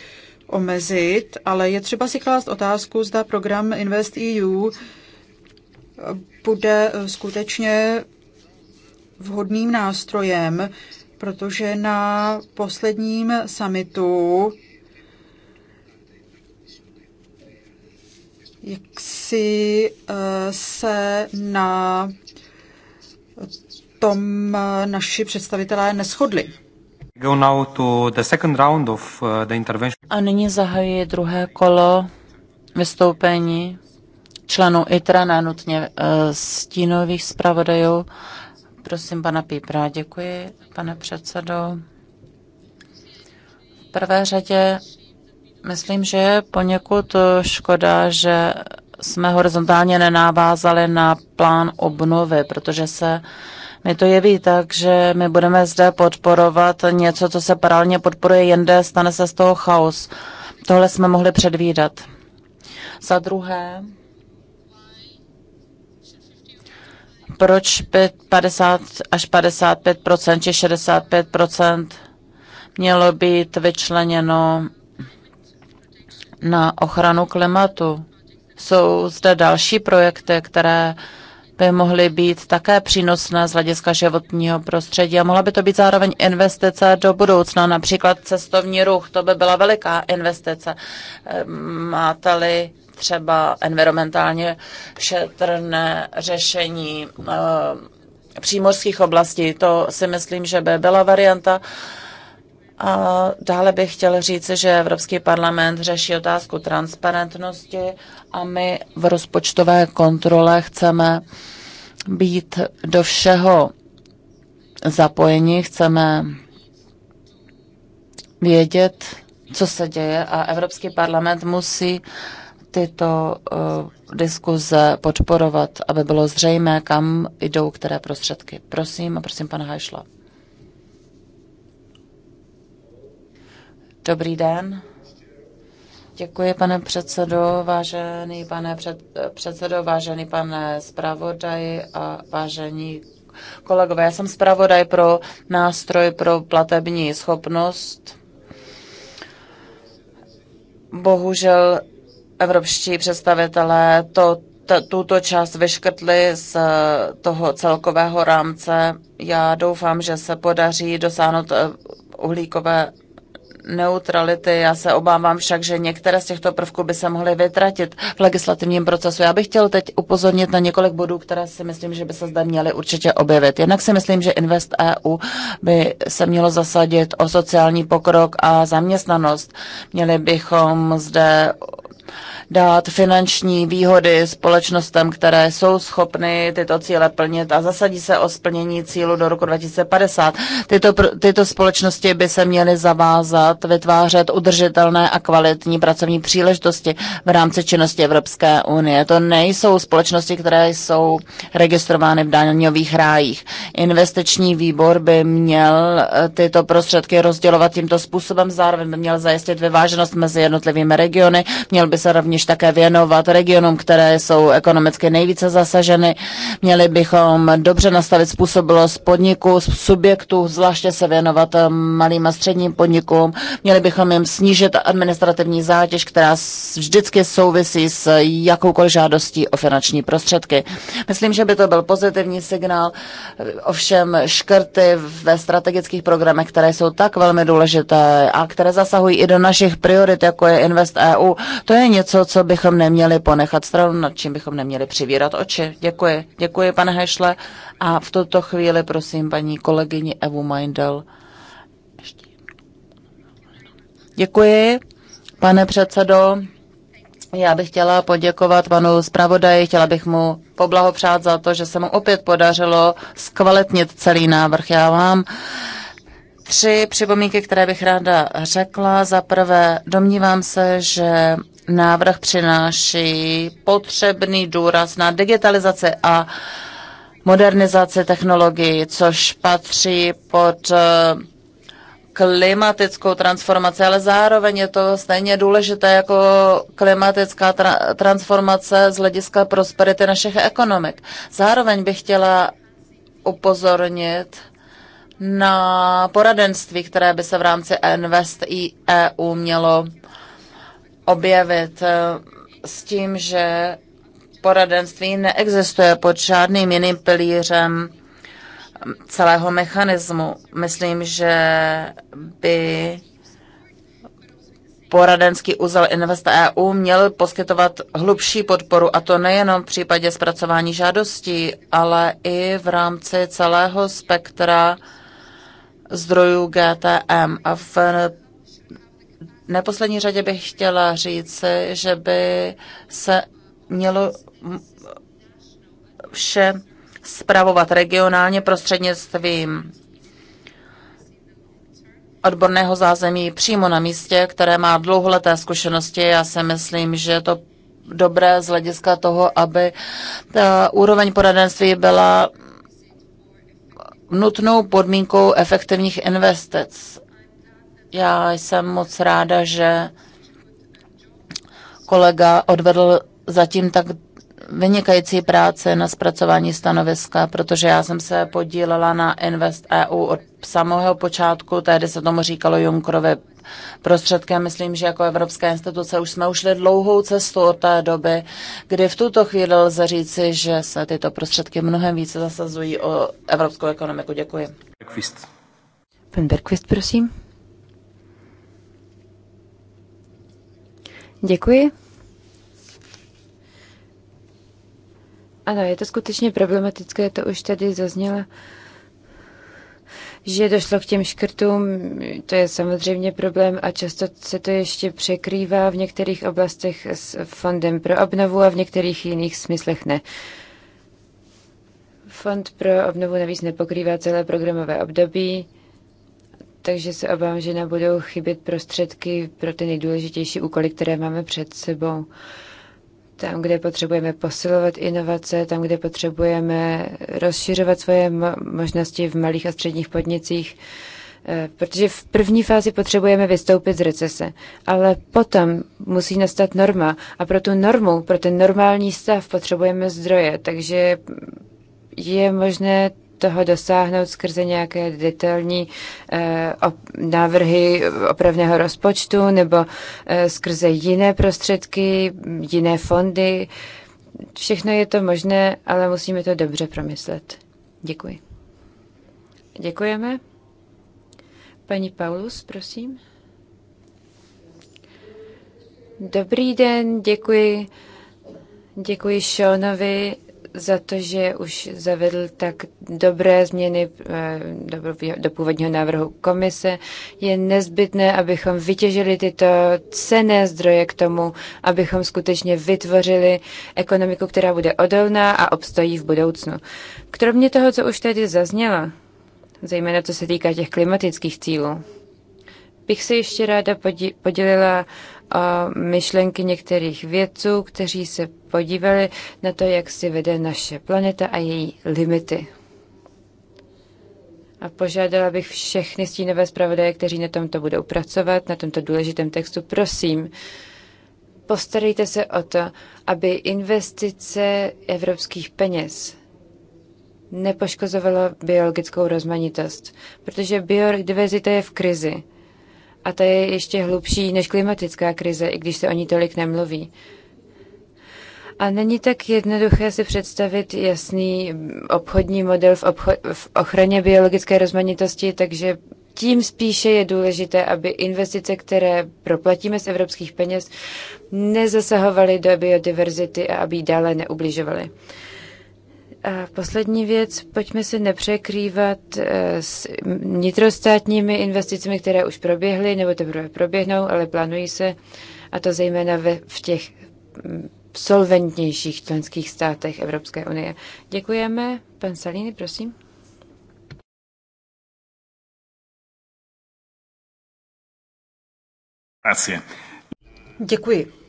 omezit, ale je třeba si klást otázku, zda program InvestEU bude skutečně vhodným nástrojem, protože na posledním summitu jak si eh, se na tom naši představitelé neschodli. Eh, A nyní zahajuje druhé kolo vystoupení členů ITRA, nutně eh, stínových zpravodajů. Prosím pana Pípra, děkuji, pane předsedo. V prvé řadě myslím, že je poněkud škoda, že jsme horizontálně nenávázali na plán obnovy, protože se mi to jeví tak, že my budeme zde podporovat něco, co se paralelně podporuje jinde, stane se z toho chaos. Tohle jsme mohli předvídat. Za druhé, proč 50 až 55 či 65 mělo být vyčleněno na ochranu klimatu. Jsou zde další projekty, které by mohly být také přínosné z hlediska životního prostředí a mohla by to být zároveň investice do budoucna, například cestovní ruch, to by byla veliká investice. Ehm, máte-li třeba environmentálně šetrné řešení eh, přímořských oblastí. To si myslím, že by byla varianta. A dále bych chtěl říct, že Evropský parlament řeší otázku transparentnosti a my v rozpočtové kontrole chceme být do všeho zapojeni, chceme vědět, co se děje a Evropský parlament musí uh, tyto uh, diskuze podporovat, aby bylo zřejmé, kam jdou které prostředky. Prosím a prosím pana Hajšla. Dobrý den. Děkuji, pane předsedo, vážený pane před, předsedo, vážený pane zpravodaj a vážení kolegové. Já jsem zpravodaj pro nástroj pro platební schopnost. Bohužel evropští představitelé to, t, tuto část vyškrtli z eh, toho celkového rámce. Já doufám, že se podaří dosáhnout eh, uhlíkové neutrality. Já se obávám však, že některé z těchto prvků by se mohly vytratit v legislativním procesu. Já bych chtěl teď upozornit na několik bodů, které si myslím, že by se zde měly určitě objevit. Jednak si myslím, že Invest EU by se mělo zasadit o sociální pokrok a zaměstnanost. Měli bychom zde dát finanční výhody společnostem, které jsou schopny tyto cíle plnit a zasadí se o splnění cílu do roku 2050. Tyto, tyto společnosti by se měly zavázat vytvářet udržitelné a kvalitní pracovní příležitosti v rámci činnosti Evropské unie. To nejsou společnosti, které jsou registrovány v daňových rájích. Investiční výbor by měl eh, tyto prostředky rozdělovat tímto způsobem, zároveň by měl zajistit vyváženost mezi jednotlivými regiony, měl by by se rovněž také věnovat regionům, které jsou ekonomicky nejvíce zasaženy. Měli bychom dobře nastavit způsobilost podniku, subjektů, zvláště se věnovat eh, malým a středním podnikům. Měli bychom jim snížit administrativní zátěž, která vždycky souvisí s jakoukoliv žádostí o finanční prostředky. Myslím, že by to byl pozitivní signál, ovšem škrty ve strategických programech, které jsou tak velmi důležité a které zasahují i do našich priorit, jako je Invest EU, to je je něco, co bychom neměli ponechat stranu, nad čím bychom neměli přivírat oči. Děkuji. Děkuji, pane Hešle. A v tuto chvíli prosím paní kolegyni Evu Mindel. Děkuji, pane předsedo. Já bych chtěla poděkovat panu zpravodaji, chtěla bych mu poblahopřát za to, že se mu opět podařilo zkvalitnit celý návrh. Já vám tři připomínky, které bych ráda řekla. Za prvé, domnívám se, že návrh přináší potřebný důraz na digitalizaci a modernizaci technologií, což patří pod eh, klimatickou transformaci, ale zároveň je to stejně důležité jako klimatická tra- transformace z hlediska prosperity našich ekonomik. Zároveň bych chtěla upozornit na poradenství, které by se v rámci Invest EU mělo objevit eh, s tím, že poradenství neexistuje pod žádným jiným pilířem eh, celého mechanismu. Myslím, že by poradenský úzel Invest EU měl poskytovat hlubší podporu, a to nejenom v případě zpracování žádostí, ale i v rámci celého spektra zdrojů GTM. A v neposlední řadě bych chtěla říct, že by se mělo vše spravovat regionálně prostřednictvím odborného zázemí přímo na místě, které má dlouholeté zkušenosti. Já si myslím, že je to dobré z hlediska toho, aby ta úroveň poradenství byla nutnou podmínkou efektivních investic. Já jsem moc ráda, že kolega odvedl zatím tak vynikající práce na zpracování stanoviska, protože já jsem se podílela na Invest EU od samého počátku, tehdy se tomu říkalo Junkrovi prostředkem. Myslím, že jako evropské instituce už jsme ušli dlouhou cestu od té doby, kdy v tuto chvíli lze říci, že se tyto prostředky mnohem více zasazují o evropskou ekonomiku. Děkuji. Pan Berkvist, prosím. Děkuji. Ano, je to skutečně problematické, to už tady zaznělo, že došlo k těm škrtům, to je samozřejmě problém a často se to ještě překrývá v některých oblastech s fondem pro obnovu a v některých jiných smyslech ne. Fond pro obnovu navíc nepokrývá celé programové období, takže se obávám, že nám budou chybět prostředky pro ty nejdůležitější úkoly, které máme před sebou. Tam, kde potřebujeme posilovat inovace, tam, kde potřebujeme rozšiřovat svoje možnosti v malých a středních podnicích, eh, protože v první fázi potřebujeme vystoupit z recese, ale potom musí nastat norma a pro tu normu, pro ten normální stav potřebujeme zdroje, takže je možné toho dosáhnout skrze nějaké detailní eh, návrhy opravného rozpočtu nebo eh, skrze jiné prostředky, jiné fondy. Všechno je to možné, ale musíme to dobře promyslet. Děkuji. Děkujeme. Paní Paulus, prosím. Dobrý den, děkuji. Děkuji Seanovi za to, že už zavedl tak dobré změny eh, do původního návrhu komise. Je nezbytné, abychom vytěžili tyto cené zdroje k tomu, abychom skutečně vytvořili ekonomiku, která bude odolná a obstojí v budoucnu. Kromě toho, co už tady zaznělo, zejména co se týká těch klimatických cílů, bych se ještě ráda podělila myšlenky některých vědců, kteří se podívali na to, jak si vede naše planeta a její limity. A požádala bych všechny stínové zpravodaje, kteří na tomto budou pracovat, na tomto důležitém textu, prosím, postarejte se o to, aby investice evropských peněz nepoškozovala biologickou rozmanitost, protože biodiverzita je v krizi a ta je ještě hlubší než klimatická krize, i když se o ní tolik nemluví. A není tak jednoduché si představit jasný obchodní model v, obcho- v ochraně biologické rozmanitosti, takže tím spíše je důležité, aby investice, které proplatíme z evropských peněz, nezasahovaly do biodiverzity a aby ji dále neubližovaly. Poslední věc, pojďme si nepřekrývat eh, s nitrostátními investicemi, které už proběhly nebo teprve proběhnou, ale plánují se, a to zejména ve, v těch mm, solventnějších členských státech Evropské unie. Děkujeme. Pan Salini, prosím. Děkuji.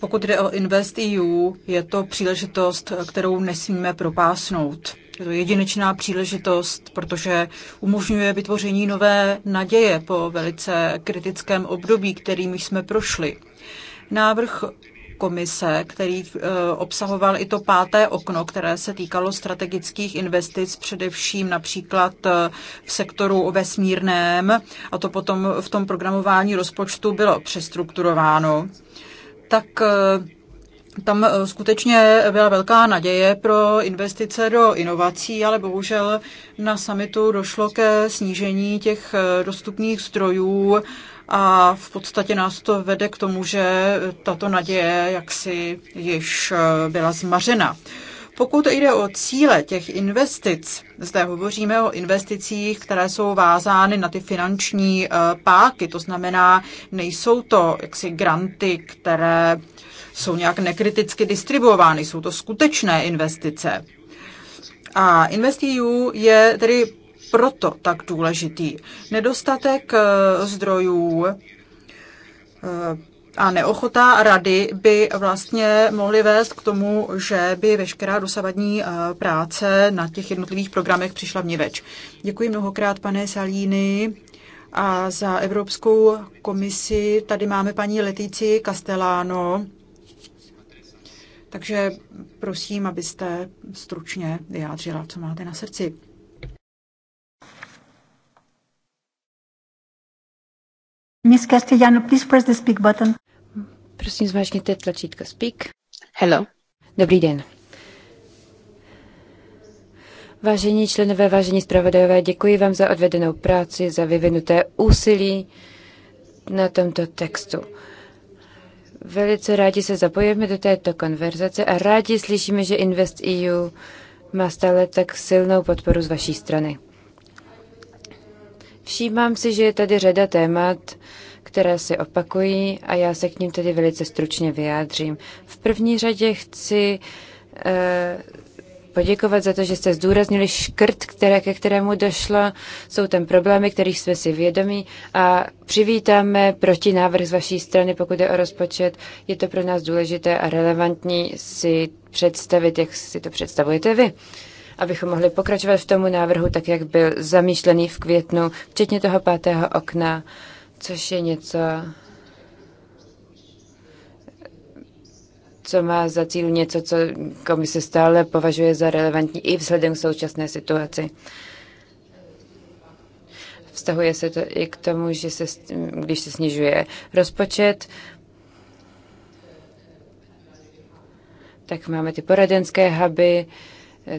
Pokud jde o InvestEU, je to příležitost, kterou nesmíme propásnout. Je to jedinečná příležitost, protože umožňuje vytvoření nové naděje po velice kritickém období, kterým jsme prošli. Návrh komise, který eh, obsahoval i to páté okno, které se týkalo strategických investic, především například eh, v sektoru vesmírném, a to potom v tom programování rozpočtu bylo přestrukturováno tak eh, tam eh, skutečně byla velká naděje pro investice do inovací, ale bohužel na samitu došlo ke snížení těch eh, dostupných zdrojů a v podstatě nás to vede k tomu, že tato naděje jaksi již byla zmařena. Pokud jde o cíle těch investic, zde hovoříme o investicích, které jsou vázány na ty finanční eh, páky, to znamená, nejsou to jaksi granty, které jsou nějak nekriticky distribuovány, jsou to skutečné investice. A InvestEU je tedy proto tak důležitý. Nedostatek eh, zdrojů eh, a neochota rady by vlastně mohly vést k tomu, že by veškerá dosavadní eh, práce na těch jednotlivých programech přišla vniveč. Děkuji mnohokrát, pane Salíny. A za Evropskou komisi tady máme paní Letici Castellano. Takže prosím, abyste stručně vyjádřila, co máte na srdci. Miss Castellano, please press the speak button. Prosím zvážněte tlačítko Speak. Hello. Dobrý den. Vážení členové, vážení zpravodajové, děkuji vám za odvedenou práci, za vyvinuté úsilí na tomto textu. Velice rádi se zapojíme do této konverzace a rádi slyšíme, že Invest EU má stále tak silnou podporu z vaší strany. Všímám si, že je tady řada témat, které se opakují a já se k ním tedy velice stručně vyjádřím. V první řadě chci eh, poděkovat za to, že jste zdůraznili škrt, které, ke kterému došlo. Jsou tam problémy, kterých jsme si vědomí a přivítáme proti návrh z vaší strany, pokud je o rozpočet. Je to pro nás důležité a relevantní si představit, jak si to představujete vy abychom mohli pokračovat v tomu návrhu tak, jak byl zamýšlený v květnu, včetně toho pátého okna což je něco, co má za cíl něco, co komise stále považuje za relevantní i vzhledem k současné situaci. Vztahuje se to i k tomu, že se, když se snižuje rozpočet, tak máme ty poradenské huby,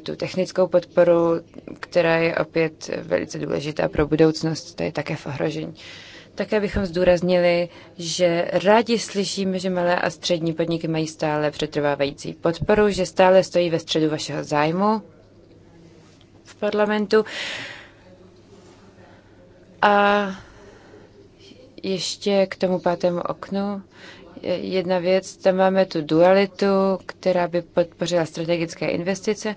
tu technickou podporu, která je opět velice důležitá pro budoucnost, to je také v ohrožení. Také bychom zdůraznili, že rádi slyšíme, že malé a střední podniky mají stále přetrvávající podporu, že stále stojí ve středu vašeho zájmu v parlamentu. A ještě k tomu pátému oknu. Jedna věc, tam máme tu dualitu, která by podpořila strategické investice.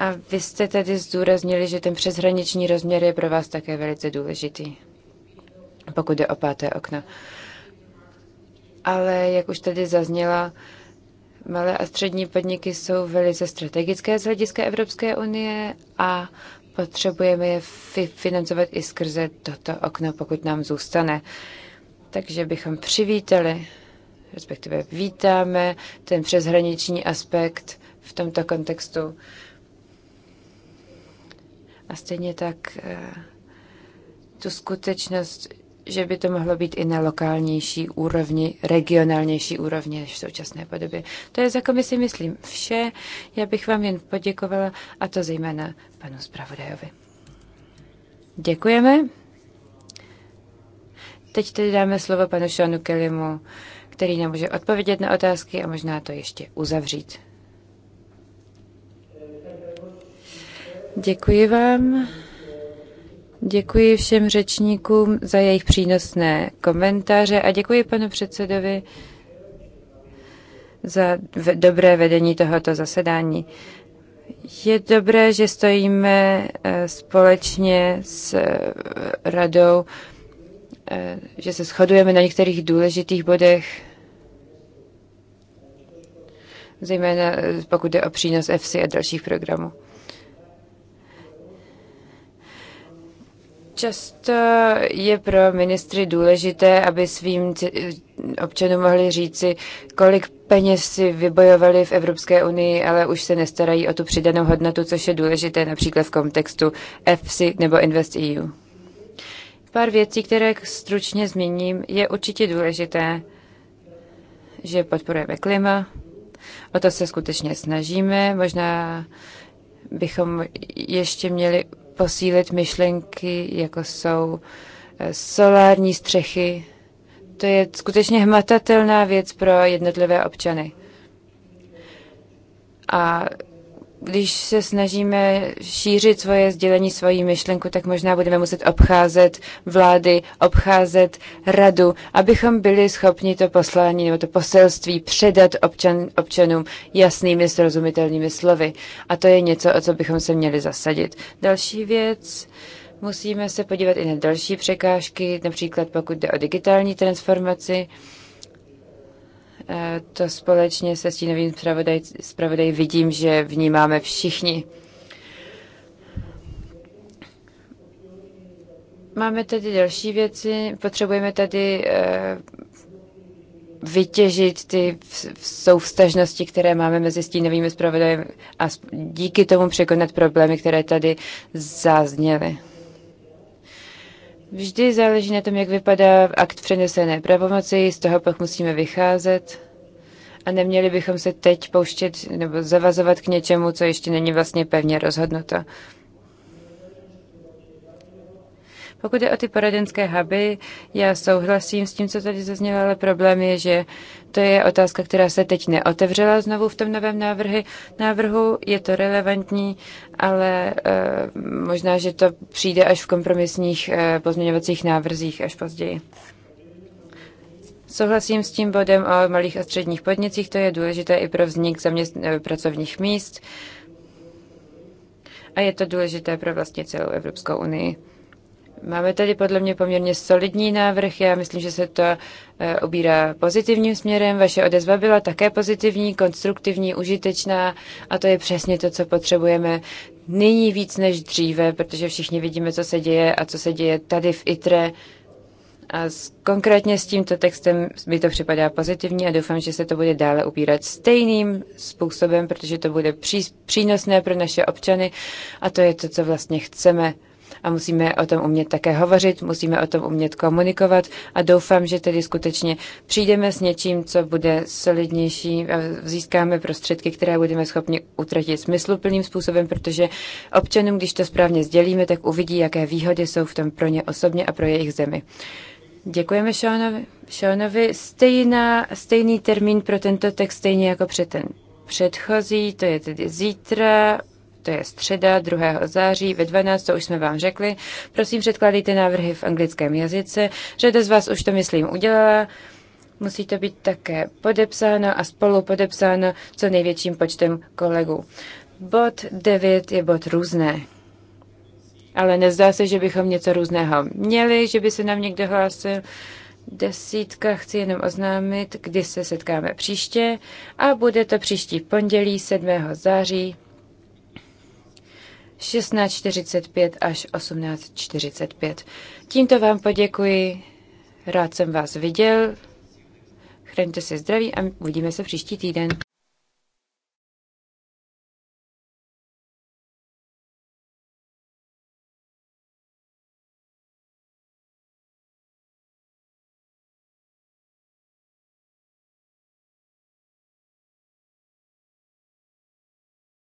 A vy jste tady zdůraznili, že ten přeshraniční rozměr je pro vás také velice důležitý pokud jde o páté okno. Ale jak už tady zazněla, malé a střední podniky jsou velice strategické z hlediska Evropské unie a potřebujeme je financovat i skrze toto okno, pokud nám zůstane. Takže bychom přivítali, respektive vítáme ten přeshraniční aspekt v tomto kontextu. A stejně tak eh, tu skutečnost, že by to mohlo být i na lokálnější úrovni, regionálnější úrovni než v současné podobě. To je za si myslím, vše. Já bych vám jen poděkovala a to zejména panu zpravodajovi. Děkujeme. Teď tedy dáme slovo panu Seanu Kelimu, který nám může odpovědět na otázky a možná to ještě uzavřít. Děkuji vám. Děkuji všem řečníkům za jejich přínosné komentáře a děkuji panu předsedovi za dobré vedení tohoto zasedání. Je dobré, že stojíme eh, společně s eh, radou, eh, že se shodujeme na některých důležitých bodech, zejména pokud jde o přínos EFSI a dalších programů. Často je pro ministry důležité, aby svým občanům mohli říci, kolik peněz si vybojovali v Evropské unii, ale už se nestarají o tu přidanou hodnotu, což je důležité například v kontextu EFSI nebo InvestEU. Pár věcí, které stručně zmíním, je určitě důležité, že podporujeme klima. O to se skutečně snažíme. Možná bychom ještě měli posílit myšlenky, jako jsou eh, solární střechy. To je skutečně hmatatelná věc pro jednotlivé občany. A když se snažíme šířit svoje sdělení, svoji myšlenku, tak možná budeme muset obcházet vlády, obcházet radu, abychom byli schopni to poslání nebo to poselství předat občan, občanům jasnými, srozumitelnými slovy. A to je něco, o co bychom se měli zasadit. Další věc, musíme se podívat i na další překážky, například pokud jde o digitální transformaci. Eh, to společně se stínovým zpravodaj, zpravodaj vidím, že vnímáme všichni. Máme tady další věci. Potřebujeme tady eh, vytěžit ty souvstažnosti, které máme mezi stínovými zpravodajem a díky tomu překonat problémy, které tady zazněly. Vždy záleží na tom, jak vypadá akt přenesené pravomoci, z toho pak musíme vycházet a neměli bychom se teď pouštět nebo zavazovat k něčemu, co ještě není vlastně pevně rozhodnuto. Pokud je o ty poradenské huby, já souhlasím s tím, co tady zaznělo, ale problém je, že to je otázka, která se teď neotevřela znovu v tom novém návrhy, návrhu. Je to relevantní, ale uh, možná, že to přijde až v kompromisních uh, pozměňovacích návrzích až později. Souhlasím s tím bodem o malých a středních podnicích, to je důležité i pro vznik zaměst- eh, pracovních míst a je to důležité pro vlastně celou Evropskou unii. Máme tady podle mě poměrně solidní návrh. Já myslím, že se to obírá eh, pozitivním směrem. Vaše odezva byla také pozitivní, konstruktivní, užitečná a to je přesně to, co potřebujeme nyní víc než dříve, protože všichni vidíme, co se děje a co se děje tady v ITRE. A s, konkrétně s tímto textem mi to připadá pozitivní a doufám, že se to bude dále ubírat stejným způsobem, protože to bude pří, přínosné pro naše občany a to je to, co vlastně chceme a musíme o tom umět také hovořit, musíme o tom umět komunikovat a doufám, že tedy skutečně přijdeme s něčím, co bude solidnější a získáme prostředky, které budeme schopni utratit smysluplným způsobem, protože občanům, když to správně sdělíme, tak uvidí, jaké výhody jsou v tom pro ně osobně a pro jejich zemi. Děkujeme Seanovi. Seanovi. Stejná, stejný termín pro tento text, stejně jako před ten předchozí, to je tedy zítra to je středa 2. září ve 12, to už jsme vám řekli. Prosím, předkládejte návrhy v anglickém jazyce. Řada z vás už to, myslím, udělala. Musí to být také podepsáno a spolu podepsáno co největším počtem kolegů. Bod 9 je bod různé. Ale nezdá se, že bychom něco různého měli, že by se nám někdo hlásil. Desítka chci jenom oznámit, kdy se setkáme příště a bude to příští pondělí 7. září 16.45 až 18.45. Tímto vám poděkuji, rád jsem vás viděl, chraňte se zdraví a uvidíme se příští týden.